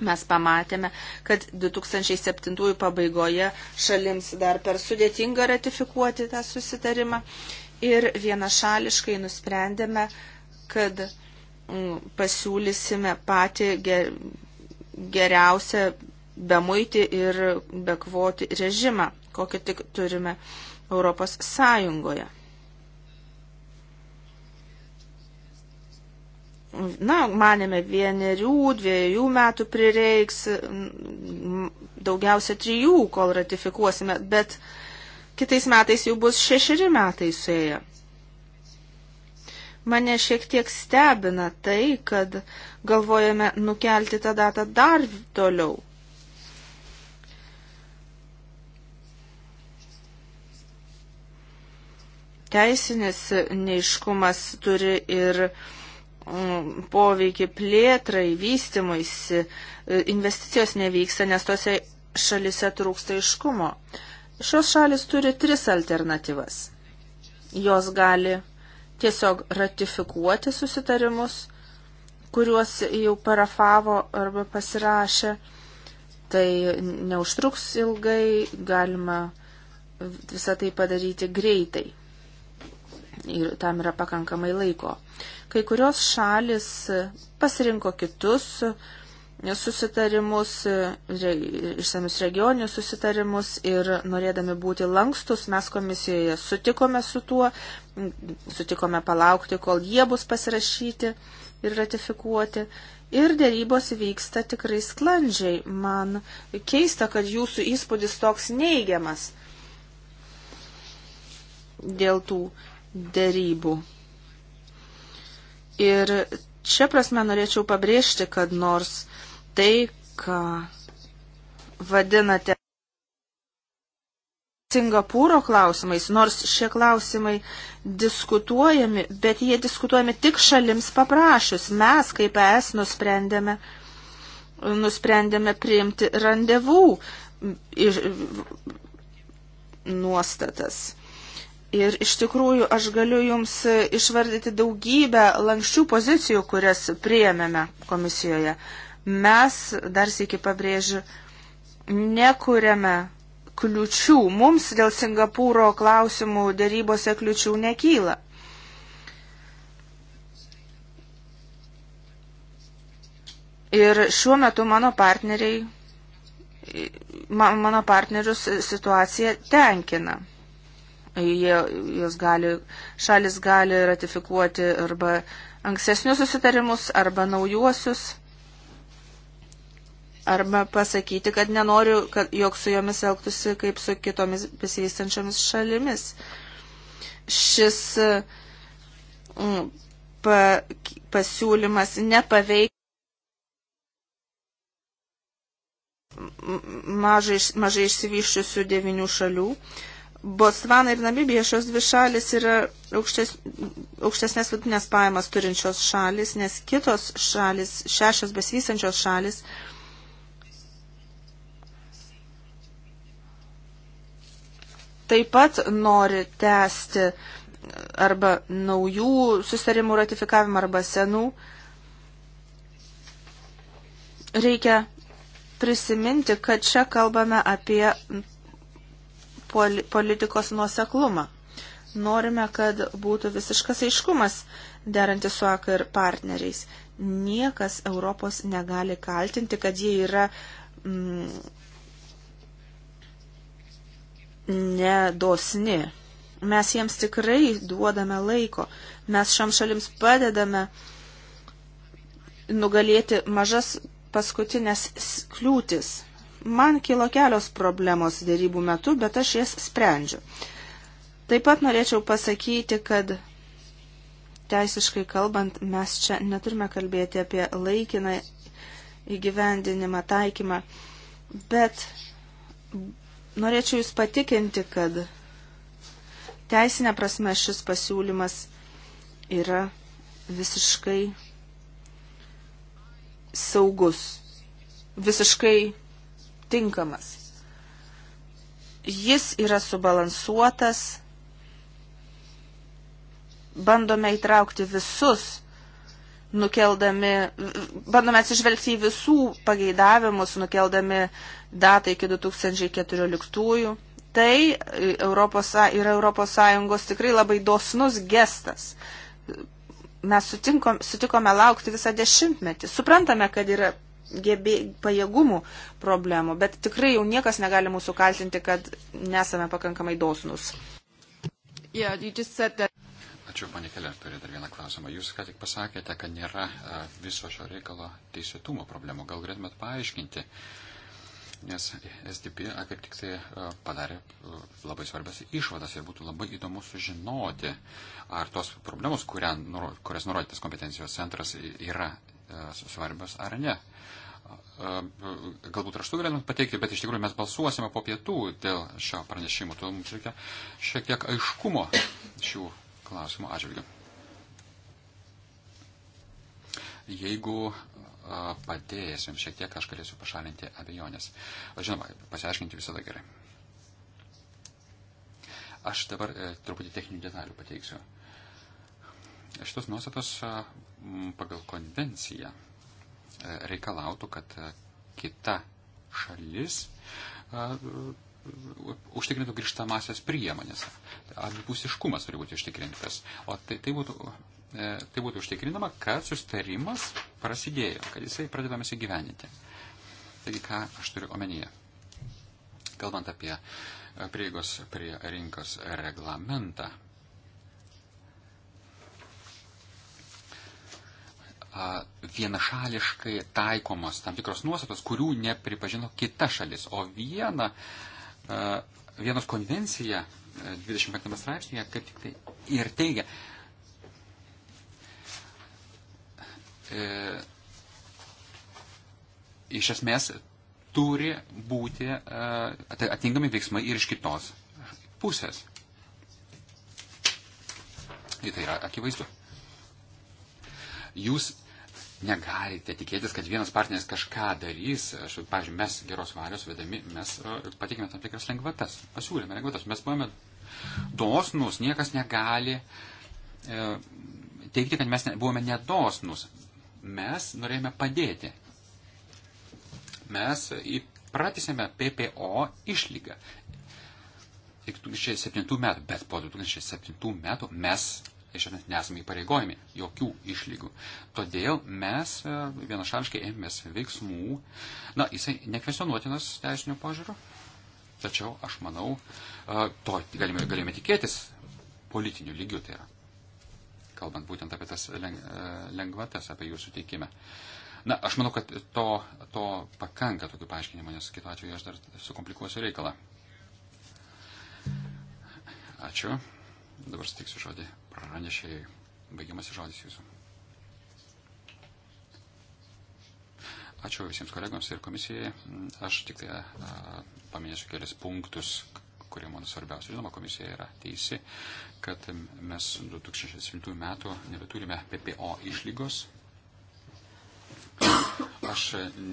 Mes pamatėme, kad 2007 pabaigoje šalims dar per sudėtinga ratifikuoti tą susitarimą ir vienašališkai nusprendėme, kad mm, pasiūlysime patį geriausią bemuitį ir bekvoti režimą, kokį tik turime Europos Sąjungoje. Na, manėme vienerių, dviejų metų prireiks, mm, daugiausia trijų, kol ratifikuosime, bet kitais metais jau bus šešeri metai suėję. Mane šiek tiek stebina tai, kad galvojame nukelti tą datą dar toliau. Teisinis neiškumas turi ir mm, poveikį plėtrai, vystimuisi, investicijos nevyksta, nes tose šalise trūksta iškumo. Šios šalis turi tris alternatyvas. Jos gali tiesiog ratifikuoti susitarimus, kuriuos jau parafavo arba pasirašė. Tai neužtruks ilgai, galima visą tai padaryti greitai. Ir tam yra pakankamai laiko. Kai kurios šalis pasirinko kitus susitarimus, išsamius regioninius susitarimus ir norėdami būti lankstus, mes komisijoje sutikome su tuo, sutikome palaukti, kol jie bus pasirašyti ir ratifikuoti. Ir dėrybos vyksta tikrai sklandžiai. Man keista, kad jūsų įspūdis toks neigiamas dėl tų dėrybų. Ir čia prasme norėčiau pabrėžti, kad nors tai, ką vadinate Singapūro klausimais, nors šie klausimai diskutuojami, bet jie diskutuojami tik šalims paprašius. Mes, kaip es, nusprendėme, nusprendėme priimti rendezvų nuostatas. Ir iš tikrųjų aš galiu Jums išvardyti daugybę lankščių pozicijų, kurias priėmėme komisijoje. Mes, dar sėki pabrėžiu, nekuriame kliučių. Mums dėl Singapūro klausimų dėrybose kliučių nekyla. Ir šiuo metu mano partneriai, mano partnerius situacija tenkina. Jie, jos gali, šalis gali ratifikuoti arba ankstesnius susitarimus, arba naujuosius arba pasakyti, kad nenoriu, kad, jog su jomis elgtųsi kaip su kitomis besivystančiomis šalimis. Šis mm, pa, pasiūlymas nepaveikia mažai, mažai išsivyščiusių devinių šalių. Botsvana ir Namibija šios dvi šalis yra aukštes, aukštesnės vidutinės pajamas turinčios šalis, nes kitos šalis, šešios besivystančios šalis, taip pat nori tęsti arba naujų susitarimų ratifikavimą arba senų. Reikia prisiminti, kad čia kalbame apie politikos nuoseklumą. Norime, kad būtų visiškas aiškumas derantis su AK ir partneriais. Niekas Europos negali kaltinti, kad jie yra mm, nedosni. Mes jiems tikrai duodame laiko. Mes šiam šalims padedame nugalėti mažas paskutinės kliūtis. Man kilo kelios problemos dėrybų metu, bet aš jas sprendžiu. Taip pat norėčiau pasakyti, kad teisiškai kalbant, mes čia neturime kalbėti apie laikiną įgyvendinimą, taikymą, bet Norėčiau Jūs patikinti, kad teisinė prasme šis pasiūlymas yra visiškai saugus, visiškai tinkamas. Jis yra subalansuotas, bandome įtraukti visus, nukeldami, bandome atsižvelgti į visų pageidavimus, nukeldami datą iki 2014. Tai e, Europos, yra ES tikrai labai dosnus gestas. Mes sutinkom, sutikome laukti visą dešimtmetį. Suprantame, kad yra gebė, pajėgumų problemų, bet tikrai jau niekas negali mūsų kaltinti, kad nesame pakankamai dosnus. Yeah, Ačiū, panė Keler, turiu dar vieną klausimą. Jūs ką tik pasakėte, kad nėra viso šio reikalo teisėtumo problemų. Gal galėtumėt paaiškinti, uh, nes SDP kaip tik tai padarė labai svarbias išvadas ir būtų labai įdomu sužinoti, ar tos problemos, kuria, kurias nurodytas kompetencijos centras yra svarbios ar ne. Galbūt raštu galėtum pateikti, bet iš tikrųjų mes balsuosime po pietų dėl šio pranešimo, todėl mums reikia šiek tiek aiškumo šių klausimų atžvilgių. Jeigu padėjęs jums šiek tiek, aš galėsiu pašalinti abejonės. Žinoma, pasiaiškinti visada gerai. Aš dabar e, truputį techninių detalių pateiksiu. Šitos nuostatos e, pagal konvenciją e, reikalautų, kad e, kita šalis e, užtikrintų grįžtamasias priemonės. Abipusiškumas turi būti užtikrintas. O tai, tai būtų e, tai būtų užtikrinama, kad sustarimas prasidėjo, kad jisai pradedamas įgyveninti. Taigi, ką aš turiu omenyje? Kalbant apie e, prieigos prie rinkos reglamentą, vienašališkai taikomos tam tikros nuostatos, kurių nepripažino kita šalis. O viena, e, vienos konvencija 25 e, straipsnėje kaip tik tai ir teigia, E, iš esmės turi būti e, atitinkami veiksmai ir iš kitos pusės. Ir tai yra akivaizdu. Jūs negalite tikėtis, kad vienas partneris kažką darys. Aš, pavyzdžiui, mes geros valios vedami, mes e, patikime tam tikras lengvatas. Pasiūlėme lengvatas. Mes buvome dosnus, niekas negali teikti, kad mes buvome nedosnus mes norėjome padėti. Mes pratysėme PPO išlygą iki 2007 metų, bet po 2007 metų mes iš esmės nesame įpareigojami jokių išlygų. Todėl mes e, vienašališkai ėmėmės veiksmų. Na, jisai nekvesionuotinas teisinių požiūrių, tačiau aš manau, e, to galime, galime tikėtis politinių lygių tai yra kalbant būtent apie tas e, lengvatas, apie jų suteikimą. Na, aš manau, kad to, to pakanka tokių paaiškinimų, nes kitu atveju aš dar sukomplikuosiu reikalą. Ačiū. Dabar sutiksiu žodį pranešėjai. Baigiamasi žodis jūsų. Ačiū visiems kolegams ir komisijai. Aš tik tai a, paminėsiu kelias punktus, kurie man svarbiausia. Žinoma, komisija yra teisi, kad mes 2007 metų nebeturime PPO išlygos. Aš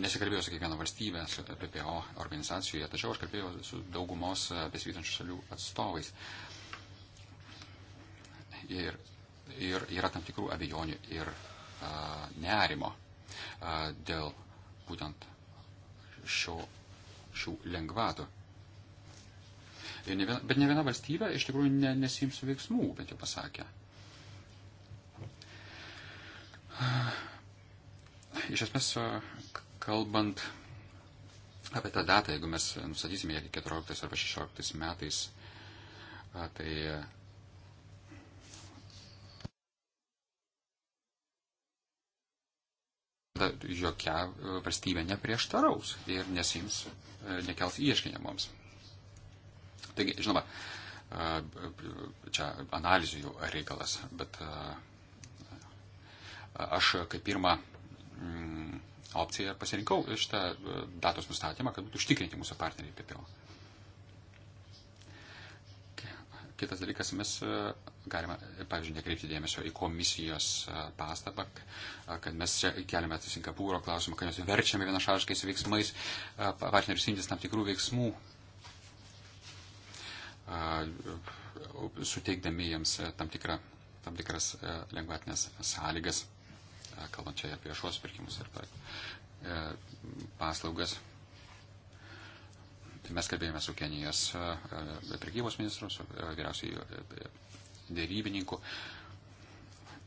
nesikalbėjau su kiekviena valstybė, su PPO organizacijoje, tačiau aš kalbėjau su daugumos besivytančių šalių atstovais. Ir, ir yra tam tikrų abejonių ir a, nerimo a, dėl būtent šio, šių lengvatų. Ir ne viena, bet ne viena valstybė iš tikrųjų ne, nesims veiksmų, bent jau pasakė. Iš esmės, kalbant apie tą datą, jeigu mes nustatysime ją 14 arba 16 metais, tai jokia valstybė neprieštaraus ir nesims, e, nekels ieškinimams. Taigi, žinoma, čia analizių jau reikalas, bet aš kaip pirmą mm, opciją pasirinkau šitą datos nustatymą, kad būtų užtikrinti mūsų partneriai PPO. Kitas dalykas, mes galime, pavyzdžiui, nekreipti dėmesio į komisijos pastabą, kad mes čia keliame Singapūro klausimą, kad mes verčiame vienašališkais veiksmais partnerius imtis tam tikrų veiksmų, suteikdami jiems e, tam, tikrą, tam tikras e, lengvatinės sąlygas, e, kalbant čia apie viešuos pirkimus ir paslaugas. Tai mes kalbėjome su Kenijos prekybos ministru, su vyriausiai dėrybininku.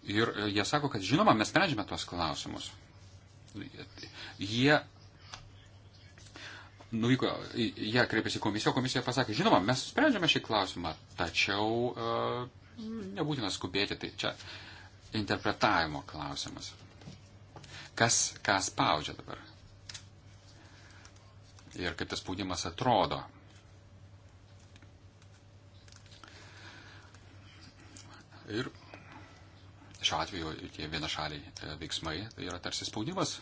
Ir jie sako, kad žinoma, mes sprendžiame tuos klausimus. Jie nuvyko, jie kreipėsi komisiją, komisija pasakė, žinoma, mes sprendžiame šį klausimą, tačiau e, nebūtina skubėti, tai čia interpretavimo klausimas. Kas, kas spaudžia dabar? Ir kaip tas spaudimas atrodo? Ir šiuo atveju tie vienašaliai e, veiksmai tai yra tarsi spaudimas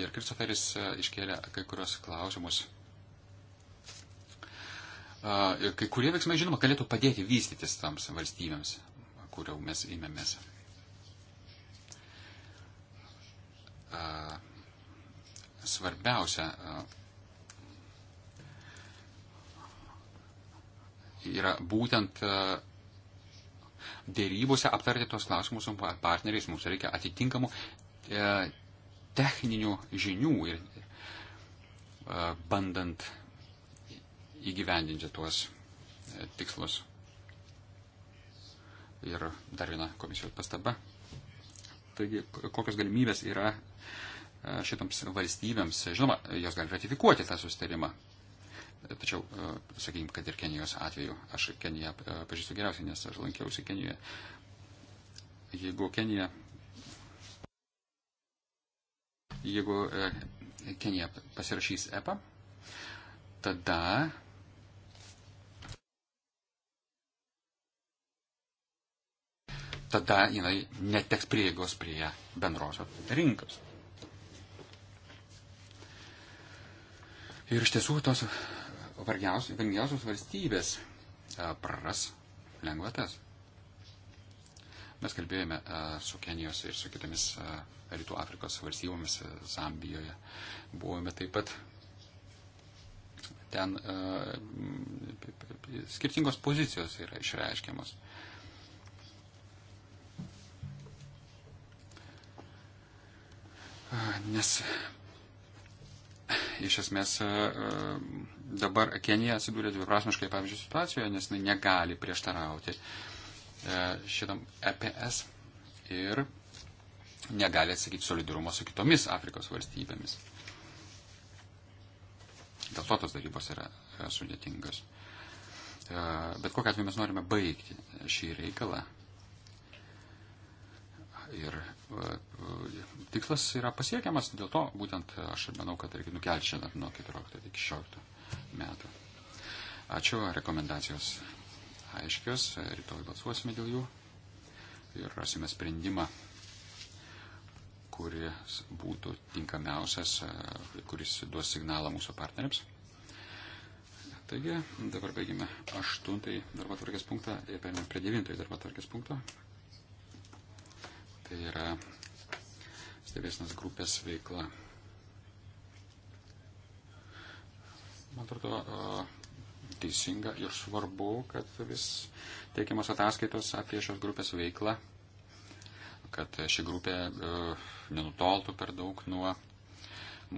Ir Kristoferis e, iškėlė kai kurios klausimus. E, ir kai kurie veiksmai, žinoma, galėtų padėti vystytis tams valstybėms, kurių mes įmėmės. E, svarbiausia yra būtent dėrybose aptarti tos klausimus su partneriais. Mums reikia atitinkamų techninių žinių ir e, bandant įgyvendinti tuos e, tikslus. Ir dar viena komisijos pastaba. Taigi, kokios galimybės yra e, šitoms valstybėms, žinoma, jos gali ratifikuoti tą susitarimą. Tačiau, sakykime, kad ir Kenijos atveju, aš Keniją pažįstu geriausiai, nes aš lankiausi Kenijoje. Jeigu Kenija jeigu e, Kenija pasirašys EPA, tada tada jinai neteks prieigos prie bendrosios rinkos. Ir iš tiesų tos vargiausios valstybės e, praras lengvatas. Mes kalbėjome e, su Kenijos ir su kitomis e, Rytų Afrikos valstybėmis e, Zambijoje. Buvome taip pat ten skirtingos pozicijos yra išreiškiamos. Nes iš esmės dabar Kenija atsidūrė dviprasmiškai, pavyzdžiui, situacijoje, nes jinai negali prieštarauti uh, E, šitam EPS ir negali atsakyti solidarumo su kitomis Afrikos valstybėmis. Dėl to tos darybos yra e, sudėtingas. E, bet kokią atveju mes norime baigti šį reikalą. Ir tikslas yra pasiekiamas, dėl to būtent aš ir manau, kad reikia nukelti šiandien nuo 14 iki 16 metų. Ačiū, rekomendacijos aiškios, rytoj balsuosime dėl jų ir rasime sprendimą, kuris būtų tinkamiausias, kuris duos signalą mūsų partneriams. Taigi, dabar baigime aštuntąjį darbo tvarkės punktą ir e, perėmėm prie devintąjį darbo tvarkės punkto. Tai yra stebėsinas grupės veikla. Man atrodo, teisinga ir svarbu, kad vis teikiamas ataskaitos apie šios grupės veiklą, kad ši grupė e, nenutoltų per daug nuo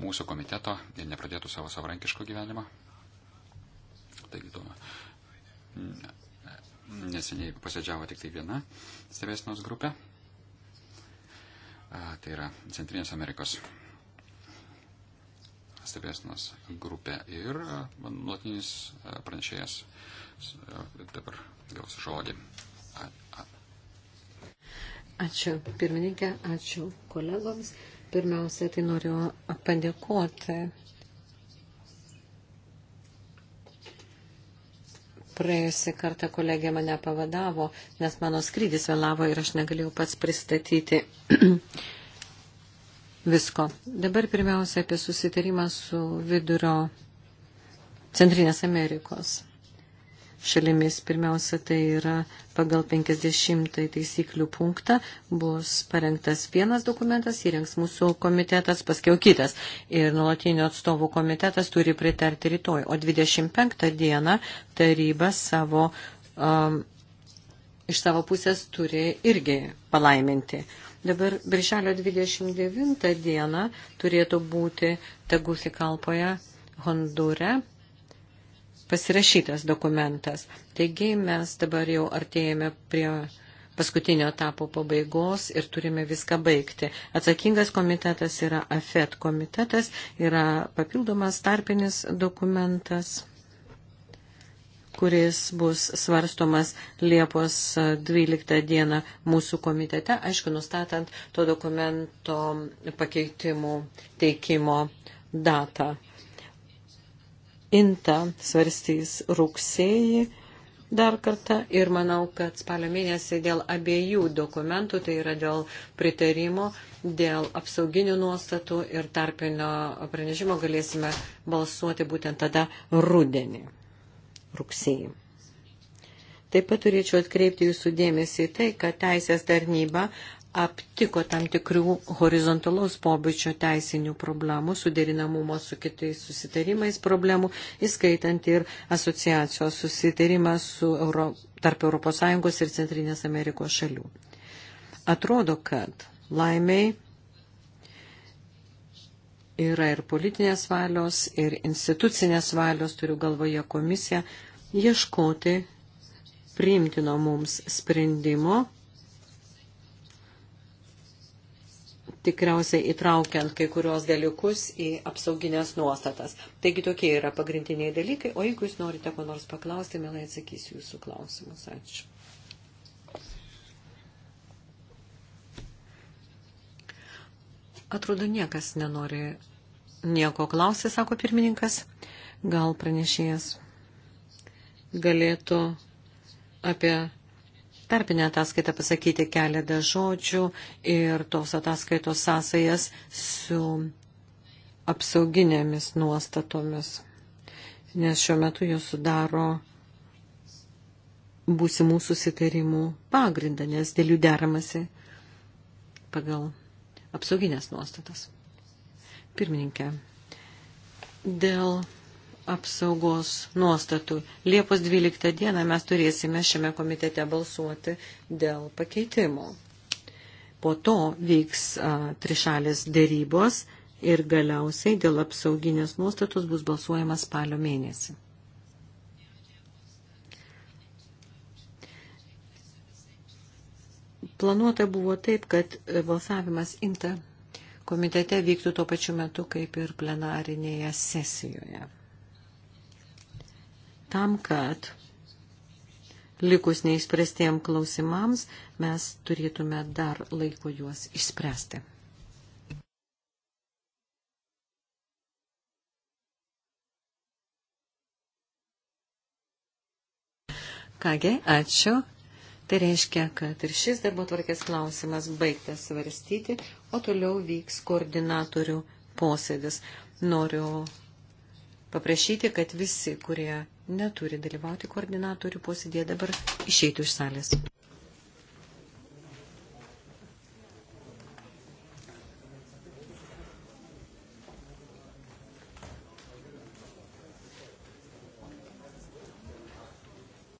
mūsų komiteto ir nepradėtų savo savarankiško gyvenimo. Taigi to neseniai pasėdžiavo tik tai viena stebėsinos grupė. Tai yra Centrinės Amerikos stebėsinos grupė ir e, nuotinis e, pranešėjas e, dabar gaus žodį. A, a. Ačiū pirmininkė, ačiū kolegoms. Pirmiausia, tai noriu padėkoti Praėjusi kartą kolegė mane pavadavo, nes mano skrydis vėlavo ir aš negalėjau pats pristatyti visko. Dabar pirmiausia apie susitarimą su vidurio Centrinės Amerikos šalimis. Pirmiausia, tai yra pagal 50 taisyklių punktą bus parengtas vienas dokumentas, įrengs mūsų komitetas, paskiau kitas. Ir nuolatinio atstovų komitetas turi pritarti rytoj. O 25 dieną taryba savo, um, iš savo pusės turi irgi palaiminti. Uh, Dabar birželio 29 dieną turėtų būti Tegucigalpoje, Hondūre pasirašytas dokumentas. Taigi mes dabar jau artėjame prie paskutinio etapo pabaigos ir turime viską baigti. Atsakingas komitetas yra AFET komitetas, yra papildomas tarpinis dokumentas kuris bus svarstomas Liepos 12 dieną mūsų komitete, aišku, nustatant to dokumento pakeitimų teikimo datą. Inta svarstys rugsėjį dar kartą ir manau, kad spalio mėnesį dėl abiejų dokumentų, tai yra dėl pritarimo, dėl apsauginių nuostatų ir tarpinio pranešimo galėsime balsuoti būtent tada rudenį rugsėjį. Taip pat turėčiau atkreipti jūsų dėmesį į tai, kad teisės tarnyba aptiko tam tikrų horizontalaus pobūdžio teisinių problemų, suderinamumo su kitais susitarimais problemų, įskaitant ir asociacijos susitarimą su Euro, tarp ES ir Centrinės Amerikos šalių. Atrodo, kad laimiai yra ir politinės valios, ir institucinės valios, turiu galvoje komisiją, ieškoti priimtino mums sprendimo, tikriausiai įtraukiant kai kurios dalykus į apsauginės nuostatas. Taigi tokie yra pagrindiniai dalykai, o jeigu jūs norite ko nors paklausti, mielai atsakysiu jūsų klausimus. Ačiū. Atrodo, niekas nenori nieko klausyti, sako pirmininkas. Gal pranešėjas galėtų apie tarpinę ataskaitą pasakyti keletą žodžių ir tos ataskaitos sąsajas su apsauginėmis nuostatomis, nes šiuo metu jos sudaro būsimų susitarimų pagrindą, nes dėl jų deramasi pagal apsauginės nuostatas. Pirmininkė, dėl apsaugos nuostatų. Liepos 12 dieną mes turėsime šiame komitete balsuoti dėl pakeitimo. Po to vyks a, trišalės dėrybos ir galiausiai dėl apsauginės nuostatos bus balsuojama spalio mėnesį. Planuota buvo taip, kad e, balsavimas INTA komitete vyktų tuo pačiu metu kaip ir plenarinėje sesijoje. Tam, kad likus neįspręstiem klausimams mes turėtume dar laiko juos išspręsti. Kągi, ačiū. Tai reiškia, kad ir šis darbo tvarkės klausimas baigtas svarstyti, o toliau vyks koordinatorių posėdis. Noriu paprašyti, kad visi, kurie neturi dalyvauti koordinatorių posėdėje, dabar išeitų iš salės.